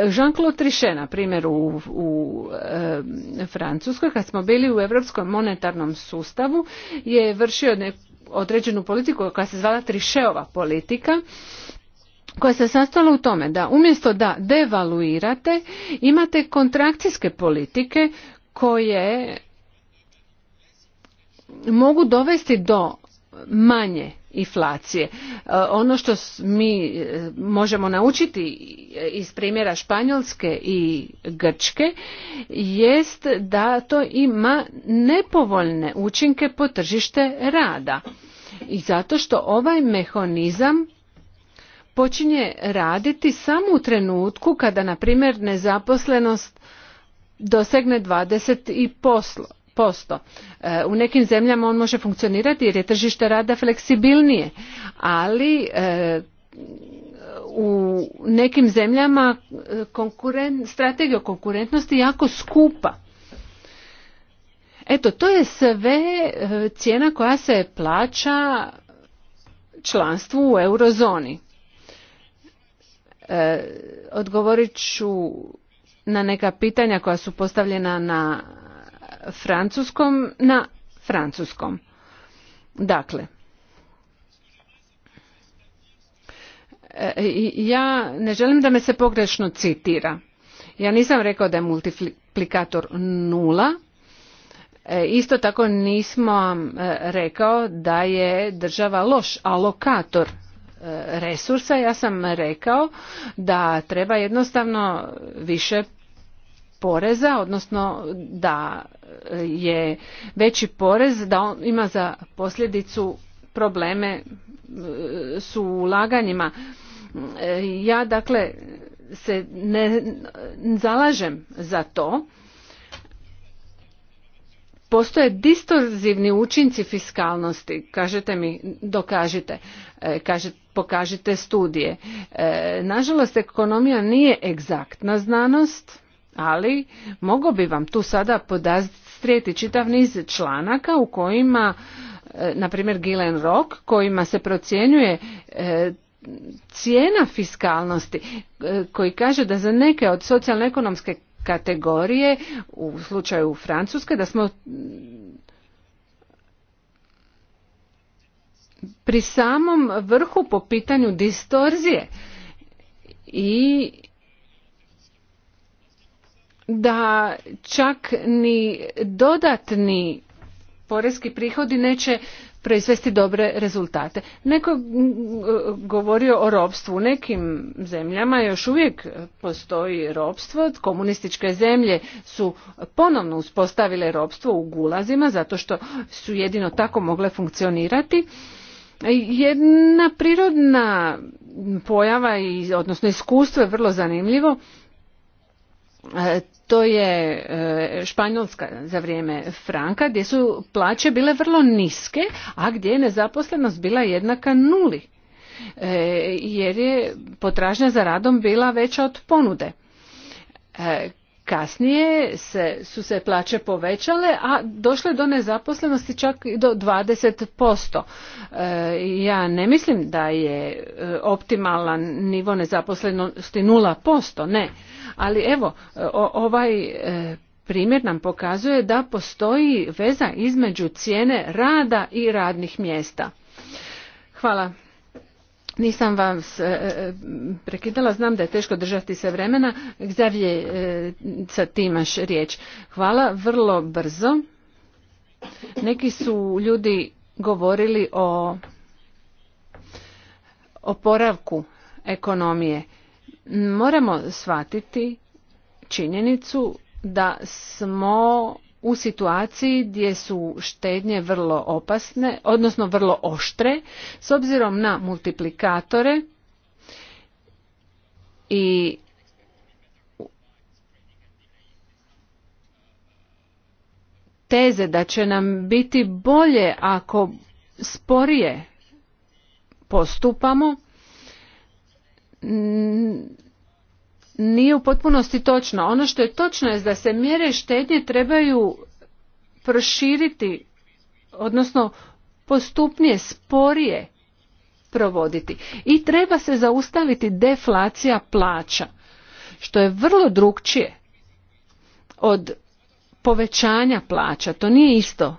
Jean-Claude Trichet, na primjer, u, u e, Francuskoj, kad smo bili u Europskom monetarnom sustavu, je vršio određenu politiku koja se zvala Trichetova politika koja se sastala u tome da umjesto da devaluirate imate kontrakcijske politike koje mogu dovesti do manje inflacije. E, ono što mi e, možemo naučiti iz primjera Španjolske i Grčke jest da to ima nepovoljne učinke po tržište rada. I zato što ovaj mehanizam počinje raditi samo u trenutku kada, na primjer, nezaposlenost dosegne 20%. Posto. E, u nekim zemljama on može funkcionirati jer je tržište rada fleksibilnije, ali e, u nekim zemljama e, strategija konkurentnosti je jako skupa. Eto, to je sve cijena koja se plaća članstvu u eurozoni. E, odgovorit ću na neka pitanja koja su postavljena na francuskom, na francuskom. Dakle, e, ja ne želim da me se pogrešno citira. Ja nisam rekao da je multiplikator nula. E, isto tako nismo rekao da je država loš alokator resursa ja sam rekao da treba jednostavno više poreza odnosno da je veći porez da on ima za posljedicu probleme e, su ulaganjima e, ja dakle se ne zalažem za to postoje distorzivni učinci fiskalnosti kažete mi dokažite e, kažete pokažite studije. E, nažalost, ekonomija nije egzaktna znanost, ali mogo bi vam tu sada podastrijeti čitav niz članaka u kojima, e, na primjer Gilen Rock, kojima se procjenjuje e, cijena fiskalnosti, koji kaže da za neke od socijalno-ekonomske kategorije, u slučaju Francuske, da smo pri samom vrhu po pitanju distorzije i da čak ni dodatni porezki prihodi neće proizvesti dobre rezultate. Neko govorio o ropstvu. U nekim zemljama još uvijek postoji ropstvo. Komunističke zemlje su ponovno uspostavile ropstvo u gulazima zato što su jedino tako mogle funkcionirati jedna prirodna pojava, odnosno iskustvo je vrlo zanimljivo. E, to je e, Španjolska za vrijeme Franka gdje su plaće bile vrlo niske, a gdje je nezaposlenost bila jednaka nuli e, jer je potražnja za radom bila veća od ponude kasnije se, su se plaće povećale, a došle do nezaposlenosti čak i do 20%. E, ja ne mislim da je e, optimalan nivo nezaposlenosti 0%, ne. Ali evo, e, ovaj e, primjer nam pokazuje da postoji veza između cijene rada i radnih mjesta. Hvala. Nisam vam e, e, prekidala, znam da je teško držati se vremena. Zavlje, sad ti imaš riječ. Hvala, vrlo brzo. Neki su ljudi govorili o oporavku ekonomije. Moramo shvatiti činjenicu da smo u situaciji gdje su štednje vrlo opasne, odnosno vrlo oštre, s obzirom na multiplikatore i teze da će nam biti bolje ako sporije postupamo nije u potpunosti točno. Ono što je točno je da se mjere štednje trebaju proširiti, odnosno postupnije, sporije provoditi. I treba se zaustaviti deflacija plaća, što je vrlo drukčije od povećanja plaća. To nije isto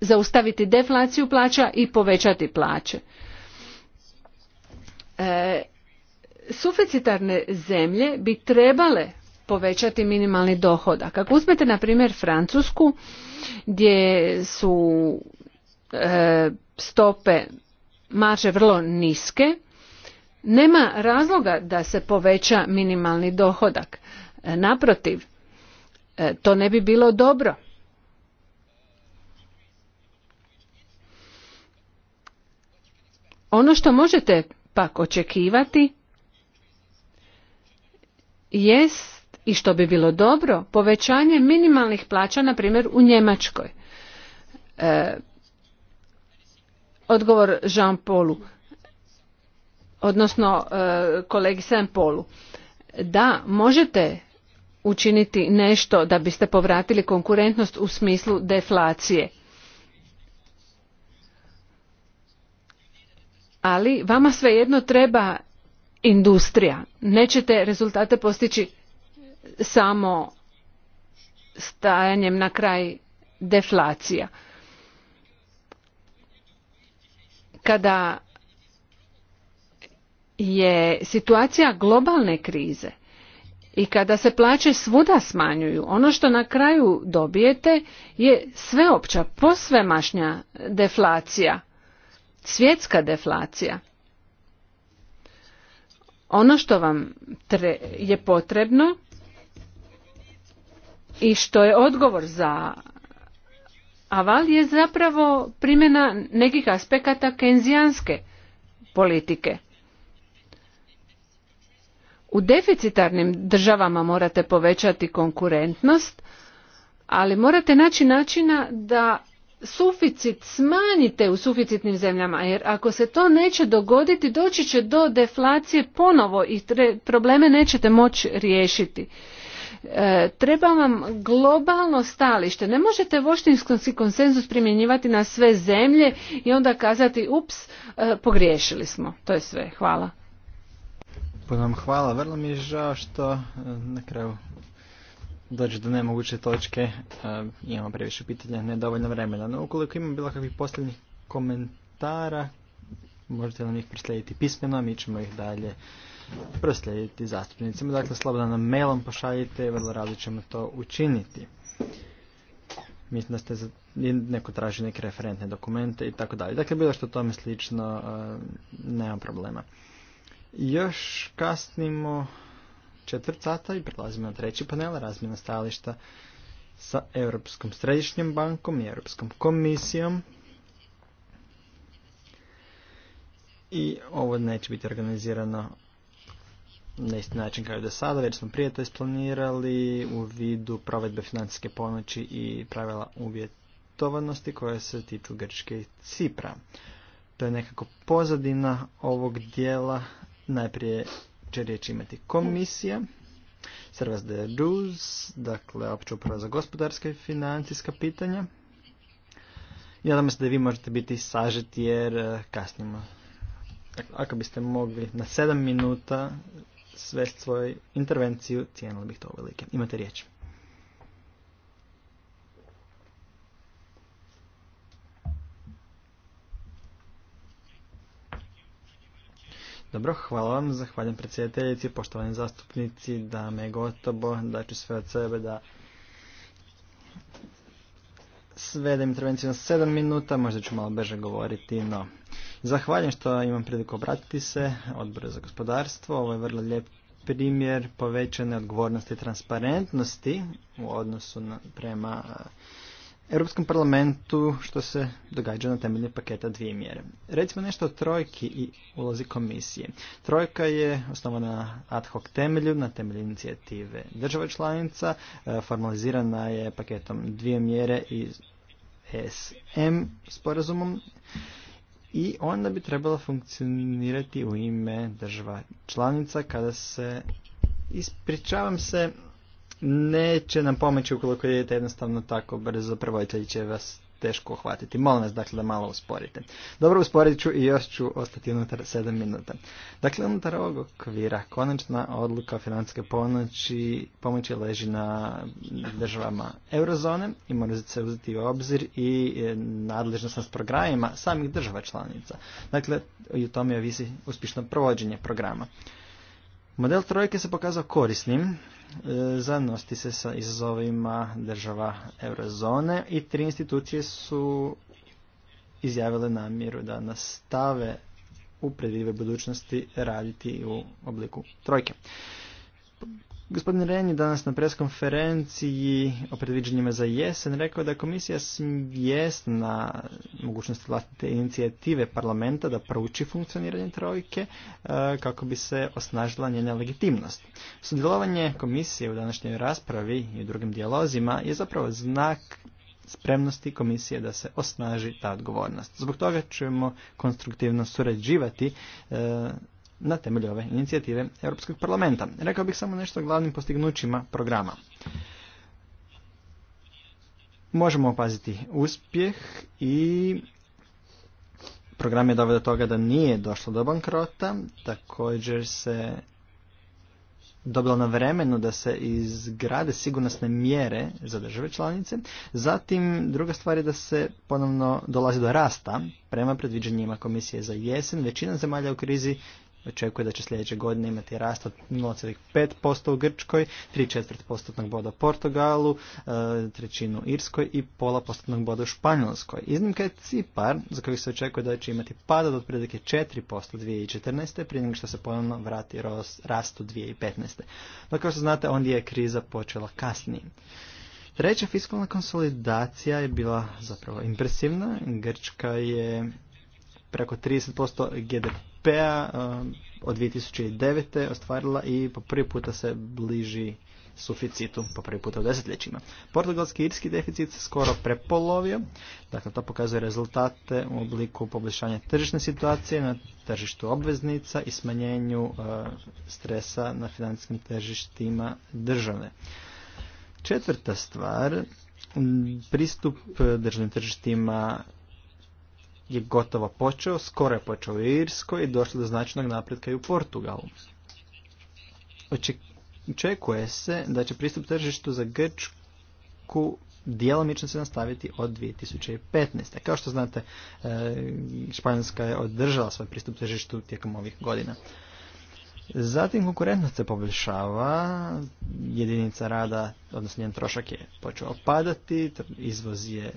zaustaviti deflaciju plaća i povećati plaće. E, suficitarne zemlje bi trebale povećati minimalni dohodak. Ako uzmete na primjer Francusku gdje su e, stope marže vrlo niske, nema razloga da se poveća minimalni dohodak. E, naprotiv, e, to ne bi bilo dobro. Ono što možete pak očekivati jest i što bi bilo dobro povećanje minimalnih plaća na primjer u Njemačkoj. E, odgovor Jean Paulu odnosno e, kolegi Sam Paulu. Da, možete učiniti nešto da biste povratili konkurentnost u smislu deflacije. Ali vama svejedno treba industrija. Nećete rezultate postići samo stajanjem na kraj deflacija. Kada je situacija globalne krize i kada se plaće svuda smanjuju, ono što na kraju dobijete je sveopća, posvemašnja deflacija, svjetska deflacija ono što vam je potrebno i što je odgovor za aval je zapravo primjena nekih aspekata kenzijanske politike. U deficitarnim državama morate povećati konkurentnost, ali morate naći načina da suficit smanjite u suficitnim zemljama jer ako se to neće dogoditi doći će do deflacije ponovo i probleme nećete moći riješiti. E, treba vam globalno stalište. Ne možete voštinski konsenzus primjenjivati na sve zemlje i onda kazati ups, e, pogriješili smo. To je sve. Hvala. hvala. Vrlo mi je žao što e, na kraju dođe do nemoguće točke, e, imamo previše pitanja, dovoljno vremena. No, ukoliko ima bilo kakvih posljednjih komentara, možete nam ih proslijediti pismeno, mi ćemo ih dalje proslijediti zastupnicima. Dakle, slobodno nam mailom pošaljite, vrlo rado ćemo to učiniti. Mislim da ste za, neko traži neke referentne dokumente i tako dalje. Dakle, bilo što tome slično, e, nema problema. Još kasnimo četvrt i prelazimo na treći panel razmjena stajališta sa Europskom središnjom bankom i Europskom komisijom. I ovo neće biti organizirano na isti način kao i do sada, već smo prije to isplanirali u vidu provedbe financijske pomoći i pravila uvjetovanosti koje se tiču Grčke i Cipra. To je nekako pozadina ovog dijela. Najprije će riječ imati komisija. Servas de Ruz, dakle, opća uprava za gospodarska i financijska pitanja. I nadam se da vi možete biti sažeti jer eh, kasnimo. Dakle, ako biste mogli na sedam minuta svest svoju intervenciju, cijenili bih to uvelike. Imate riječ. Dobro, hvala vam, zahvaljujem predsjedateljici, poštovani zastupnici, da me gotovo, daću sve od sebe da svedem intervenciju na 7 minuta, možda ću malo brže govoriti, no zahvaljujem što imam priliku obratiti se odboru za gospodarstvo, ovo je vrlo lijep primjer povećane odgovornosti i transparentnosti u odnosu na, prema Europskom parlamentu što se događa na temelju paketa dvije mjere. Recimo nešto o trojki i ulozi komisije. Trojka je osnovana ad hoc temelju, na temelju inicijative država članica, e, formalizirana je paketom dvije mjere i SM sporazumom i onda bi trebala funkcionirati u ime država članica kada se ispričavam se neće nam pomoći ukoliko idete jednostavno tako brzo, prvo će vas teško uhvatiti. Molim vas dakle da malo usporite. Dobro usporit ću i još ću ostati unutar 7 minuta. Dakle, unutar ovog okvira konačna odluka financijske pomoći, pomoći leži na državama eurozone i mora se uzeti u obzir i e, nadležnost s programima samih država članica. Dakle, i u tome visi uspješno provođenje programa. Model trojke se pokazao korisnim e, zanosti se sa izazovima država eurozone i tri institucije su izjavile namjeru da nastave u predvidive budućnosti raditi u obliku trojke. Gospodin Ren danas na preskonferenciji o predviđenjima za jesen rekao da je komisija svjesna mogućnosti vlastite inicijative parlamenta da prouči funkcioniranje trojke e, kako bi se osnažila njena legitimnost. Sudjelovanje komisije u današnjoj raspravi i u drugim dijalozima je zapravo znak spremnosti komisije da se osnaži ta odgovornost. Zbog toga ćemo konstruktivno surađivati e, na temelju ove inicijative Europskog parlamenta. Rekao bih samo nešto o glavnim postignućima programa. Možemo opaziti uspjeh i program je doveo do toga da nije došlo do bankrota. Također se dobilo na vremenu da se izgrade sigurnosne mjere za države članice. Zatim, druga stvar je da se ponovno dolazi do rasta. Prema predviđanjima komisije za jesen, većina zemalja u krizi očekuje da će sljedeće godine imati rast od 0,5% u Grčkoj, 3,4% boda u Portugalu, e, trećinu Irskoj i pola postotnog boda u Španjolskoj. Iznimka je Cipar, za koji se očekuje da će imati pada od otprilike 4% 2014. prije nego što se ponovno vrati rast u 2015. No kao što znate, ondje je kriza počela kasnije. Treća fiskalna konsolidacija je bila zapravo impresivna. Grčka je preko 30% GDP-a um, od 2009. ostvarila i po prvi puta se bliži suficitu po prvi puta u desetljećima. Portugalski irski deficit se skoro prepolovio, dakle to pokazuje rezultate u obliku poboljšanja tržišne situacije na tržištu obveznica i smanjenju uh, stresa na financijskim tržištima države. Četvrta stvar, pristup državnim tržištima je gotovo počeo, skoro je počeo u Irskoj i došlo do značajnog napretka i u Portugalu. Očekuje se da će pristup tržištu za Grčku djelomično se nastaviti od 2015. Kao što znate, e, Španjolska je održala svoj pristup tržištu tijekom ovih godina. Zatim konkurentnost se poboljšava, jedinica rada, odnosno njen trošak je počeo padati, izvoz je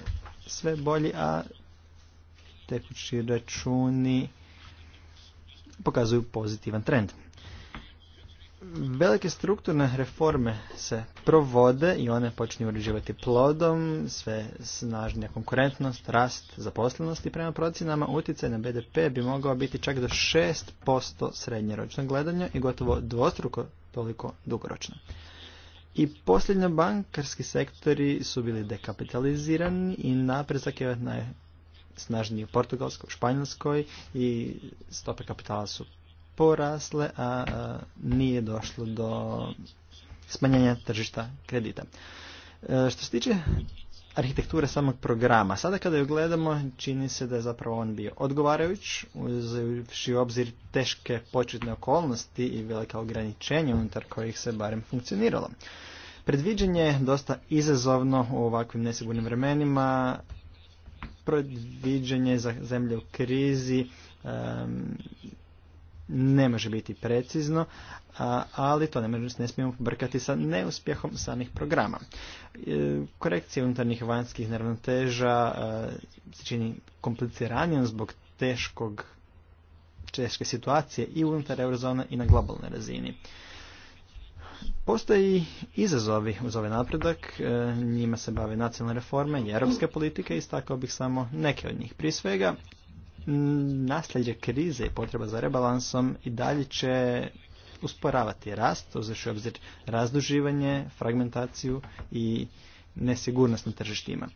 sve bolji, a tekući računi pokazuju pozitivan trend. Velike strukturne reforme se provode i one počinju uređivati plodom, sve snažnija konkurentnost, rast, zaposlenosti. prema procjenama utjecaj na BDP bi mogao biti čak do 6% srednjeročno gledanja i gotovo dvostruko toliko dugoročno. I posljednje bankarski sektori su bili dekapitalizirani i naprezak je snažniji u Portugalskoj, Španjolskoj i stope kapitala su porasle, a nije došlo do smanjenja tržišta kredita. E, što se tiče arhitekture samog programa, sada kada ju gledamo čini se da je zapravo on bio odgovarajuć, uzevši u obzir teške početne okolnosti i velika ograničenja unutar kojih se barem funkcioniralo. Predviđenje je dosta izazovno u ovakvim nesigurnim vremenima, predviđanje za zemlje u krizi ne može biti precizno, ali to ne, ne smijemo brkati sa neuspjehom samih programa. E, Korekcija unutarnjih vanjskih neravnoteža e, se čini kompliciranijom zbog teškog teške situacije i unutar eurozona i na globalnoj razini. Postoji izazovi uz ovaj napredak, e, njima se bave nacionalne reforme i europske politike, istakao bih samo neke od njih. Prije svega, nasljeđe krize i potreba za rebalansom i dalje će usporavati rast, znači obzir razduživanje, fragmentaciju i nesigurnost na tržištima.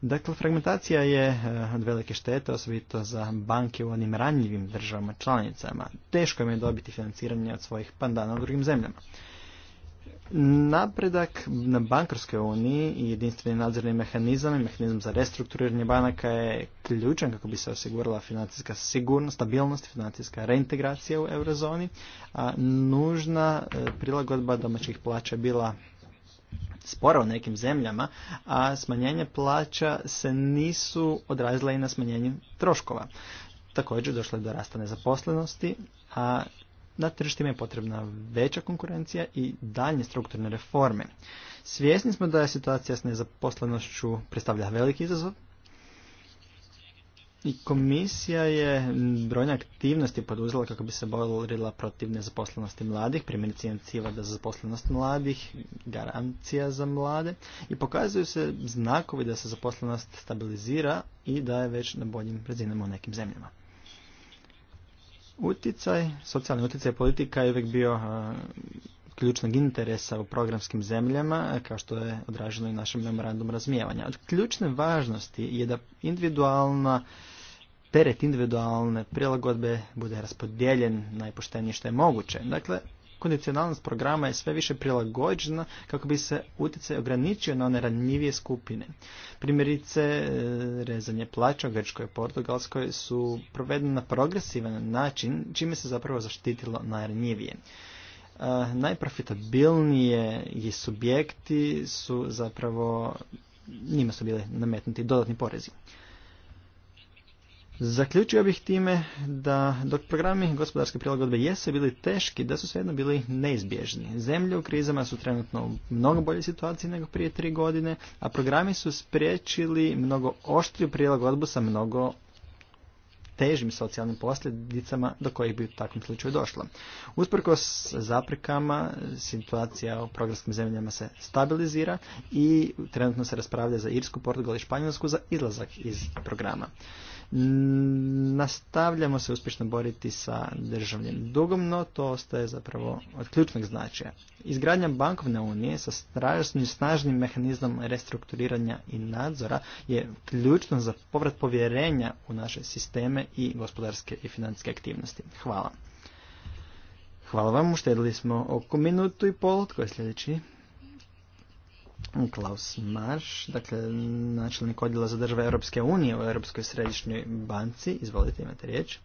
Dakle, fragmentacija je e, od velike štete, osobito za banke u onim ranjivim državama članicama. Teško im je dobiti financiranje od svojih pandana u drugim zemljama. Napredak na bankarskoj uniji i jedinstveni nadzorni mehanizam i mehanizam za restrukturiranje banaka je ključan kako bi se osigurala financijska sigurnost, stabilnost, financijska reintegracija u eurozoni, a nužna e, prilagodba domaćih plaća bila spora u nekim zemljama, a smanjenje plaća se nisu odrazila i na smanjenju troškova. Također došlo je do rasta nezaposlenosti, a na tržištima je potrebna veća konkurencija i daljnje strukturne reforme. Svjesni smo da je situacija s nezaposlenošću predstavlja veliki izazov, i komisija je brojne aktivnosti poduzela kako bi se borila protiv nezaposlenosti mladih, primjerice inicijativa za zaposlenost mladih, garancija za mlade i pokazuju se znakovi da se zaposlenost stabilizira i da je već na boljim razinama u nekim zemljama uticaj, socijalni utjecaj politika je uvijek bio ključnog interesa u programskim zemljama, kao što je odraženo i našem memorandum razmijevanja. Od ključne važnosti je da individualna teret individualne prilagodbe bude raspodijeljen najpoštenije što je moguće. Dakle, kondicionalnost programa je sve više prilagođena kako bi se utjecaj ograničio na one ranjivije skupine. Primjerice, e, rezanje plaća u Grčkoj i Portugalskoj su provedene na progresivan način, čime se zapravo zaštitilo najranjivije. E, najprofitabilnije i subjekti su zapravo, njima su bile nametnuti dodatni porezi. Zaključio bih time da dok programi gospodarske prilagodbe jesu bili teški, da su svejedno bili neizbježni. Zemlje u krizama su trenutno u mnogo bolje situaciji nego prije tri godine, a programi su spriječili mnogo oštriju prilagodbu sa mnogo težim socijalnim posljedicama do kojih bi u takvom slučaju došlo. Usprkos zaprekama situacija u programskim zemljama se stabilizira i trenutno se raspravlja za Irsku, Portugal i Španjolsku za izlazak iz programa nastavljamo se uspješno boriti sa državnim dugom, no to ostaje zapravo od ključnog značaja. Izgradnja bankovne unije sa stražnim, snažnim mehanizmom restrukturiranja i nadzora je ključno za povrat povjerenja u naše sisteme i gospodarske i financijske aktivnosti. Hvala. Hvala vam, uštedili smo oko minutu i pol. Tko je sljedeći? Klaus Marš, dakle načelnik odjela za države Europske unije u Europskoj središnjoj banci. Izvolite, imate riječ.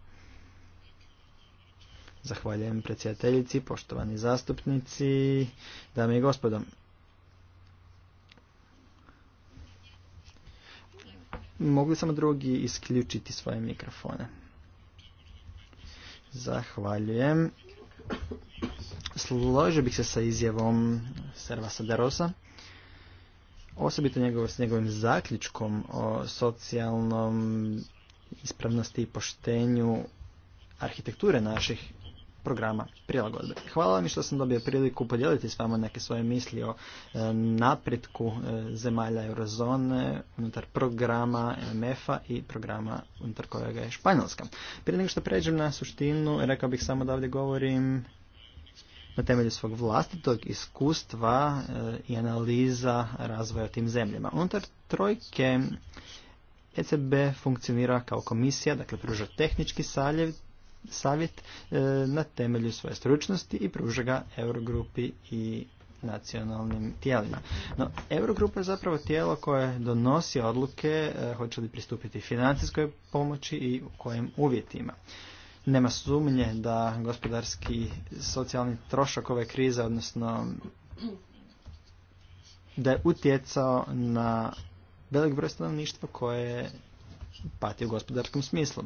Zahvaljujem predsjedateljici, poštovani zastupnici, dame i gospodo. Mogli samo drugi isključiti svoje mikrofone. Zahvaljujem. Složio bih se sa izjavom Servasa Derosa osobito njegov, s njegovim zaključkom o socijalnom ispravnosti i poštenju arhitekture naših programa prilagodbe. Hvala vam što sam dobio priliku podijeliti s vama neke svoje misli o e, napretku e, zemalja eurozone unutar programa mf a i programa unutar kojega je Španjolska. Prije nego što pređem na suštinu, rekao bih samo da ovdje govorim na temelju svog vlastitog iskustva e, i analiza razvoja tim zemljama. Unutar trojke ECB funkcionira kao komisija, dakle pruža tehnički savjet e, na temelju svoje stručnosti i pruža ga Eurogrupi i nacionalnim tijelima. No, Eurogrupa je zapravo tijelo koje donosi odluke e, hoće li pristupiti financijskoj pomoći i u kojim uvjetima. Nema sumnje da gospodarski socijalni trošak ove krize, odnosno da je utjecao na velik broj stanovništva koje pati u gospodarskom smislu.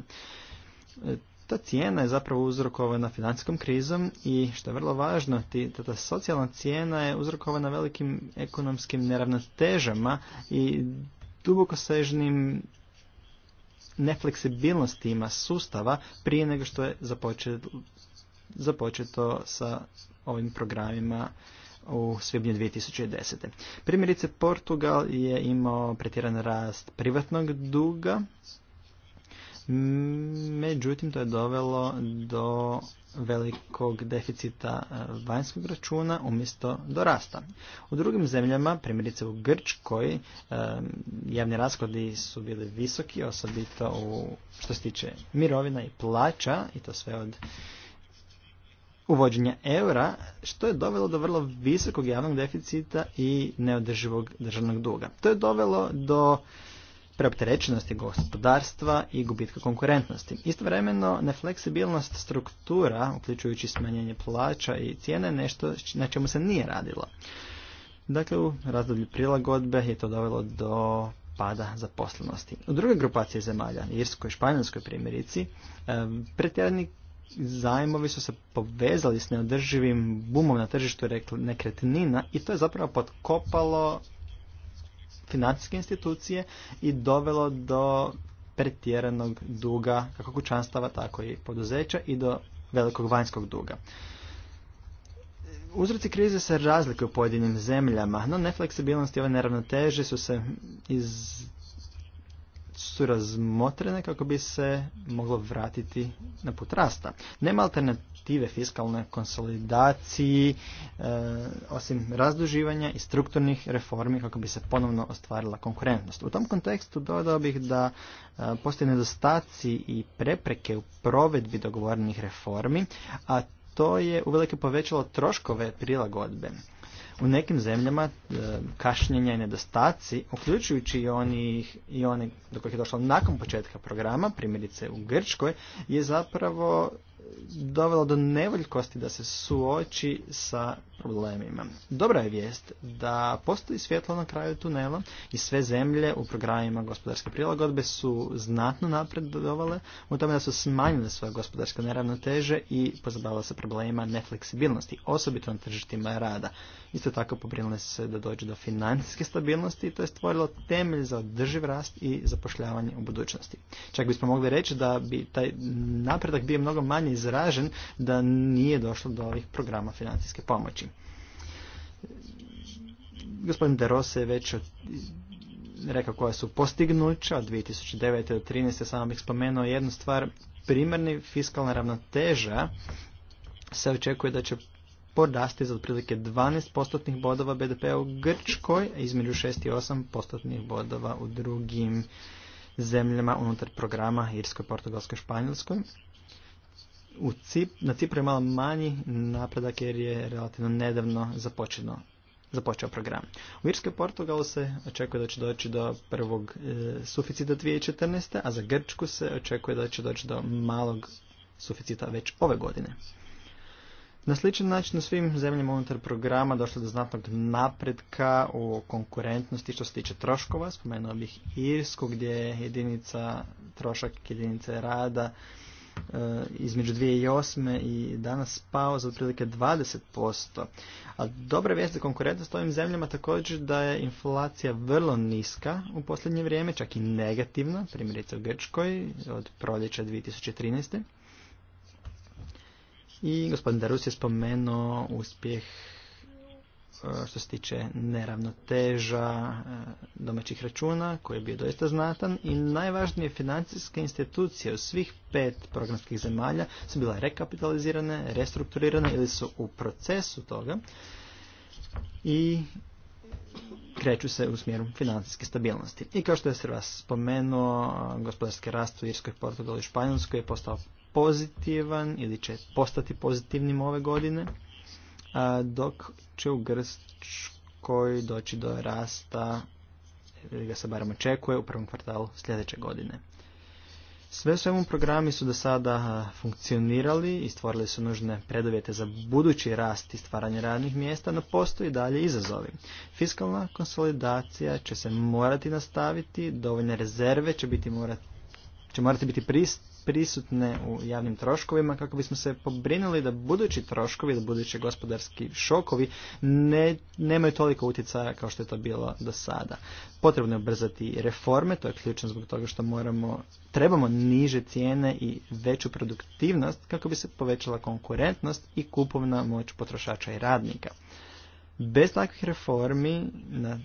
E, ta cijena je zapravo uzrokovana financijskom krizom i što je vrlo važno, ta socijalna cijena je uzrokovana velikim ekonomskim neravnotežama i duboko sežnim nefleksibilnostima sustava prije nego što je započeto, započeto sa ovim programima u svibnju 2010. Primjerice, Portugal je imao pretjeran rast privatnog duga, međutim to je dovelo do velikog deficita e, vanjskog računa umjesto dorasta. U drugim zemljama, primjerice u Grčkoj, e, javni rashodi su bili visoki, osobito u, što se tiče mirovina i plaća, i to sve od uvođenja eura, što je dovelo do vrlo visokog javnog deficita i neodrživog državnog duga. To je dovelo do preopterećenosti gospodarstva i gubitka konkurentnosti. Istovremeno, nefleksibilnost struktura, uključujući smanjenje plaća i cijene, nešto na čemu se nije radilo. Dakle, u razdoblju prilagodbe je to dovelo do pada zaposlenosti. U druge grupacije zemalja, Irskoj i Španjolskoj primjerici, e, pretjerani zajmovi su se povezali s neodrživim bumom na tržištu nekretnina i to je zapravo potkopalo financijske institucije i dovelo do pretjeranog duga kako kućanstava tako i poduzeća i do velikog vanjskog duga. Uzroci krize se razlikuju u pojedinim zemljama, no nefleksibilnost i ove neravnoteže su se iz su razmotrene kako bi se moglo vratiti na put rasta. Nema fiskalne fiskalne konsolidaciji, e, osim razduživanja i strukturnih reformi kako bi se ponovno ostvarila konkurentnost. U tom kontekstu dodao bih da e, postoje nedostaci i prepreke u provedbi dogovorenih reformi, a to je uvelike povećalo troškove prilagodbe. U nekim zemljama e, kašnjenja i nedostaci, uključujući i onih i oni do kojih je došlo nakon početka programa, primjerice u Grčkoj, je zapravo dovelo do nevoljkosti da se suoči sa problemima. Dobra je vijest da postoji svjetlo na kraju tunela i sve zemlje u programima gospodarske prilagodbe su znatno napredovale u tome da su smanjile svoje gospodarske neravnoteže i pozabavile se problemima nefleksibilnosti, osobito na tržištima rada. Isto tako pobrinule se da dođe do financijske stabilnosti i to je stvorilo temelj za održiv rast i zapošljavanje u budućnosti. Čak bismo mogli reći da bi taj napredak bio mnogo manji izražen da nije došlo do ovih programa financijske pomoći. Gospodin Derose je već rekao koja su postignuća od 2009. do 2013. Samo bih spomenuo jednu stvar. Primarni fiskalna ravnoteža se očekuje da će porasti za otprilike 12 postotnih bodova BDP p-a u Grčkoj, a između 6 i 8 postotnih bodova u drugim zemljama unutar programa Irskoj, Portugalskoj, Španjolskoj u Cip, na Cipru je manji napredak jer je relativno nedavno započeno, započeo program. U Irskoj Portugalu se očekuje da će doći do prvog e, suficita 2014. a za Grčku se očekuje da će doći do malog suficita već ove godine. Na sličan način u svim zemljama unutar programa došlo do znatnog napretka u konkurentnosti što se tiče troškova. Spomenuo bih Irsku gdje je jedinica, trošak jedinice rada E, između 2008. i danas pao za otprilike 20%. A dobra vijest za konkurentnost ovim zemljama također da je inflacija vrlo niska u posljednje vrijeme, čak i negativna, primjerice u Grčkoj od proljeća 2013. I gospodin Darus je spomenuo uspjeh E, što se tiče neravnoteža e, domaćih računa koji je bio doista znatan i najvažnije financijske institucije u svih pet programskih zemalja su bile rekapitalizirane, restrukturirane ili su u procesu toga i kreću se u smjeru financijske stabilnosti. I kao što je se vas spomenuo, gospodarski rast u Irskoj, Portugalu i Španjolskoj je postao pozitivan ili će postati pozitivnim ove godine dok će u Grčkoj doći do rasta, ili ga se barem očekuje, u prvom kvartalu sljedeće godine. Sve svemu programi su do sada funkcionirali i stvorili su nužne preduvjete za budući rast i stvaranje radnih mjesta, no postoji dalje izazovi. Fiskalna konsolidacija će se morati nastaviti, dovoljne rezerve će biti morati će morati biti prist, prisutne u javnim troškovima kako bismo se pobrinuli da budući troškovi, da budući gospodarski šokovi ne, nemaju toliko utjecaja kao što je to bilo do sada. Potrebno je ubrzati reforme, to je ključno zbog toga što moramo, trebamo niže cijene i veću produktivnost kako bi se povećala konkurentnost i kupovna moć potrošača i radnika. Bez takvih reformi na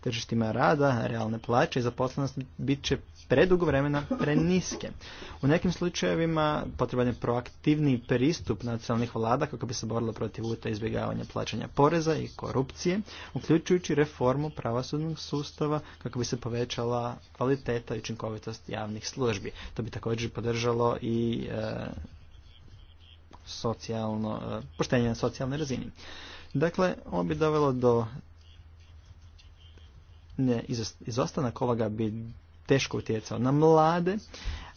tržištima rada, realne plaće i zaposlenost bit će predugo vremena preniske. U nekim slučajevima potreban je proaktivni pristup nacionalnih vlada kako bi se borilo protiv uta izbjegavanja plaćanja poreza i korupcije, uključujući reformu pravosudnog sustava kako bi se povećala kvaliteta i učinkovitost javnih službi. To bi također podržalo i e, socijalno, e, poštenje na socijalnoj razini. Dakle, ovo bi dovelo do ne, izostanak ovoga bi teško utjecao na mlade,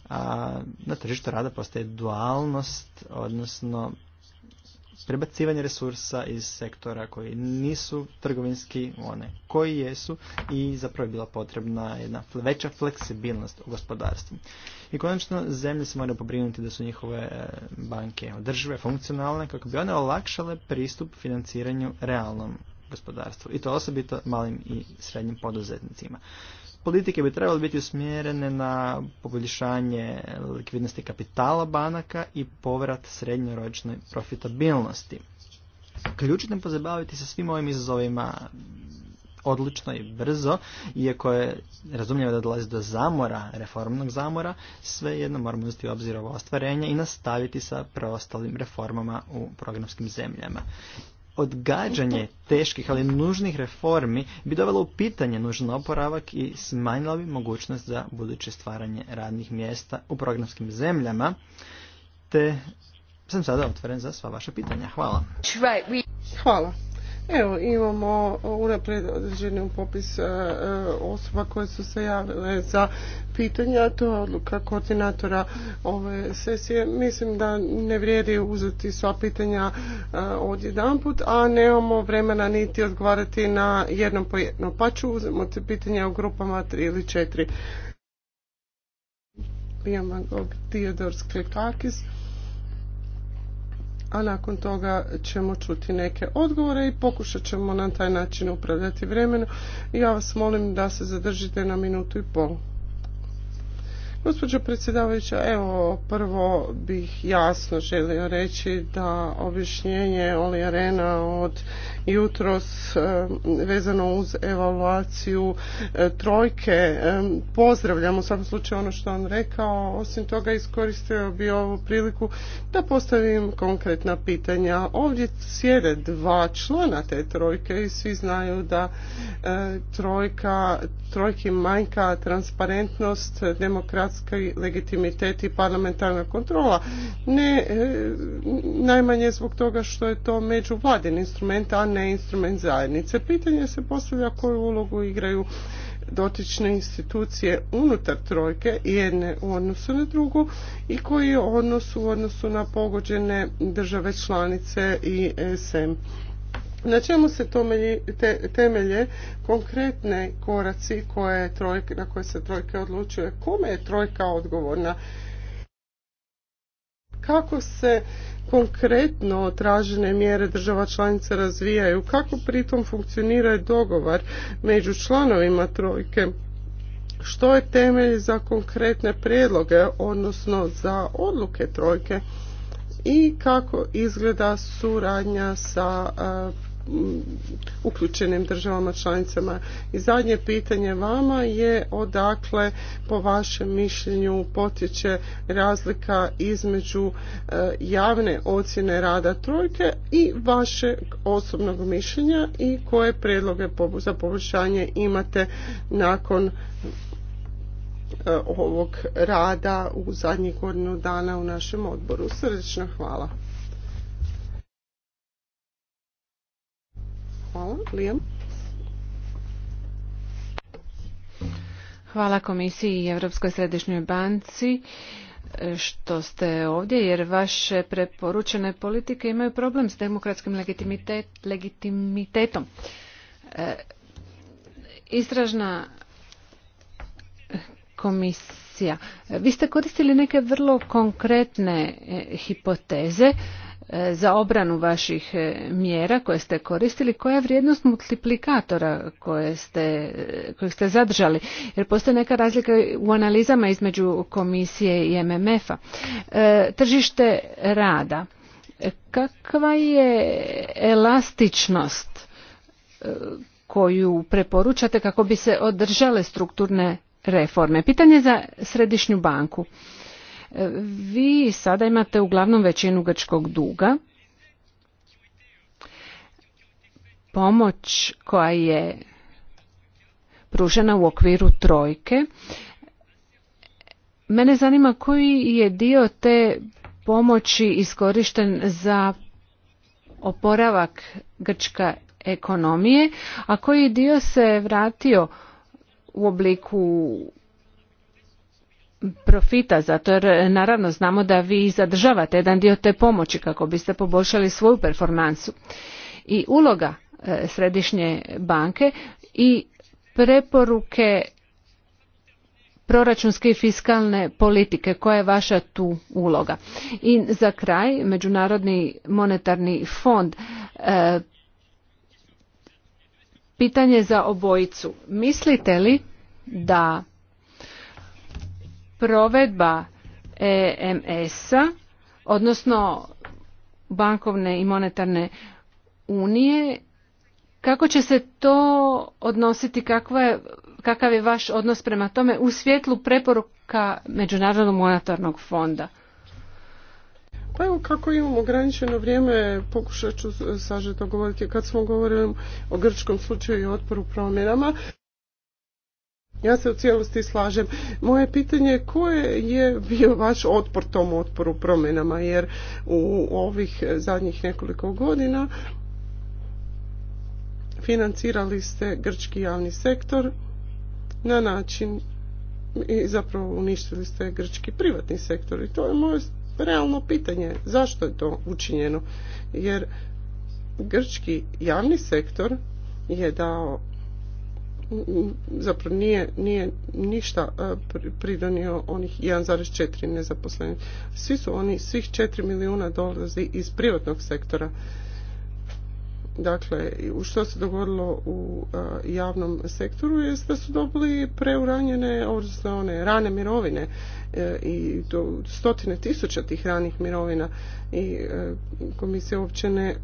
a na tržištu rada postaje dualnost, odnosno prebacivanje resursa iz sektora koji nisu trgovinski, one koji jesu i zapravo je bila potrebna jedna veća fleksibilnost u gospodarstvu. I konačno, zemlje se moraju pobrinuti da su njihove e, banke održive, funkcionalne, kako bi one olakšale pristup financiranju realnom gospodarstvu. I to osobito malim i srednjim poduzetnicima politike bi trebale biti usmjerene na poboljšanje likvidnosti kapitala banaka i povrat srednjoročnoj profitabilnosti. Ključno je pozabaviti se svim ovim izazovima odlično i brzo, iako je razumljivo da dolazi do zamora, reformnog zamora, svejedno moramo uzeti u obzir ovo ostvarenje i nastaviti sa preostalim reformama u programskim zemljama odgađanje teških ali nužnih reformi bi dovelo u pitanje nužan oporavak i smanjilo bi mogućnost za buduće stvaranje radnih mjesta u programskim zemljama, te sam sada otvoren za sva vaša pitanja. Hvala. Hvala. Evo, imamo unaprijed određeni popis e, osoba koje su se javile za pitanja. To je odluka koordinatora ove sesije. Mislim da ne vrijedi uzeti sva pitanja e, odjedanput, a nemamo vremena niti odgovarati na jednom po jednom. Pa ću uzeti pitanja u grupama tri ili četiri. Pijamagog Sklekakis a nakon toga ćemo čuti neke odgovore i pokušat ćemo na taj način upravljati vremenom. Ja vas molim da se zadržite na minutu i pol. Gospođo predsjedavajuća, evo prvo bih jasno želio reći da objašnjenje Oli Arena od jutros e, vezano uz evaluaciju e, trojke e, pozdravljam u svakom slučaju ono što on rekao, osim toga iskoristio bi ovu priliku da postavim konkretna pitanja. Ovdje sjede dva člana te trojke i svi znaju da trojka, trojki manjka transparentnost, demokracija demokratski legitimitet i parlamentarna kontrola. Ne e, najmanje zbog toga što je to međuvladin instrument, a ne instrument zajednice. Pitanje se postavlja koju ulogu igraju dotične institucije unutar trojke jedne u odnosu na drugu i koji je odnos u odnosu na pogođene države članice i SM na čemu se temelji, temelje konkretne koraci koje na koje se trojka odlučuje? Kome je trojka odgovorna? Kako se konkretno tražene mjere država članica razvijaju? Kako pritom funkcionira dogovor među članovima trojke? Što je temelj za konkretne prijedloge, odnosno za odluke trojke? i kako izgleda suradnja sa uključenim državama članicama. I zadnje pitanje vama je odakle po vašem mišljenju potječe razlika između e, javne ocjene rada trojke i vašeg osobnog mišljenja i koje predloge za poboljšanje imate nakon e, ovog rada u zadnjih godinu dana u našem odboru. Srdečno hvala. Hvala. Liam. Hvala komisiji i Europskoj središnjoj banci e, što ste ovdje jer vaše preporučene politike imaju problem s demokratskim legitimitetom. E, istražna komisija. Vi ste koristili neke vrlo konkretne e, hipoteze E, za obranu vaših e, mjera koje ste koristili, koja je vrijednost multiplikatora koje ste, e, kojeg ste zadržali? Jer postoje neka razlika u analizama između komisije i MMF-a. Tržište rada. Kakva je elastičnost koju preporučate kako bi se održale strukturne reforme? Pitanje za Središnju banku. E, vi sada imate uglavnom većinu grčkog duga. Pomoć koja je pružena u okviru trojke. Mene zanima koji je dio te pomoći iskorišten za oporavak grčka ekonomije, a koji dio se vratio u obliku profita zato jer e, naravno znamo da vi zadržavate jedan dio te pomoći kako biste poboljšali svoju performansu i uloga e, središnje banke i preporuke proračunske i fiskalne politike koja je vaša tu uloga i za kraj međunarodni monetarni fond e, pitanje za obojicu mislite li da provedba EMS-a, odnosno bankovne i monetarne unije, kako će se to odnositi, je, kakav je vaš odnos prema tome u svjetlu preporuka Međunarodnog monetarnog fonda? Pa evo kako imamo ograničeno vrijeme, pokušat ću sažeto govoriti kad smo govorili o grčkom slučaju i otporu promjenama. Ja se u cijelosti slažem. Moje pitanje je koje je bio vaš otpor tom otporu promjenama jer u ovih zadnjih nekoliko godina financirali ste grčki javni sektor na način i zapravo uništili ste grčki privatni sektor i to je moje realno pitanje zašto je to učinjeno jer grčki javni sektor je dao zapravo nije, nije ništa e, pridonio onih 1,4 nezaposlenih. Svi su oni, svih 4 milijuna dolazi iz privatnog sektora. Dakle, što se dogodilo u e, javnom sektoru je da su dobili preuranjene, odnosno one rane mirovine e, i to stotine tisuća tih ranih mirovina i e, komisija uopće ne,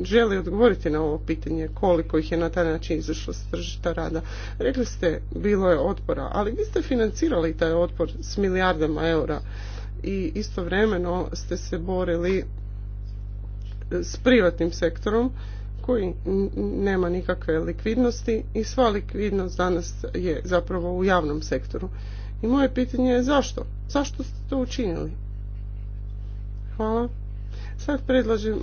želi odgovoriti na ovo pitanje koliko ih je na taj način izašlo s tržišta rada. Rekli ste, bilo je otpora, ali vi ste financirali taj otpor s milijardama eura i istovremeno ste se borili s privatnim sektorom koji nema nikakve likvidnosti i sva likvidnost danas je zapravo u javnom sektoru. I moje pitanje je zašto? Zašto ste to učinili? Hvala. Sad predlažem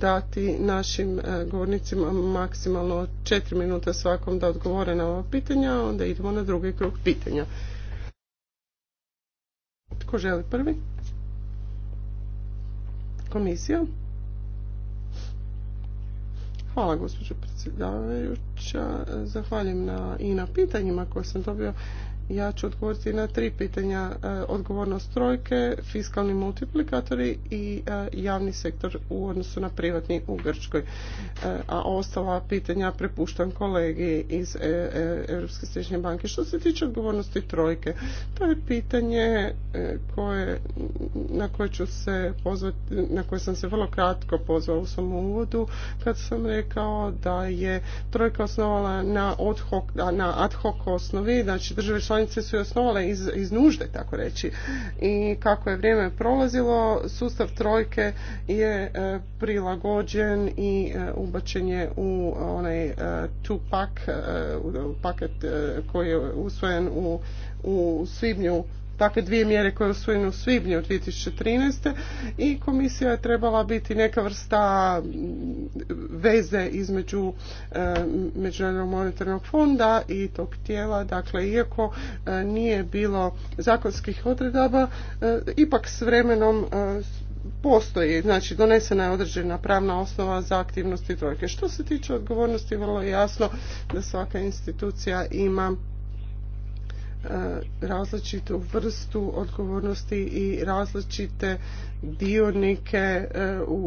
dati našim e, govornicima maksimalno četiri minuta svakom da odgovore na ova pitanja, a onda idemo na drugi krug pitanja. Tko želi prvi? Komisija? Hvala gospođo predsjedavajuća. Zahvaljujem na, i na pitanjima koje sam dobio. Ja ću odgovoriti na tri pitanja. E, odgovornost trojke, fiskalni multiplikatori i e, javni sektor u odnosu na privatni u Grčkoj. E, a ostala pitanja prepuštam kolegi iz Europske središnje banke. Što se tiče odgovornosti trojke, to je pitanje koje, na koje ću se pozvati, na koje sam se vrlo kratko pozvao u svom uvodu kad sam rekao da je trojka osnovala na ad hoc, na ad hoc osnovi, znači države članice članice su je osnovale iz, iz nužde, tako reći. I kako je vrijeme prolazilo, sustav trojke je e, prilagođen i e, ubačen je u onaj e, two-pack paket koji je usvojen u, u svibnju takve dvije mjere koje je usvojene u svibnju 2013. i komisija je trebala biti neka vrsta mm, veze između eh, Međunarodnog monetarnog fonda i tog tijela. Dakle, iako eh, nije bilo zakonskih odredaba, eh, ipak s vremenom postoji, znači donesena je određena pravna osnova za aktivnosti trojke. Što se tiče odgovornosti, vrlo je jasno da svaka institucija ima E, različitu vrstu odgovornosti i različite dionike e,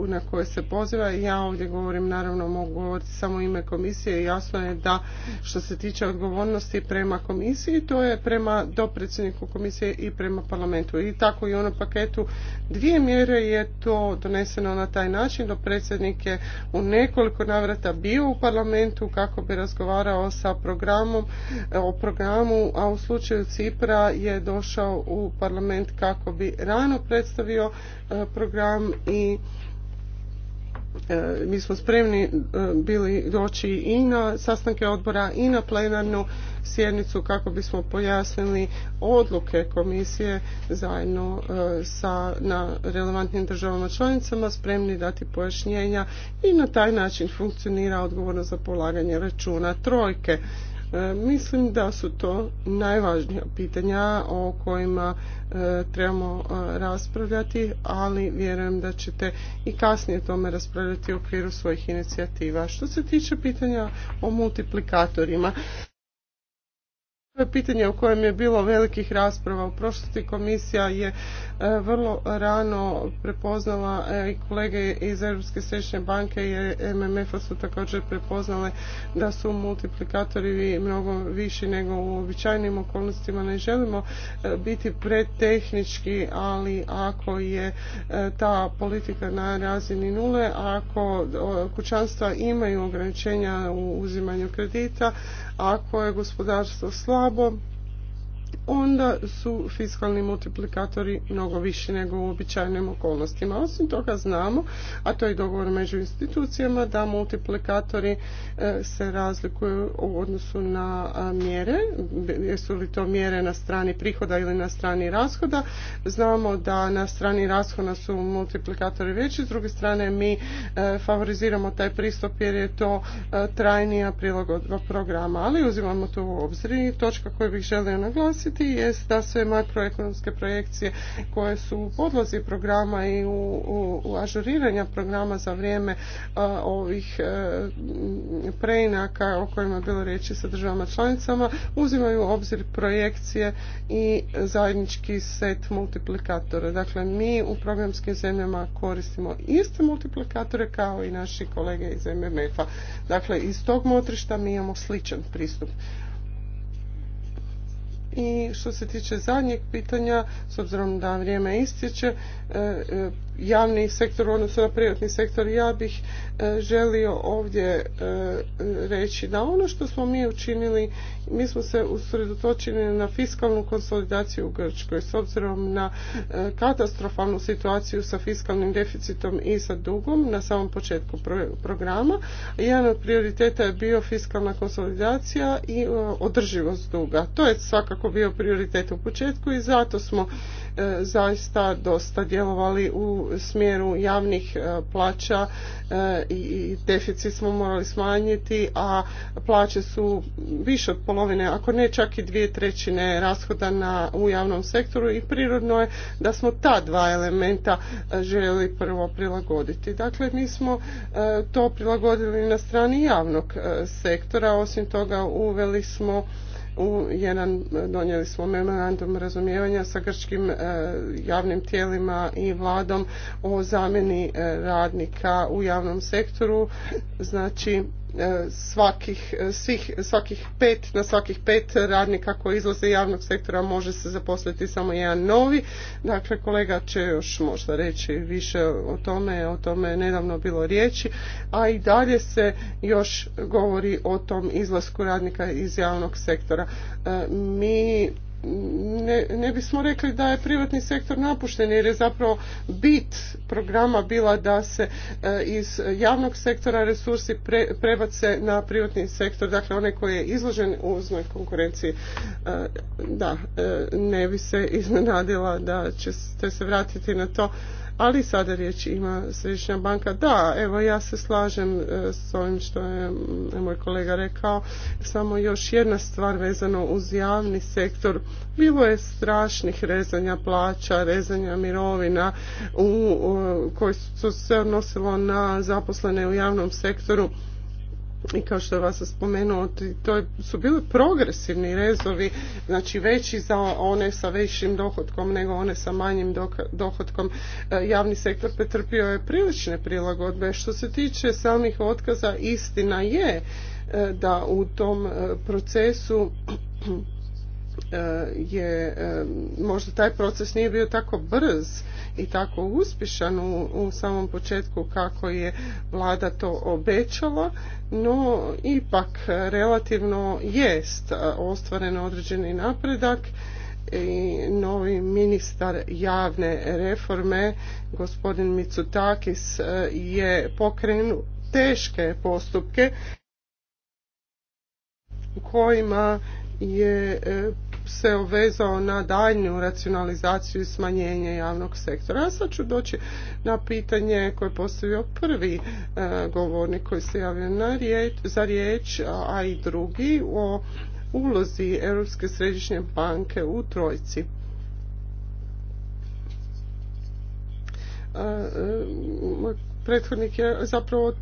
na koje se poziva. Ja ovdje govorim, naravno mogu govoriti samo ime komisije i jasno je da što se tiče odgovornosti prema komisiji, to je prema dopredsjedniku komisije i prema parlamentu. I tako i ono paketu dvije mjere je to doneseno na taj način. Dopredsjednik je u nekoliko navrata bio u parlamentu kako bi razgovarao sa programom, e, o programu, a u slučaju slučaju Cipra je došao u parlament kako bi rano predstavio e, program i e, mi smo spremni e, bili doći i na sastanke odbora i na plenarnu sjednicu kako bismo pojasnili odluke komisije zajedno sa na relevantnim državama članicama spremni dati pojašnjenja i na taj način funkcionira odgovorno za polaganje računa trojke E, mislim da su to najvažnija pitanja o kojima e, trebamo e, raspravljati, ali vjerujem da ćete i kasnije tome raspravljati u okviru svojih inicijativa. Što se tiče pitanja o multiplikatorima, to je pitanje o kojem je bilo velikih rasprava. U prošlosti komisija je e, vrlo rano prepoznala e, i kolege iz Europske središnje banke i MMF-a su također prepoznale da su multiplikatori mnogo viši nego u običajnim okolnostima. Ne želimo e, biti pretehnički, ali ako je ta politika na razini nule, ako kućanstva imaju ograničenja u uzimanju kredita, ako je gospodarstvo slabo, slabo onda su fiskalni multiplikatori mnogo viši nego u običajnim okolnostima. Osim toga znamo, a to je dogovor među institucijama, da multiplikatori e, se razlikuju u odnosu na mjere, jesu li to mjere na strani prihoda ili na strani rashoda. Znamo da na strani rashoda su multiplikatori veći, s druge strane mi e, favoriziramo taj pristup jer je to e, trajnija prilagodba programa, ali uzimamo to u obzir i točka koju bih želio naglasiti primijetiti da sve makroekonomske projekcije koje su u podlozi programa i u, u, ažuriranja programa za vrijeme e, ovih a, e, preinaka o kojima je bilo riječi sa državama članicama uzimaju u obzir projekcije i zajednički set multiplikatora. Dakle, mi u programskim zemljama koristimo iste multiplikatore kao i naši kolege iz MMF-a. Dakle, iz tog motrišta mi imamo sličan pristup. I što se tiče zadnjeg pitanja, s obzirom da vrijeme istječe, e, e, javni sektor odnosno na privatni sektor. Ja bih e, želio ovdje e, reći da ono što smo mi učinili, mi smo se usredotočili na fiskalnu konsolidaciju u Grčkoj s obzirom na e, katastrofalnu situaciju sa fiskalnim deficitom i sa dugom na samom početku programa. Jedan od prioriteta je bio fiskalna konsolidacija i održivost duga. To je svakako bio prioritet u početku i zato smo zaista dosta djelovali u smjeru javnih e, plaća e, i deficit smo morali smanjiti, a plaće su više od polovine, ako ne čak i dvije trećine rashoda na, u javnom sektoru i prirodno je da smo ta dva elementa e, željeli prvo prilagoditi. Dakle, mi smo to prilagodili na strani javnog sektora, osim toga uveli smo u jedan donijeli smo memorandum razumijevanja sa grčkim e, javnim tijelima i vladom o zamjeni e, radnika u javnom sektoru. Znači E, svakih, e, svih, svakih pet, na svakih pet radnika koji izlaze javnog sektora može se zaposliti samo jedan novi. Dakle, kolega će još možda reći više o tome, o tome je nedavno bilo riječi, a i dalje se još govori o tom izlasku radnika iz javnog sektora. E, mi ne, ne bismo rekli da je privatni sektor napušten jer je zapravo bit programa bila da se e, iz javnog sektora resursi pre, prebace na privatni sektor, dakle onaj koji je izložen u uznoj konkurenciji. E, da, e, ne bi se iznenadila da ćete se vratiti na to ali sada riječ ima Središnja banka. Da, evo ja se slažem e, s ovim što je moj kolega rekao. Samo još jedna stvar vezano uz javni sektor. Bilo je strašnih rezanja plaća, rezanja mirovina u, koji su se odnosilo na zaposlene u javnom sektoru i kao što vas sam spomenuo, to su bili progresivni rezovi, znači veći za one sa većim dohodkom nego one sa manjim dohodkom. E, javni sektor pretrpio je prilične prilagodbe. Što se tiče samih otkaza, istina je e, da u tom e, procesu E, je e, možda taj proces nije bio tako brz i tako uspješan u, samom početku kako je vlada to obećala, no ipak relativno jest e, ostvaren određeni napredak i novi ministar javne reforme gospodin Mitsutakis je pokrenuo teške postupke u kojima je se obvezao na daljnju racionalizaciju i smanjenje javnog sektora. A sad ću doći na pitanje koje je postavio prvi e, govornik koji se javio na za riječ, a i drugi o ulozi Europske središnje banke u trojci. E, e, prethodnik je zapravo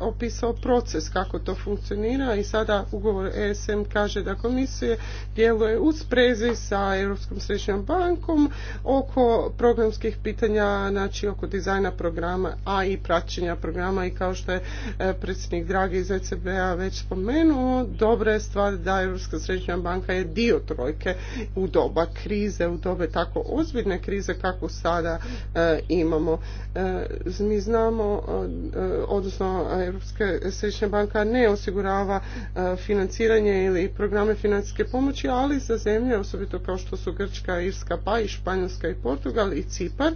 opisao, proces kako to funkcionira i sada ugovor ESM kaže da komisije djeluje u sprezi sa Europskom središnjom bankom oko programskih pitanja, znači oko dizajna programa, a i praćenja programa i kao što je e, predsjednik Dragi iz ECB-a već spomenuo, dobra je stvar da Europska središnja banka je dio trojke u doba krize, u dobe tako ozbiljne krize kako sada e, imamo. E, mi znamo E, odnosno Europska središnja banka ne osigurava e, financiranje ili programe financijske pomoći, ali za zemlje, osobito kao što su Grčka, Irska, pa i Španjolska i Portugal i Cipar,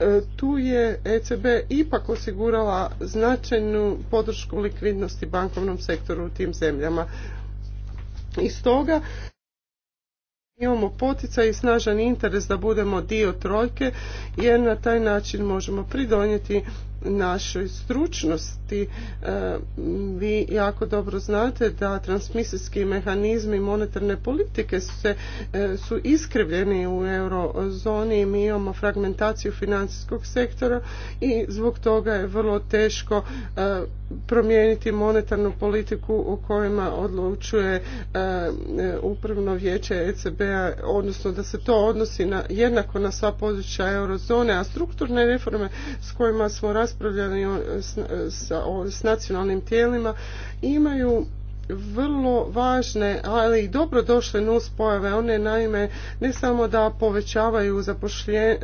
e, tu je ECB ipak osigurala značajnu podršku likvidnosti bankovnom sektoru u tim zemljama. I stoga imamo poticaj i snažan interes da budemo dio trojke jer na taj način možemo pridonijeti našoj stručnosti. E, vi jako dobro znate da transmisijski mehanizmi monetarne politike su, se, e, su iskrivljeni u eurozoni i mi imamo fragmentaciju financijskog sektora i zbog toga je vrlo teško e, promijeniti monetarnu politiku u kojima odlučuje upravno vijeće ECB-a, odnosno da se to odnosi na, jednako na sva područja eurozone, a strukturne reforme s kojima smo raspravljali s nacionalnim tijelima imaju vrlo važne, ali i dobrodošle nuspojave. One naime ne samo da povećavaju e,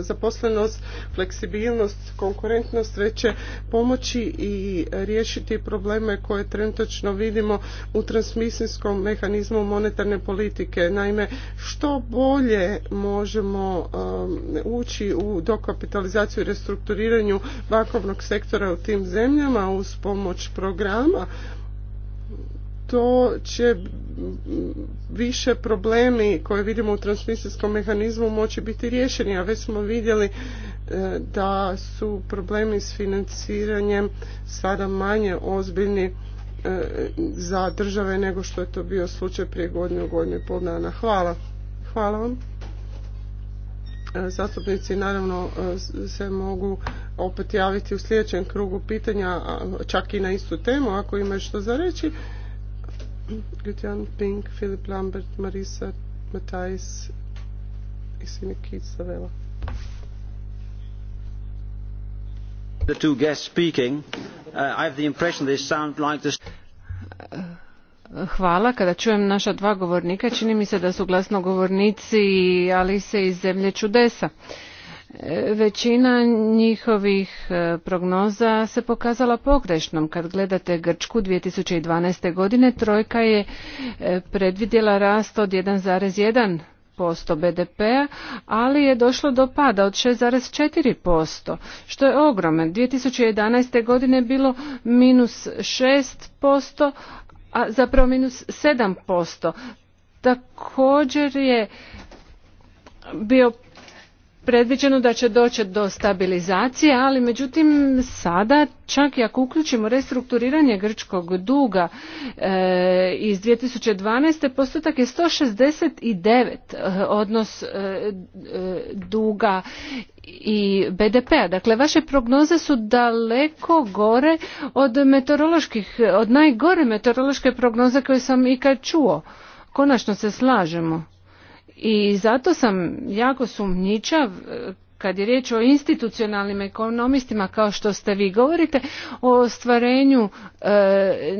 zaposlenost, fleksibilnost, konkurentnost, već će pomoći i riješiti probleme koje trenutačno vidimo u transmisijskom mehanizmu monetarne politike. Naime, što bolje možemo e, ući u dokapitalizaciju i restrukturiranju bankovnog sektora u tim zemljama uz pomoć programa, to će više problemi koje vidimo u transmisijskom mehanizmu moći biti riješeni, a već smo vidjeli e, da su problemi s financiranjem sada manje ozbiljni e, za države nego što je to bio slučaj prije godinu, godinu i pol dana. Hvala. Hvala vam. E, zastupnici naravno se mogu opet javiti u sljedećem krugu pitanja, čak i na istu temu ako imaju što za reći. Gudjan Pink, Filip Lambert, Marisa Matajs i Sine Kic Zavela. The two guests speaking, uh, I have the impression they sound like this. Hvala. Kada čujem naša dva govornika, čini mi se da su glasnogovornici, ali se iz zemlje čudesa. Uh, Većina njihovih e, prognoza se pokazala pogrešnom. Kad gledate Grčku 2012. godine, trojka je e, predvidjela rast od 1,1% BDP-a, ali je došlo do pada od 6,4%, što je ogroman. 2011. godine je bilo minus 6%, a zapravo minus 7%. Također je bio predviđeno da će doći do stabilizacije, ali međutim sada čak i ako uključimo restrukturiranje grčkog duga e, iz 2012. postotak je 169 e, odnos e, e, duga i BDP-a. Dakle, vaše prognoze su daleko gore od meteoroloških, od najgore meteorološke prognoze koje sam ikad čuo. Konačno se slažemo. I zato sam jako sumnjičav e, kad je riječ o institucionalnim ekonomistima kao što ste vi govorite o ostvarenju e,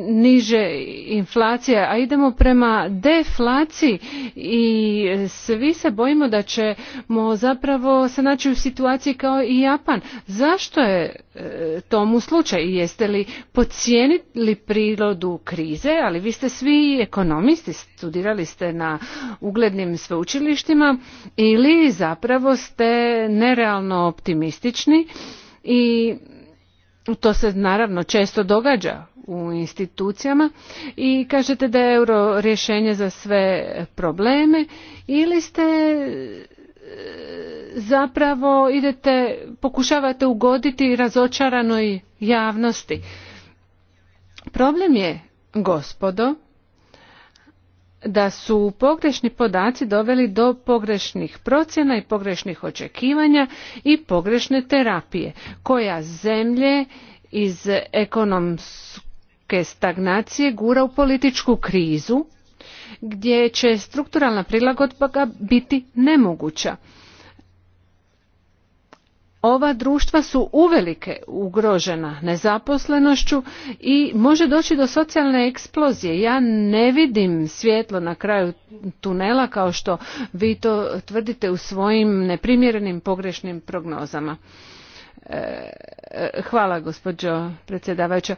niže inflacije a idemo prema deflaciji i svi se bojimo da ćemo zapravo se naći u situaciji kao i Japan zašto je e, tomu slučaj jeste li podcijenili prirodu krize ali vi ste svi ekonomisti studirali ste na uglednim sveučilištima ili zapravo ste nerealno optimistični i to se naravno često događa u institucijama i kažete da je euro rješenje za sve probleme ili ste e, zapravo idete pokušavate ugoditi razočaranoj javnosti problem je gospodo da su pogrešni podaci doveli do pogrešnih procjena i pogrešnih očekivanja i pogrešne terapije koja zemlje iz ekonomske stagnacije gura u političku krizu gdje će strukturalna prilagodba biti nemoguća ova društva su uvelike ugrožena nezaposlenošću i može doći do socijalne eksplozije. Ja ne vidim svjetlo na kraju tunela kao što vi to tvrdite u svojim neprimjerenim pogrešnim prognozama. E, hvala gospođo predsjedavajuća.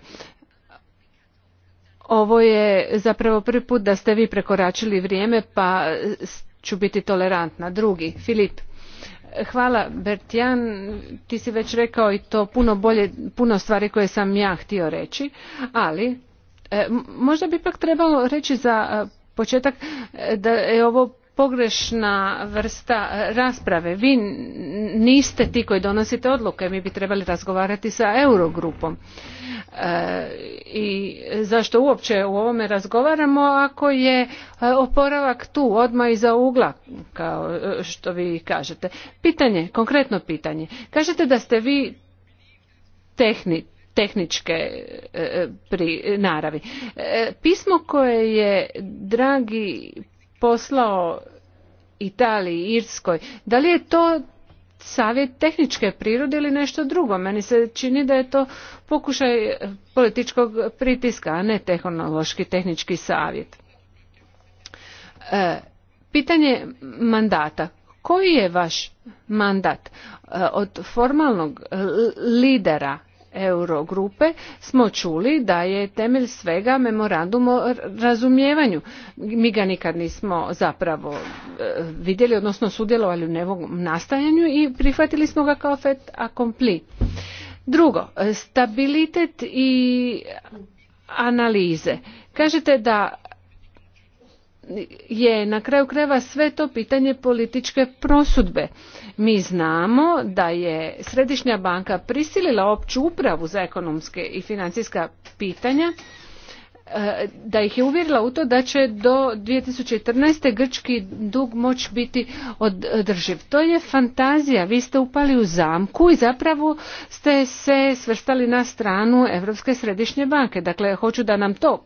Ovo je zapravo prvi put da ste vi prekoračili vrijeme pa ću biti tolerantna. Drugi, Filip. Hvala Bertjan, ti si već rekao i to puno bolje, puno stvari koje sam ja htio reći, ali e, možda bi ipak trebalo reći za e, početak e, da je ovo pogrešna vrsta rasprave. Vi niste ti koji donosite odluke, mi bi trebali razgovarati sa Eurogrupom i zašto uopće u ovome razgovaramo ako je e, oporavak tu odmah iza ugla kao e, što vi kažete pitanje konkretno pitanje kažete da ste vi tehni, tehničke e, pri naravi pismo koje je dragi poslao Italiji, Irskoj. Da li je to savjet tehničke prirode ili nešto drugo. Meni se čini da je to pokušaj e, političkog pritiska, a ne tehnološki tehnički savjet. E, pitanje mandata. Koji je vaš mandat e, od formalnog lidera Eurogrupe smo čuli da je temelj svega memorandum o razumijevanju. Mi ga nikad nismo zapravo e, vidjeli, odnosno sudjelovali u njegovom nastajanju i prihvatili smo ga kao fait accompli. Drugo, e, stabilitet i analize. Kažete da je na kraju krajeva sve to pitanje političke prosudbe. Mi znamo da je Središnja banka prisilila opću upravu za ekonomske i financijska pitanja e, da ih je uvjerila u to da će do 2014. grčki dug moć biti održiv. To je fantazija. Vi ste upali u zamku i zapravo ste se svrstali na stranu Europske središnje banke. Dakle, hoću da nam to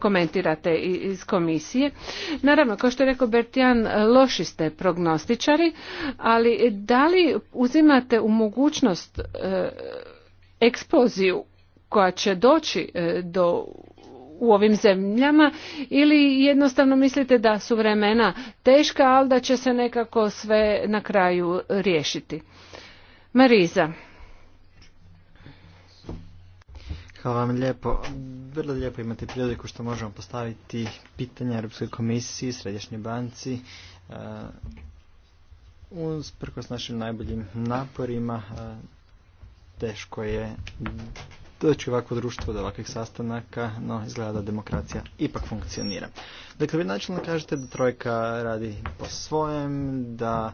komentirate iz komisije. Naravno, kao što je rekao Bertijan, loši ste prognostičari, ali da li uzimate u mogućnost e, eksploziju koja će doći e, do u ovim zemljama ili jednostavno mislite da su vremena teška, ali da će se nekako sve na kraju riješiti. Mariza. Hvala vam lijepo. Vrlo lijepo imate priliku što možemo postaviti pitanje Europskoj komisiji, Središnjoj banci. Uh, eh, Usprkos našim najboljim naporima, eh, teško je doći ovakvo društvo do ovakvih sastanaka, no izgleda da demokracija ipak funkcionira. Dakle, vi načelno kažete da trojka radi po svojem, da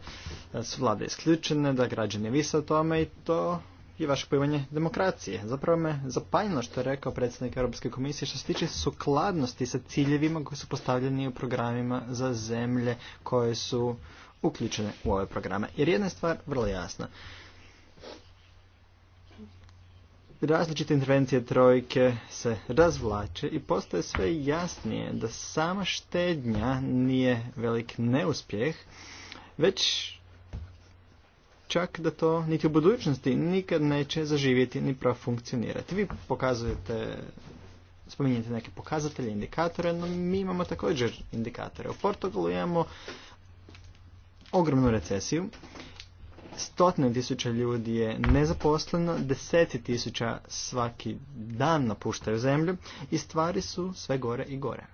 su vlade isključene, da građani visa o tome i to i vaše pojmanje demokracije. Zapravo me zapanjilo što je rekao predsjednik Europske komisije što se tiče sukladnosti sa ciljevima koji su postavljeni u programima za zemlje koje su uključene u ove programe. Jer jedna stvar vrlo jasna. Različite intervencije trojke se razvlače i postaje sve jasnije da sama štednja nije velik neuspjeh, već čak da to niti u budućnosti nikad neće zaživjeti ni profunkcionirati. Vi pokazujete, spominjete neke pokazatelje, indikatore, no mi imamo također indikatore. U Portugalu imamo ogromnu recesiju, stotne tisuća ljudi je nezaposleno, deseti tisuća svaki dan napuštaju zemlju i stvari su sve gore i gore.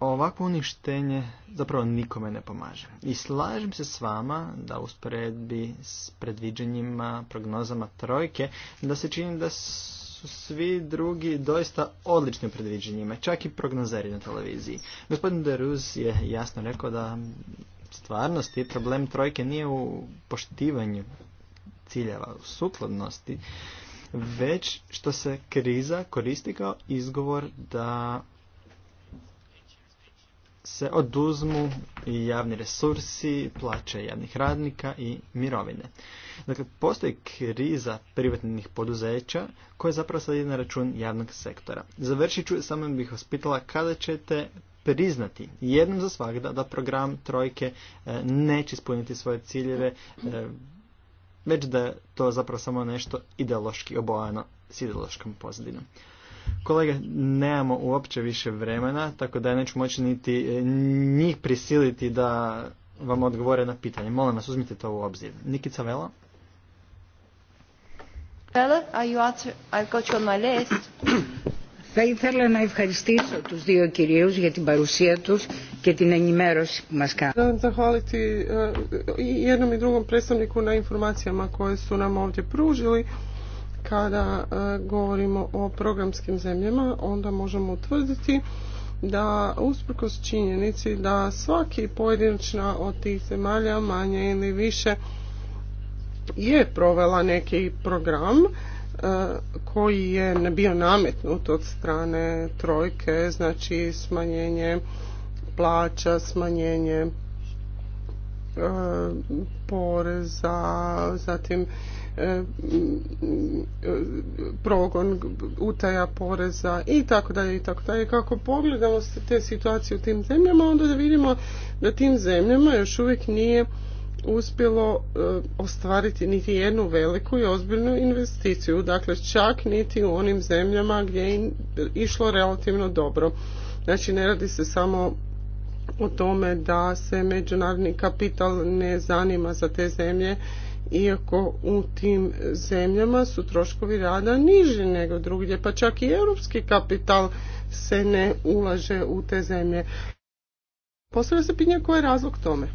ovakvo uništenje zapravo nikome ne pomaže. I slažem se s vama da usporedbi s predviđanjima, prognozama trojke, da se čini da su svi drugi doista odlični u predviđanjima, čak i prognozeri na televiziji. Gospodin Deruz je jasno rekao da stvarnosti i problem trojke nije u poštivanju ciljeva, u sukladnosti, već što se kriza koristi kao izgovor da se oduzmu i javni resursi, plaće javnih radnika i mirovine. Dakle, postoji kriza privatnih poduzeća koja zapravo sad na račun javnog sektora. Završit ću, samo bih vas kada ćete priznati jednom za svakda da program trojke e, neće ispuniti svoje ciljeve, e, već da je to zapravo samo nešto ideološki obojano s ideološkom pozadinom. Kolege, nemamo uopće više vremena, tako da neću moći niti e, njih prisiliti da vam odgovore na pitanje. Molim vas, uzmite to u obzir. Nikica Vela? Vela, are you answer? I've got you on my list. Θα ήθελα να ευχαριστήσω τους δύο κυρίους για την παρουσία τους και την ενημέρωση που μας κάνουν. Želim zahvaliti i jednom i drugom predstavniku na informacijama koje su nam ovdje pružili kada e, govorimo o programskim zemljama, onda možemo utvrditi da usprkos činjenici da svaki pojedinačna od tih zemalja manje ili više je provela neki program e, koji je bio nametnut od strane trojke, znači smanjenje plaća, smanjenje e, poreza, zatim progon, utaja poreza i tako dalje i tako dalje. Kako pogledamo te situacije u tim zemljama, onda da vidimo da tim zemljama još uvijek nije uspjelo eh, ostvariti niti jednu veliku i ozbiljnu investiciju. Dakle, čak niti u onim zemljama gdje je išlo relativno dobro. Znači, ne radi se samo o tome da se međunarodni kapital ne zanima za te zemlje iako u tim zemljama su troškovi rada niži nego drugdje, pa čak i europski kapital se ne ulaže u te zemlje. Postavlja se pitanje koji je razlog tome?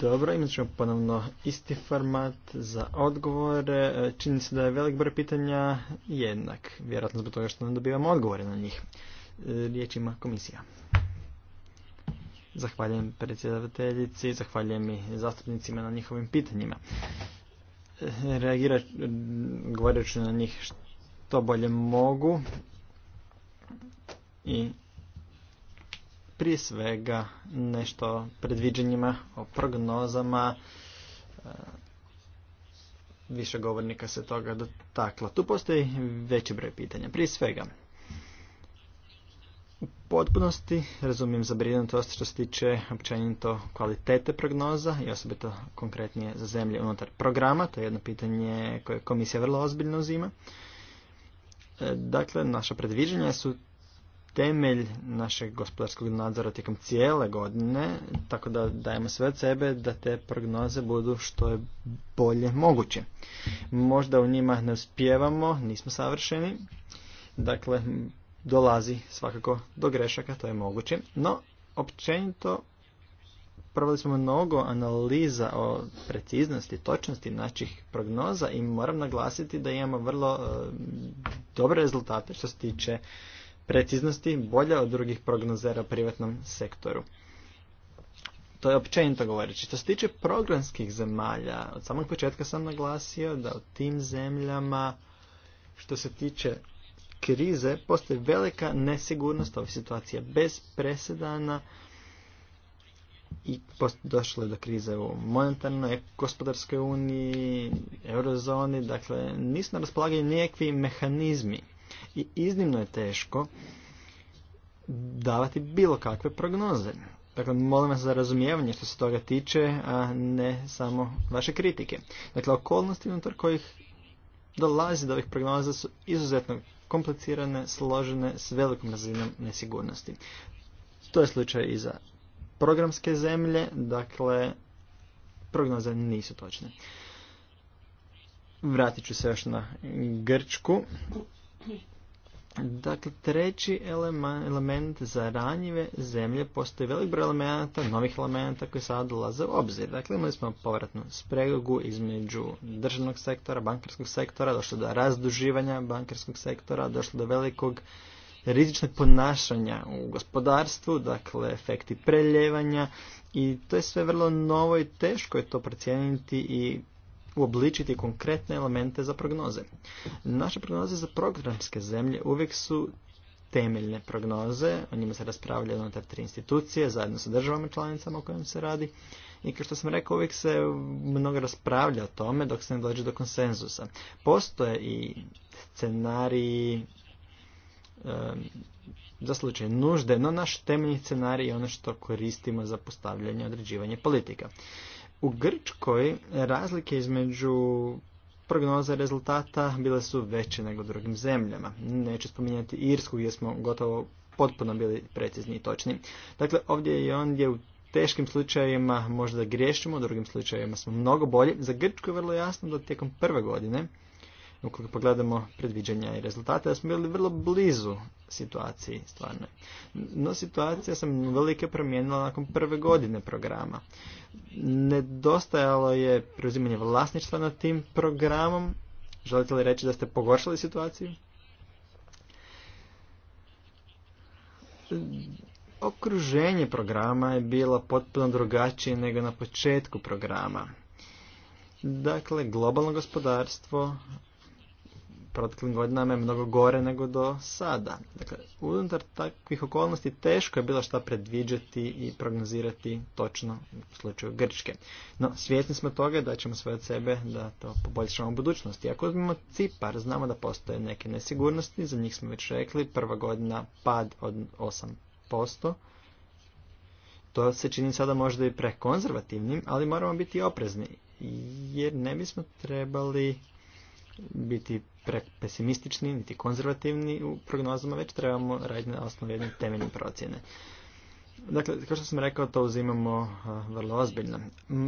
Dobro, imat ćemo ponovno isti format za odgovore. Čini se da je velik broj pitanja jednak, vjerojatno zbog toga što ne dobivamo odgovore na njih. Riječ ima komisija. Zahvaljujem predsjedateljici, zahvaljujem i zastupnicima na njihovim pitanjima. Reagirat, govorit na njih što bolje mogu i prije svega nešto o predviđenjima, o prognozama, više govornika se toga dotaklo. Tu postoji veći broj pitanja. Prije svega, potpunosti razumijem zabrinutost što se tiče općenito kvalitete prognoza i osobito konkretnije za zemlje unutar programa. To je jedno pitanje koje komisija vrlo ozbiljno uzima. E, dakle, naša predviđanja su temelj našeg gospodarskog nadzora tijekom cijele godine, tako da dajemo sve od sebe da te prognoze budu što je bolje moguće. Možda u njima ne uspijevamo, nismo savršeni, dakle dolazi svakako do grešaka, to je moguće. No, općenito proveli smo mnogo analiza o preciznosti, točnosti naših prognoza i moram naglasiti da imamo vrlo e, dobre rezultate što se tiče preciznosti, bolje od drugih prognozera u privatnom sektoru. To je općenito govoreći. Što se tiče programskih zemalja, od samog početka sam naglasio da u tim zemljama što se tiče krize postoji velika nesigurnost, ovih situacija bez presedana i došlo je do krize u monetarnoj, gospodarskoj uniji, eurozoni, dakle nisu na raspolaganju nijekvi mehanizmi i iznimno je teško davati bilo kakve prognoze. Dakle, molim vas za razumijevanje što se toga tiče, a ne samo vaše kritike. Dakle, okolnosti unutar kojih dolazi do ovih prognoza su izuzetno komplicirane, složene, s velikom razinom nesigurnosti. To je slučaj i za programske zemlje, dakle, prognoze nisu točne. Vratit ću se još na Grčku. Dakle, treći element za ranjive zemlje postoji velik broj elementa, novih elemenata koji sad dolaze u obzir. Dakle, imali smo povratnu spregu između državnog sektora, bankarskog sektora, došlo do razduživanja bankarskog sektora, došlo do velikog rizičnog ponašanja u gospodarstvu, dakle, efekti preljevanja i to je sve vrlo novo i teško je to procijeniti i uobličiti konkretne elemente za prognoze. Naše prognoze za programske zemlje uvijek su temeljne prognoze, o njima se raspravlja unutar tri institucije, zajedno sa državama članicama o kojima se radi. I kao što sam rekao, uvijek se mnogo raspravlja o tome dok se ne dođe do konsenzusa. Postoje i scenariji um, za slučaj nužde, no naš temeljni scenarij je ono što koristimo za postavljanje određivanje politika. U Grčkoj razlike između prognoze rezultata bile su veće nego u drugim zemljama. Neću spominjati Irsku gdje smo gotovo potpuno bili precizni i točni. Dakle, ovdje je i ondje u teškim slučajevima možda griješimo, u drugim slučajevima smo mnogo bolji. Za Grčku je vrlo jasno da tijekom prve godine ukoliko pogledamo predviđanja i rezultate, da smo bili vrlo blizu situaciji stvarno. No situacija sam velike promijenila nakon prve godine programa. Nedostajalo je preuzimanje vlasništva nad tim programom. Želite li reći da ste pogoršali situaciju? Okruženje programa je bilo potpuno drugačije nego na početku programa. Dakle, globalno gospodarstvo, proteklim godinama je mnogo gore nego do sada. Dakle, unutar takvih okolnosti teško je bilo šta predviđati i prognozirati točno u slučaju Grčke. No, svjesni smo toga da ćemo sve od sebe da to poboljšamo u budućnosti. Ako uzmemo Cipar, znamo da postoje neke nesigurnosti, za njih smo već rekli, prva godina pad od 8%. To se čini sada možda i prekonzervativnim, ali moramo biti oprezni jer ne bismo trebali biti pesimistični, niti konzervativni u prognozama, već trebamo raditi na osnovu jedne temeljne procjene. Dakle, kao što sam rekao, to uzimamo vrlo ozbiljno.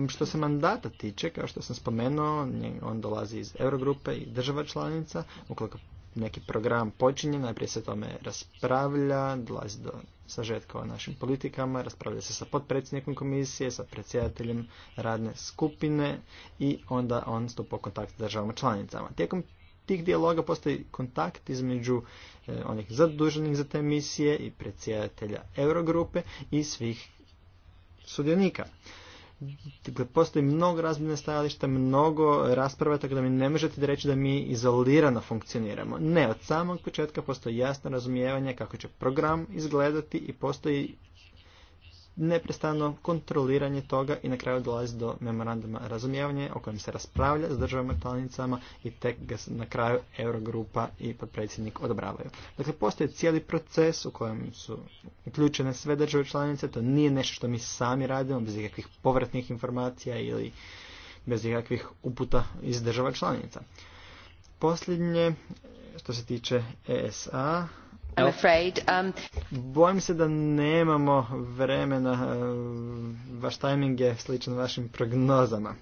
Što se mandata tiče, kao što sam spomenuo, on dolazi iz Eurogrupe i država članica. Ukoliko neki program počinje, najprije se tome raspravlja, dolazi do sažetka o našim politikama, raspravlja se sa potpredsjednikom komisije, sa predsjedateljem radne skupine i onda on stupa u kontakt s državama članicama. Tijekom tih dijaloga postoji kontakt između eh, onih zaduženih za te misije i predsjedatelja Eurogrupe i svih sudionika. Dakle, postoji mnogo razmjene stajališta, mnogo rasprava, tako da mi ne možete reći da mi izolirano funkcioniramo. Ne, od samog početka postoji jasno razumijevanje kako će program izgledati i postoji neprestano kontroliranje toga i na kraju dolazi do memoranduma razumijevanja o kojem se raspravlja s državama članicama i tek ga na kraju Eurogrupa i podpredsjednik odobravaju. Dakle, postoji cijeli proces u kojem su uključene sve države članice, to nije nešto što mi sami radimo bez ikakvih povratnih informacija ili bez ikakvih uputa iz država članica. Posljednje, što se tiče ESA, I'm afraid. Um... Bojim se da nemamo vremena, e, vaš tajming je sličan vašim prognozama.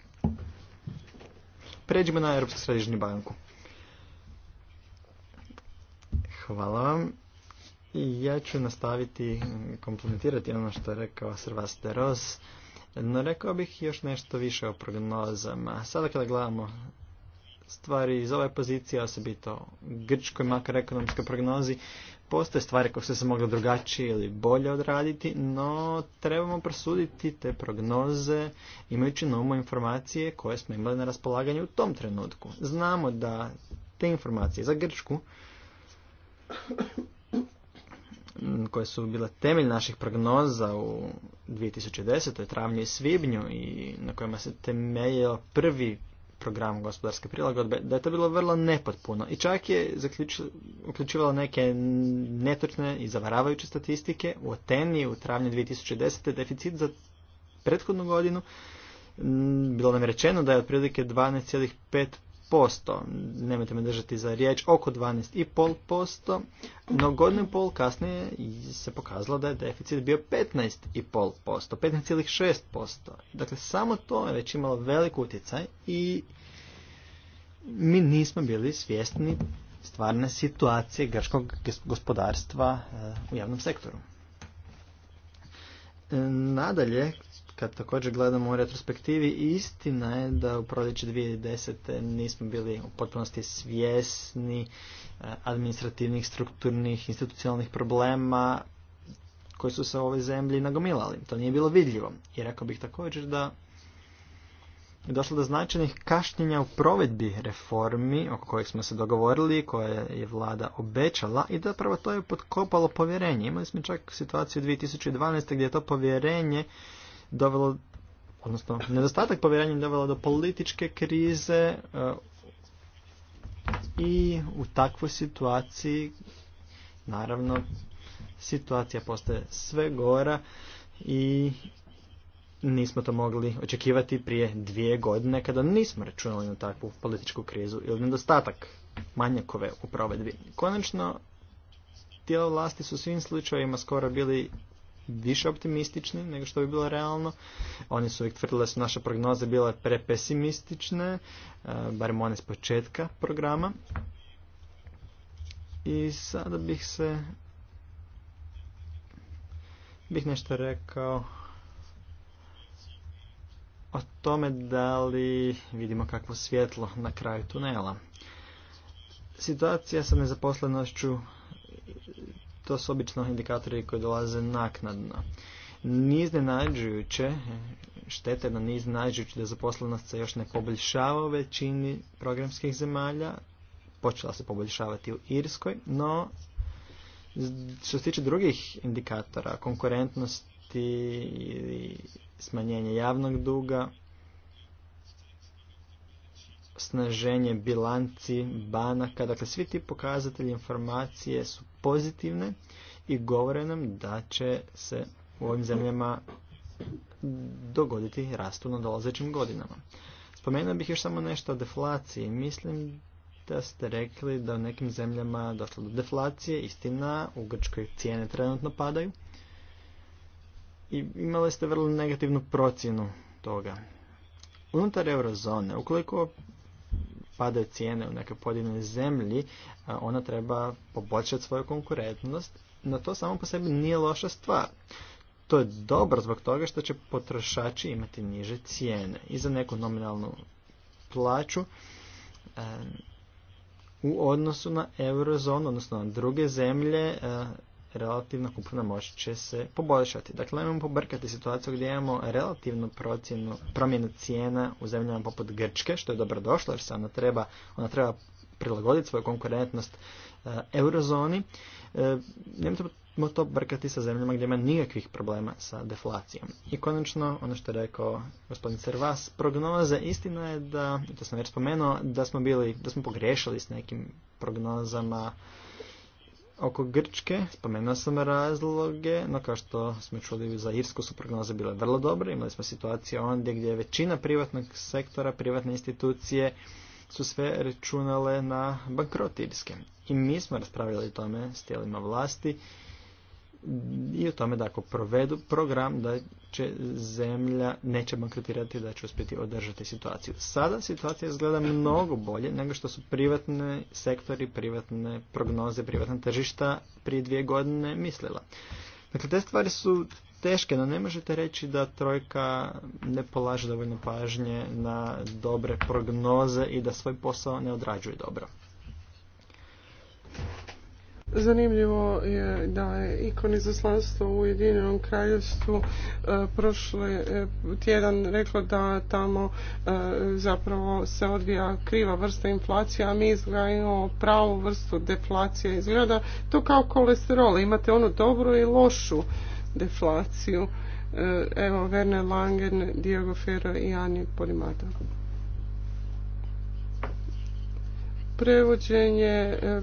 Pređimo na Europsku središnju banku. Hvala vam. Ja ću nastaviti mm, komplementirati ono što je rekao Srvas Ros. No rekao bih još nešto više o prognozama. Sada kada gledamo stvari iz ove pozicije, osobito grčkoj makroekonomskoj prognozi, postoje stvari koje su se mogle drugačije ili bolje odraditi, no trebamo prosuditi te prognoze imajući na umu informacije koje smo imali na raspolaganju u tom trenutku. Znamo da te informacije za Grčku koje su bile temelj naših prognoza u 2010. travnju i svibnju i na kojima se temeljio prvi program gospodarske prilagodbe, da je to bilo vrlo nepotpuno i čak je uključivalo neke netočne i zavaravajuće statistike. U Ateni u travnju 2010. deficit za prethodnu godinu bilo nam rečeno da je otprilike 12,5 12%, nemojte me držati za riječ, oko 12,5%, no godinu i pol kasnije se pokazalo da je deficit bio 15,5%, 15,6%. Dakle, samo to je već imalo velik utjecaj i mi nismo bili svjesni stvarne situacije grčkog gospodarstva eh, u javnom sektoru. Nadalje, kad također gledamo u retrospektivi, istina je da u proljeće 2010. nismo bili u potpunosti svjesni e, administrativnih, strukturnih, institucionalnih problema koji su se u ovoj zemlji nagomilali. To nije bilo vidljivo. I rekao bih također da je došlo do značajnih kašnjenja u provedbi reformi o kojih smo se dogovorili, koje je vlada obećala i zapravo to je potkopalo povjerenje. Imali smo čak situaciju 2012. gdje je to povjerenje dovelo, odnosno nedostatak povjerenja dovelo do političke krize e, i u takvoj situaciji naravno situacija postaje sve gora i nismo to mogli očekivati prije dvije godine kada nismo računali na takvu političku krizu ili nedostatak manjakove u provedbi. Konačno, tijela vlasti su svim slučajevima skoro bili više optimistični nego što bi bilo realno. Oni su uvijek tvrdili da su naše prognoze bile prepesimistične, e, barem one s početka programa. I sada bih se bih nešto rekao o tome da li vidimo kakvo svjetlo na kraju tunela. Situacija sa nezaposlenošću to su obično indikatori koji dolaze naknadno. Nije iznenađujuće, štete na niz iznenađujuće da zaposlenost se još ne poboljšava u većini programskih zemalja, počela se poboljšavati u Irskoj, no što se tiče drugih indikatora, konkurentnosti i smanjenje javnog duga, snaženje bilanci banaka, dakle svi ti pokazatelji informacije su pozitivne i govore nam da će se u ovim zemljama dogoditi rastu na dolazećim godinama. Spomenuo bih još samo nešto o deflaciji. Mislim da ste rekli da u nekim zemljama došlo dakle, do deflacije, istina, u Grčkoj cijene trenutno padaju. I imali ste vrlo negativnu procjenu toga. Unutar eurozone, ukoliko padaju cijene u nekoj pojedinoj zemlji, e, ona treba poboljšati svoju konkurentnost, Na to samo po sebi nije loša stvar. To je dobro zbog toga što će potrošači imati niže cijene i za neku nominalnu plaću e, u odnosu na eurozonu, odnosno na druge zemlje e, relativna kupovna moć će se poboljšati. Dakle, imamo pobrkati situaciju gdje imamo relativnu procjenu, promjenu cijena u zemljama poput Grčke, što je dobro došlo jer se ona treba, ona treba prilagoditi svoju konkurentnost eh, eurozoni. E, to brkati sa zemljama gdje ima nikakvih problema sa deflacijom. I konačno, ono što je rekao gospodin Servas, prognoze, istina je da, to sam već spomenuo, da smo bili, da smo pogrešili s nekim prognozama oko Grčke, spomenuo sam razloge, no kao što smo čuli za Irsku su prognoze bile vrlo dobre, imali smo situaciju ondje gdje je većina privatnog sektora, privatne institucije su sve računale na bankrot Irske. I mi smo raspravljali tome s tijelima vlasti i o tome da ako provedu program da će zemlja neće bankrotirati da će uspjeti održati situaciju. Sada situacija izgleda mnogo bolje nego što su privatne sektori, privatne prognoze, privatna tržišta prije dvije godine mislila. Dakle, te stvari su teške, no ne možete reći da trojka ne polaže dovoljno pažnje na dobre prognoze i da svoj posao ne odrađuje dobro. Zanimljivo je da je ikon izaslanstva u Ujedinjenom kraljevstvu e, prošle e, tjedan reklo da tamo e, zapravo se odvija kriva vrsta inflacije, a mi izgledamo pravu vrstu deflacije. Izgleda to kao kolesterol. Imate onu dobru i lošu deflaciju. Evo, Werner Langen, Diego Ferro i Ani Polimata. prevođenje, e,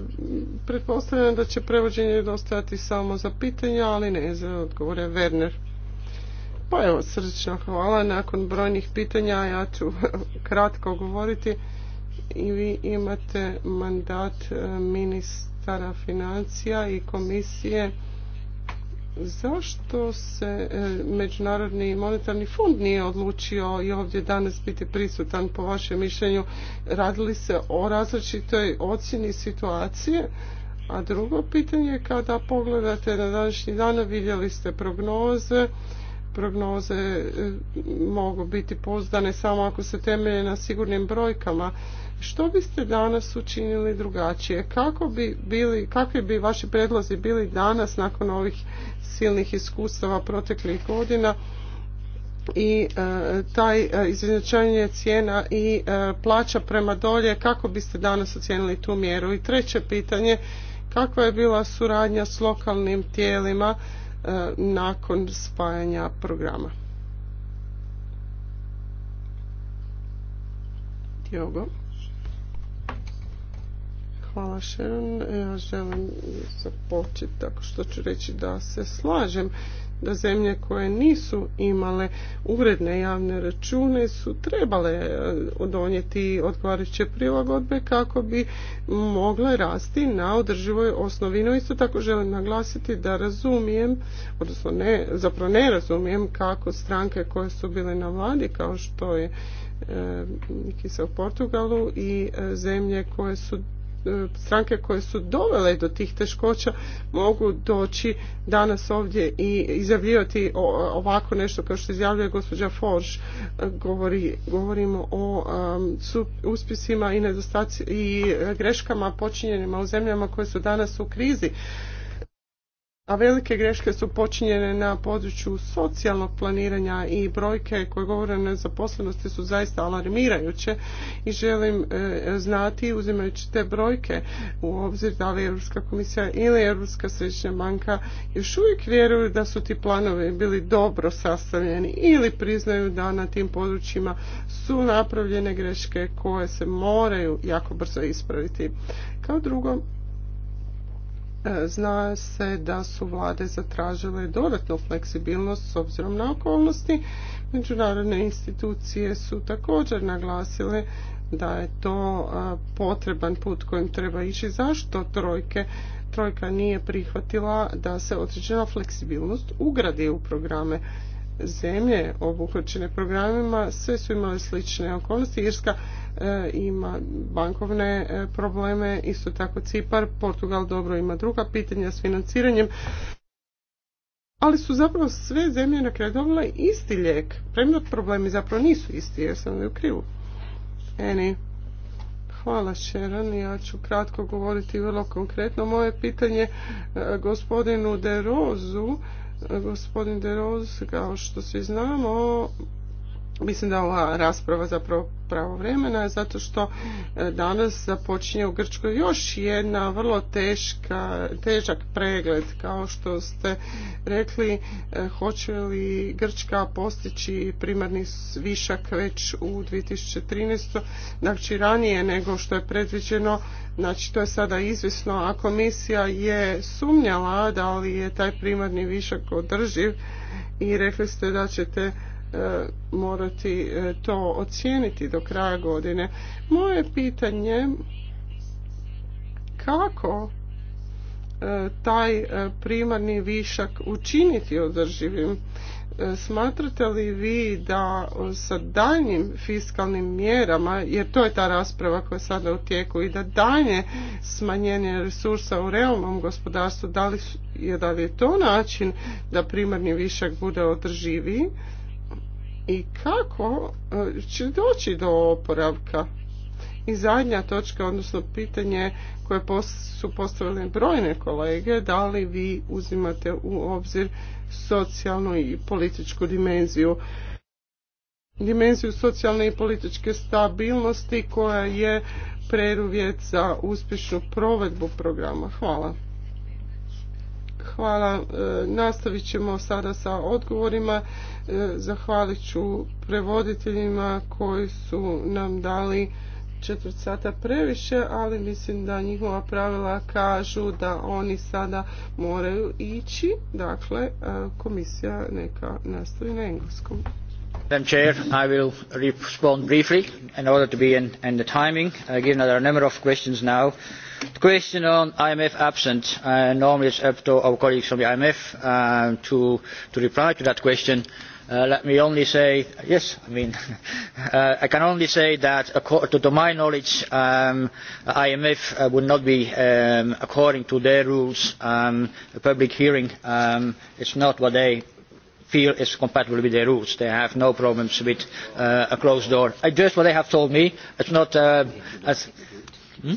pretpostavljam da će prevođenje dostati samo za pitanja, ali ne za odgovore. Werner. Pa evo, srčno hvala. Nakon brojnih pitanja ja ću kratko govoriti. I vi imate mandat e, ministara financija i komisije zašto se e, Međunarodni monetarni fond nije odlučio i ovdje danas biti prisutan po vašem mišljenju? Radili se o različitoj ocjeni situacije? A drugo pitanje je kada pogledate na današnji dan vidjeli ste prognoze, prognoze e, mogu biti pozdane samo ako se temelje na sigurnim brojkama. Što biste danas učinili drugačije? Kako bi bili, kakvi bi vaši predlozi bili danas nakon ovih silnih iskustava proteklih godina? i e, taj e, izjednačavanje cijena i e, plaća prema dolje kako biste danas ocijenili tu mjeru i treće pitanje kakva je bila suradnja s lokalnim tijelima nakon spajanja programa Diogo Hvala Sharon. Ja želim započeti tako što ću reći da se slažem da zemlje koje nisu imale uredne javne račune su trebale e, donijeti odgovarajuće prilagodbe kako bi mogle rasti na održivoj osnovi. No isto tako želim naglasiti da razumijem, odnosno ne, zapravo ne razumijem kako stranke koje su bile na vladi kao što je e, Kisa u Portugalu i e, zemlje koje su E, stranke koje su dovele do tih teškoća mogu doći danas ovdje i izjavljivati ovako nešto kao što izjavljuje gospođa Forš. E, govorimo o uspjesima i, i greškama počinjenima u zemljama koje su danas u krizi a velike greške su počinjene na području socijalnog planiranja i brojke koje govore o nezaposlenosti su zaista alarmirajuće i želim e, znati uzimajući te brojke u obzir da li Europska komisija ili Europska središnja banka još uvijek vjeruju da su ti planovi bili dobro sastavljeni ili priznaju da na tim područjima su napravljene greške koje se moraju jako brzo ispraviti. Kao drugo, Zna se da su vlade zatražile dodatnu fleksibilnost s obzirom na okolnosti. Međunarodne institucije su također naglasile da je to potreban put kojim treba ići. Zašto trojke? Trojka nije prihvatila da se određena fleksibilnost ugradi u programe zemlje obuhvaćene programima sve su imale slične okolnosti. Irska e, ima bankovne e, probleme, isto tako Cipar, Portugal dobro ima druga pitanja s financiranjem. Ali su zapravo sve zemlje na kraju dobile isti lijek. Premda problemi zapravo nisu isti, jer sam ne u krivu. Eni, hvala Šeran, ja ću kratko govoriti vrlo konkretno. Moje pitanje e, gospodinu De Rozu Gospodin De Roz, kao što svi znamo, Mislim da ova rasprava zapravo je zato što e, danas započinje u Grčkoj još jedna vrlo teška, težak pregled kao što ste rekli e, hoće li Grčka postići primarni višak već u 2013. Znači ranije nego što je predviđeno znači to je sada izvisno a komisija je sumnjala da li je taj primarni višak održiv i rekli ste da ćete E, morati e, to ocijeniti do kraja godine. Moje pitanje kako e, taj primarni višak učiniti održivim? Smatrate li vi da sa daljnjim fiskalnim mjerama, jer to je ta rasprava koja je sada u tijeku, i da dalje smanjenje resursa u realnom gospodarstvu, da li je to način da primarni višak bude održiviji? i kako e, će doći do oporavka. I zadnja točka, odnosno pitanje koje su postavile brojne kolege, da li vi uzimate u obzir socijalnu i političku dimenziju dimenziju socijalne i političke stabilnosti koja je preduvjet za uspješnu provedbu programa. Hvala. Hvala. E, nastavit ćemo sada sa odgovorima. E, zahvalit ću prevoditeljima koji su nam dali četvrt sata previše, ali mislim da njihova pravila kažu da oni sada moraju ići. Dakle, e, komisija neka nastavi na engleskom. Madam President, I will respond briefly in order to be in, in the timing, uh, given that there are a number of questions now. The question on IMF absence uh, normally is up to our colleagues from the IMF uh, to, to reply to that question. Uh, let me only say yes i mean i can only say that to, to my knowledge the um, imf would not be um, according to their rules um, a public hearing is not what they feel is compatible with their roots. They have no problems with uh, a closed door. I just what they have told me. It's not uh, as. Hmm?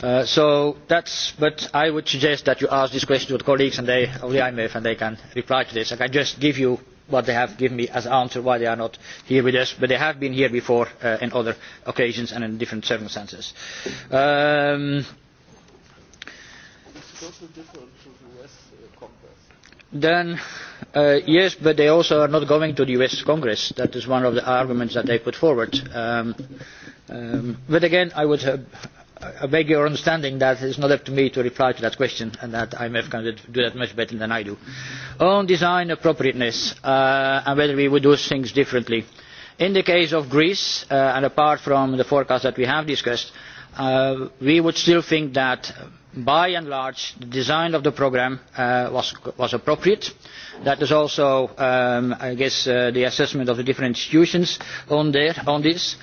Uh, so that's but I would suggest that you ask this question to the colleagues and they of the IMF and they can reply to this. I can just give you what they have given me as an answer why they are not here with us, but they have been here before uh, on other occasions and in different circumstances. Um, then uh, yes but they also are not going to the us congress that is one of the arguments that they put forward um, um, but again i would uh, I beg your understanding that it is not up to me to reply to that question and that IMF can do that much better than I do. On design appropriateness uh, and whether we would do things differently. In the case of Greece, uh, and apart from the forecast that we have discussed, uh, we would still think that by and large the design of the programme uh, was, appropriate. that is also um, i guess uh, the assessment of the different institutions on, this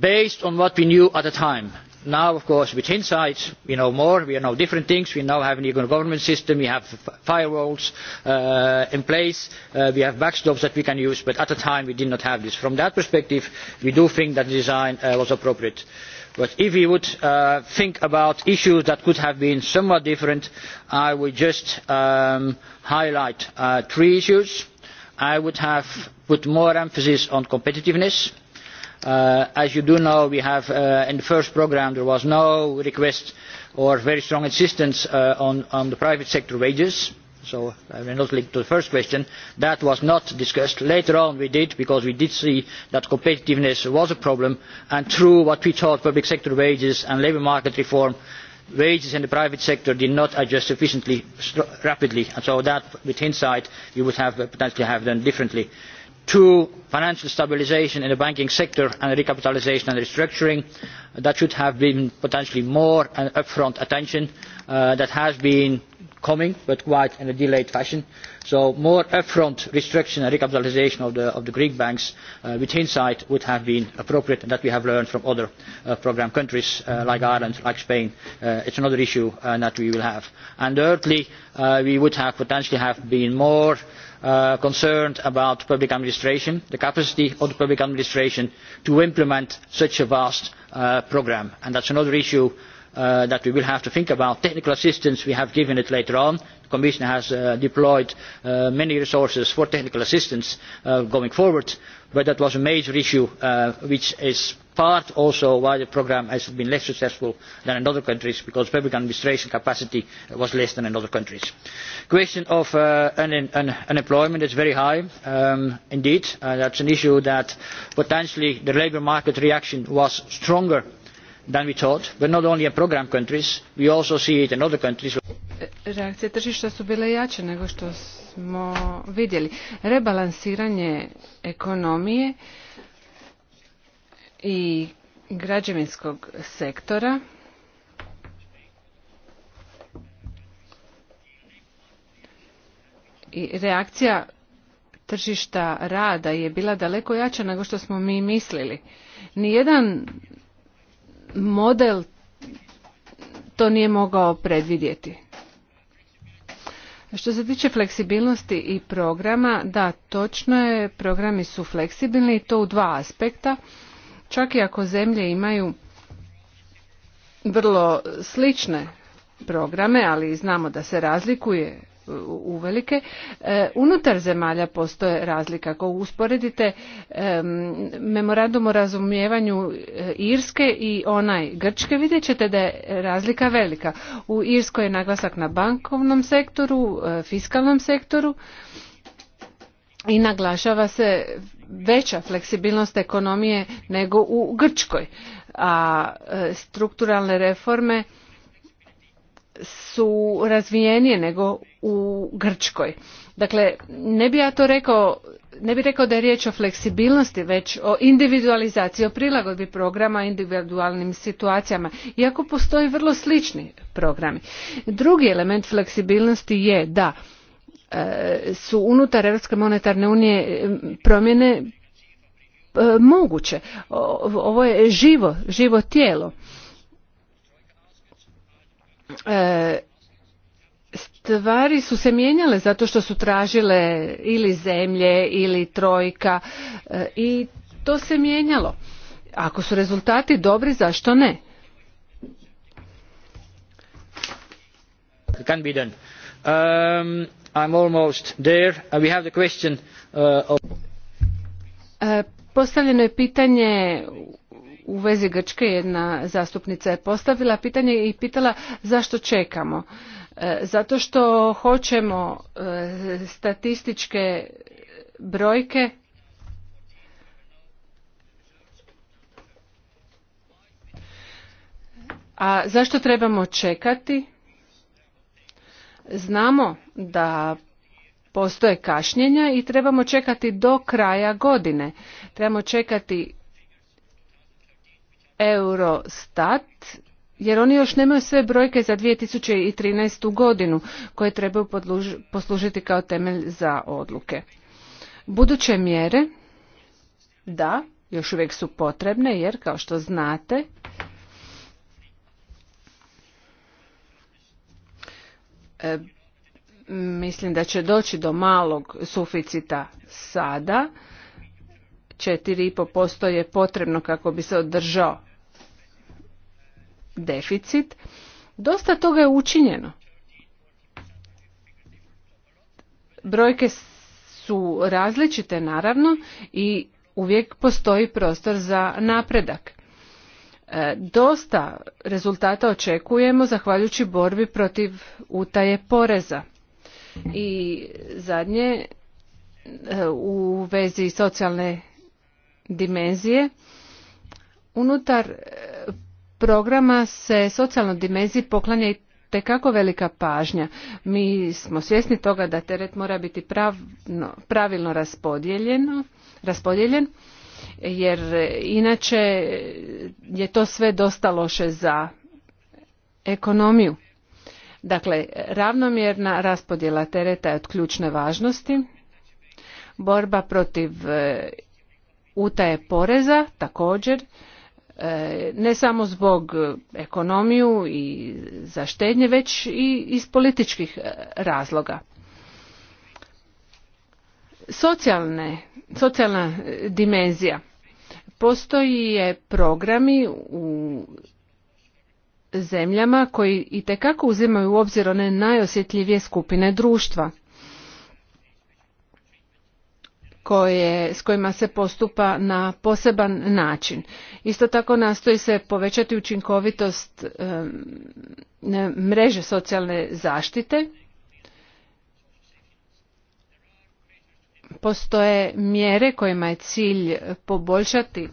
based on what we knew at the time. now of course with hindsight we know more we know different things we now have an eu government system we have firewalls uh, in place we have backstops that we can use but at the time we did not have this. from that perspective we do think that the design was appropriate but if we would uh, think about issues that could have been somewhat different i would just um, highlight uh, three issues. i would have put more emphasis on competitiveness. Uh, as you do know we have in the first programme there was no request or very strong insistence on the private sector wages so i will not link to the first question that was not discussed. later on we did because we did see that competitiveness was a problem and through what we thought public sector wages and labour market reform wages in the private sector did not adjust sufficiently rapidly and so that with hindsight you would have uh, potentially have done differently. two financial stabilisation in the banking sector and recapitalisation and restructuring that should have been potentially more upfront attention uh, that has been coming, but quite in a delayed fashion. So more upfront restructuring and recapitalisation of the, Greek banks with uh, hindsight would have been appropriate and that we have learned from other uh, programme countries uh, like Ireland, like Spain. is another issue that we will have. thirdly, we would have potentially have been more concerned about public administration, the capacity of the public administration to implement such a vast programme. And is another issue Uh, that we will have to think about. Technical assistance, we have given it later on. The Commission has uh, deployed uh, many resources for technical assistance going forward, but that was a major issue which is part also why the programme has been less successful than in other countries, because public administration capacity was less than in other countries. The question of unemployment is very high. Um, indeed, that is an issue that potentially the labour market reaction was stronger than we thought but not only in countries we also see it in other countries reakcije tržišta su bile jače nego što smo vidjeli rebalansiranje ekonomije i građevinskog sektora i reakcija tržišta rada je bila daleko jača nego što smo mi mislili nijedan model to nije mogao predvidjeti. Što se tiče fleksibilnosti i programa, da, točno je, programi su fleksibilni i to u dva aspekta. Čak i ako zemlje imaju vrlo slične programe, ali znamo da se razlikuje uvelike. E, unutar zemalja postoje razlika. Ako usporedite e, memorandum o razumijevanju e, Irske i onaj Grčke, vidjet ćete da je razlika velika. U Irskoj je naglasak na bankovnom sektoru, fiskalnom sektoru i naglašava se veća fleksibilnost ekonomije nego u Grčkoj. A strukturalne reforme su razvijenije nego u Grčkoj. Dakle, ne bih ja to rekao, ne bih rekao da je riječ o fleksibilnosti, već o individualizaciji, o prilagodbi programa individualnim situacijama, iako postoje vrlo slični programi. Drugi element fleksibilnosti je da e, su unutar Europske monetarne unije e, promjene e, moguće. Ovo je živo, živo tijelo E, stvari su se mijenjale zato što su tražile ili zemlje ili trojka e, i to se mijenjalo. Ako su rezultati dobri, zašto ne? Can be done. Um, I'm almost there. Uh, we have the question, uh, of... E, postavljeno je pitanje u vezi Grčke jedna zastupnica je postavila pitanje i pitala zašto čekamo. E, zato što hoćemo e, statističke brojke A zašto trebamo čekati? Znamo da postoje kašnjenja i trebamo čekati do kraja godine. Trebamo čekati Eurostat jer oni još nemaju sve brojke za 2013. godinu koje trebaju poslužiti kao temelj za odluke. Buduće mjere, da, još uvijek su potrebne jer kao što znate e, mislim da će doći do malog suficita sada 4,5% je potrebno kako bi se održao deficit. Dosta toga je učinjeno. Brojke su različite naravno i uvijek postoji prostor za napredak. E, dosta rezultata očekujemo zahvaljujući borbi protiv utaje poreza. I zadnje e, u vezi socijalne dimenzije. Unutar e, programa se socijalnoj dimenziji poklanja i tekako velika pažnja. Mi smo svjesni toga da teret mora biti pravno, pravilno raspodijeljen, jer e, inače je to sve dosta loše za ekonomiju. Dakle, ravnomjerna raspodjela tereta je od ključne važnosti. Borba protiv e, utaje poreza također e, ne samo zbog ekonomiju i zaštenje, već i iz političkih e, razloga. Socijalne, socijalna e, dimenzija. je programi u zemljama koji i tekako uzimaju u obzir one najosjetljivije skupine društva – koje, s kojima se postupa na poseban način. Isto tako nastoji se povećati učinkovitost mreže socijalne zaštite. Postoje mjere kojima je cilj poboljšati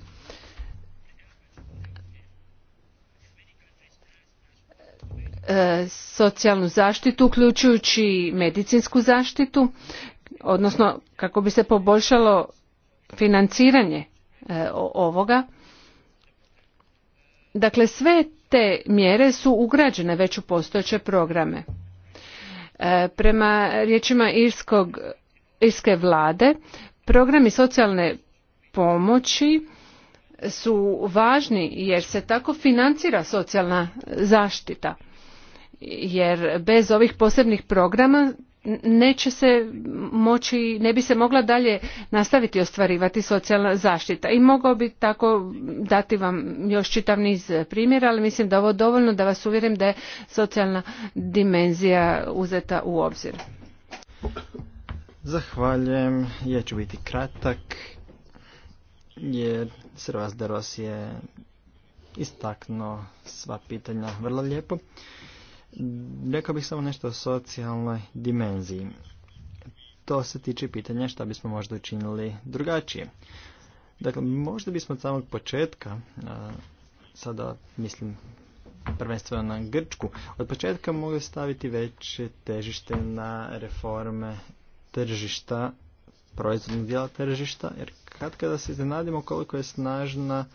socijalnu zaštitu uključujući medicinsku zaštitu odnosno kako bi se poboljšalo financiranje e, ovoga. Dakle, sve te mjere su ugrađene već u postojeće programe. E, prema riječima irskog, irske vlade, programi socijalne pomoći su važni jer se tako financira socijalna zaštita jer bez ovih posebnih programa neće se moći, ne bi se mogla dalje nastaviti ostvarivati socijalna zaštita. I mogao bi tako dati vam još čitav niz primjera, ali mislim da ovo dovoljno da vas uvjerim da je socijalna dimenzija uzeta u obzir. Zahvaljujem, ja ću biti kratak jer Srvas Deros je istaknuo sva pitanja vrlo lijepo. Rekao bih samo nešto o socijalnoj dimenziji. To se tiče pitanja šta bismo možda učinili drugačije. Dakle, možda bismo od samog početka, sada mislim prvenstveno na Grčku, od početka mogli staviti veće težište na reforme tržišta, proizvodnog dijela tržišta, jer kad kada se iznenadimo koliko je snažna,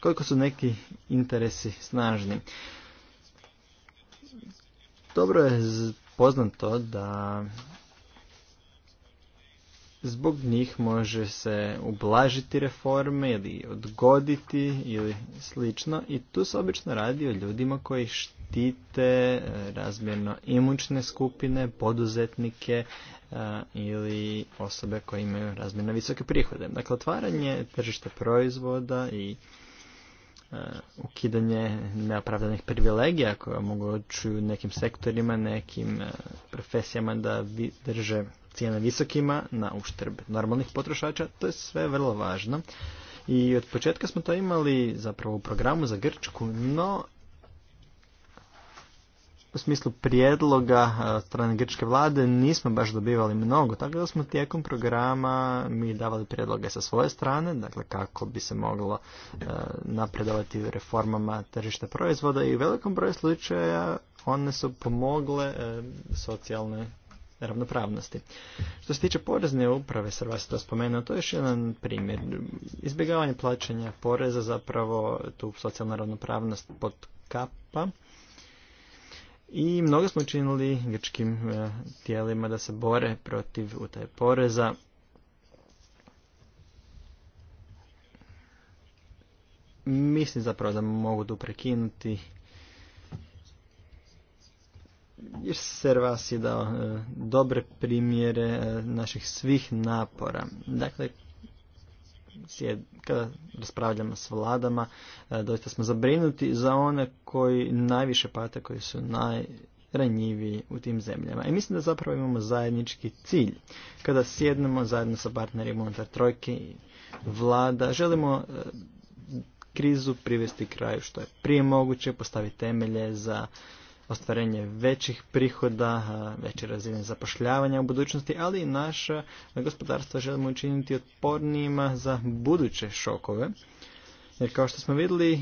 koliko su neki interesi snažni. Dobro je poznato da zbog njih može se ublažiti reforme ili odgoditi ili slično i tu se obično radi o ljudima koji štite eh, razmjerno imućne skupine, poduzetnike eh, ili osobe koje imaju razmjerno visoke prihode. Dakle, otvaranje tržišta proizvoda i Uh, ukidanje neopravdanih privilegija koje omogućuju nekim sektorima, nekim uh, profesijama da drže cijene visokima na uštrb normalnih potrošača, to je sve vrlo važno. I od početka smo to imali zapravo u programu za Grčku, no u smislu prijedloga eh, strane grčke vlade nismo baš dobivali mnogo, tako da smo tijekom programa mi davali prijedloge sa svoje strane, dakle kako bi se moglo eh, napredovati reformama tržišta proizvoda i u velikom broju slučaja one su pomogle eh, socijalne ravnopravnosti. Što se tiče porezne uprave, sad vas to spomenuo, to je još jedan primjer. Izbjegavanje plaćanja poreza zapravo tu socijalna ravnopravnost pod kapa i mnogo smo učinili grčkim e, tijelima da se bore protiv utaje poreza. Mislim zapravo da mogu tu prekinuti. Jer Servas je dao e, dobre primjere e, naših svih napora. Dakle, kada raspravljamo s vladama, e, doista smo zabrinuti za one koji najviše pate, koji su najranjiviji u tim zemljama. I mislim da zapravo imamo zajednički cilj. Kada sjednemo zajedno sa partnerima unutar trojke i vlada, želimo e, krizu privesti kraju što je prije moguće, postaviti temelje za ostvarenje većih prihoda, veće razine zapošljavanja u budućnosti, ali i naša gospodarstvo želimo učiniti otpornijima za buduće šokove. Jer kao što smo vidjeli,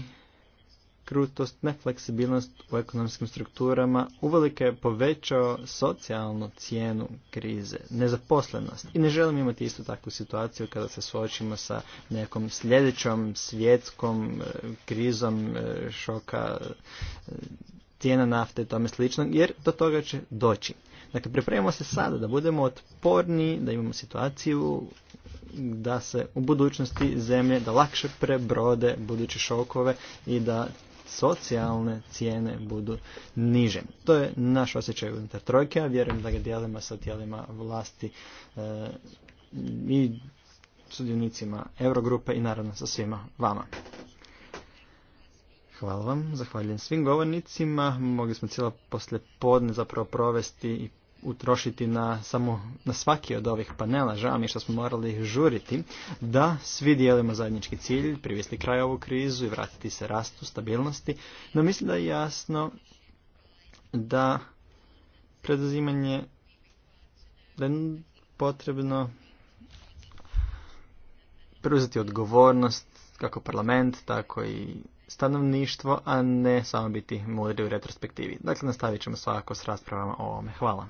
krutost, nefleksibilnost u ekonomskim strukturama uvelike je povećao socijalnu cijenu krize, nezaposlenost. I ne želim imati istu takvu situaciju kada se suočimo sa nekom sljedećom svjetskom eh, krizom eh, šoka eh, cijena nafte i tome slično, jer do toga će doći. Dakle, pripremimo se sada da budemo otporni, da imamo situaciju da se u budućnosti zemlje da lakše prebrode buduće šokove i da socijalne cijene budu niže. To je naš osjećaj unutar trojke, a vjerujem da ga dijelimo sa tijelima vlasti eh, i sudionicima Eurogrupe i naravno sa svima vama. Hvala vam, zahvaljujem svim govornicima. Mogli smo cijelo poslje podne zapravo provesti i utrošiti na, samo, na svaki od ovih panela. Žao mi što smo morali žuriti da svi dijelimo zajednički cilj, privesti kraj ovu krizu i vratiti se rastu, stabilnosti. No mislim da je jasno da preduzimanje da je potrebno preuzeti odgovornost kako parlament, tako i stanovništvo, a ne samo biti mudri u retrospektivi. Dakle, nastavit ćemo svakako s raspravama o ovome. Hvala.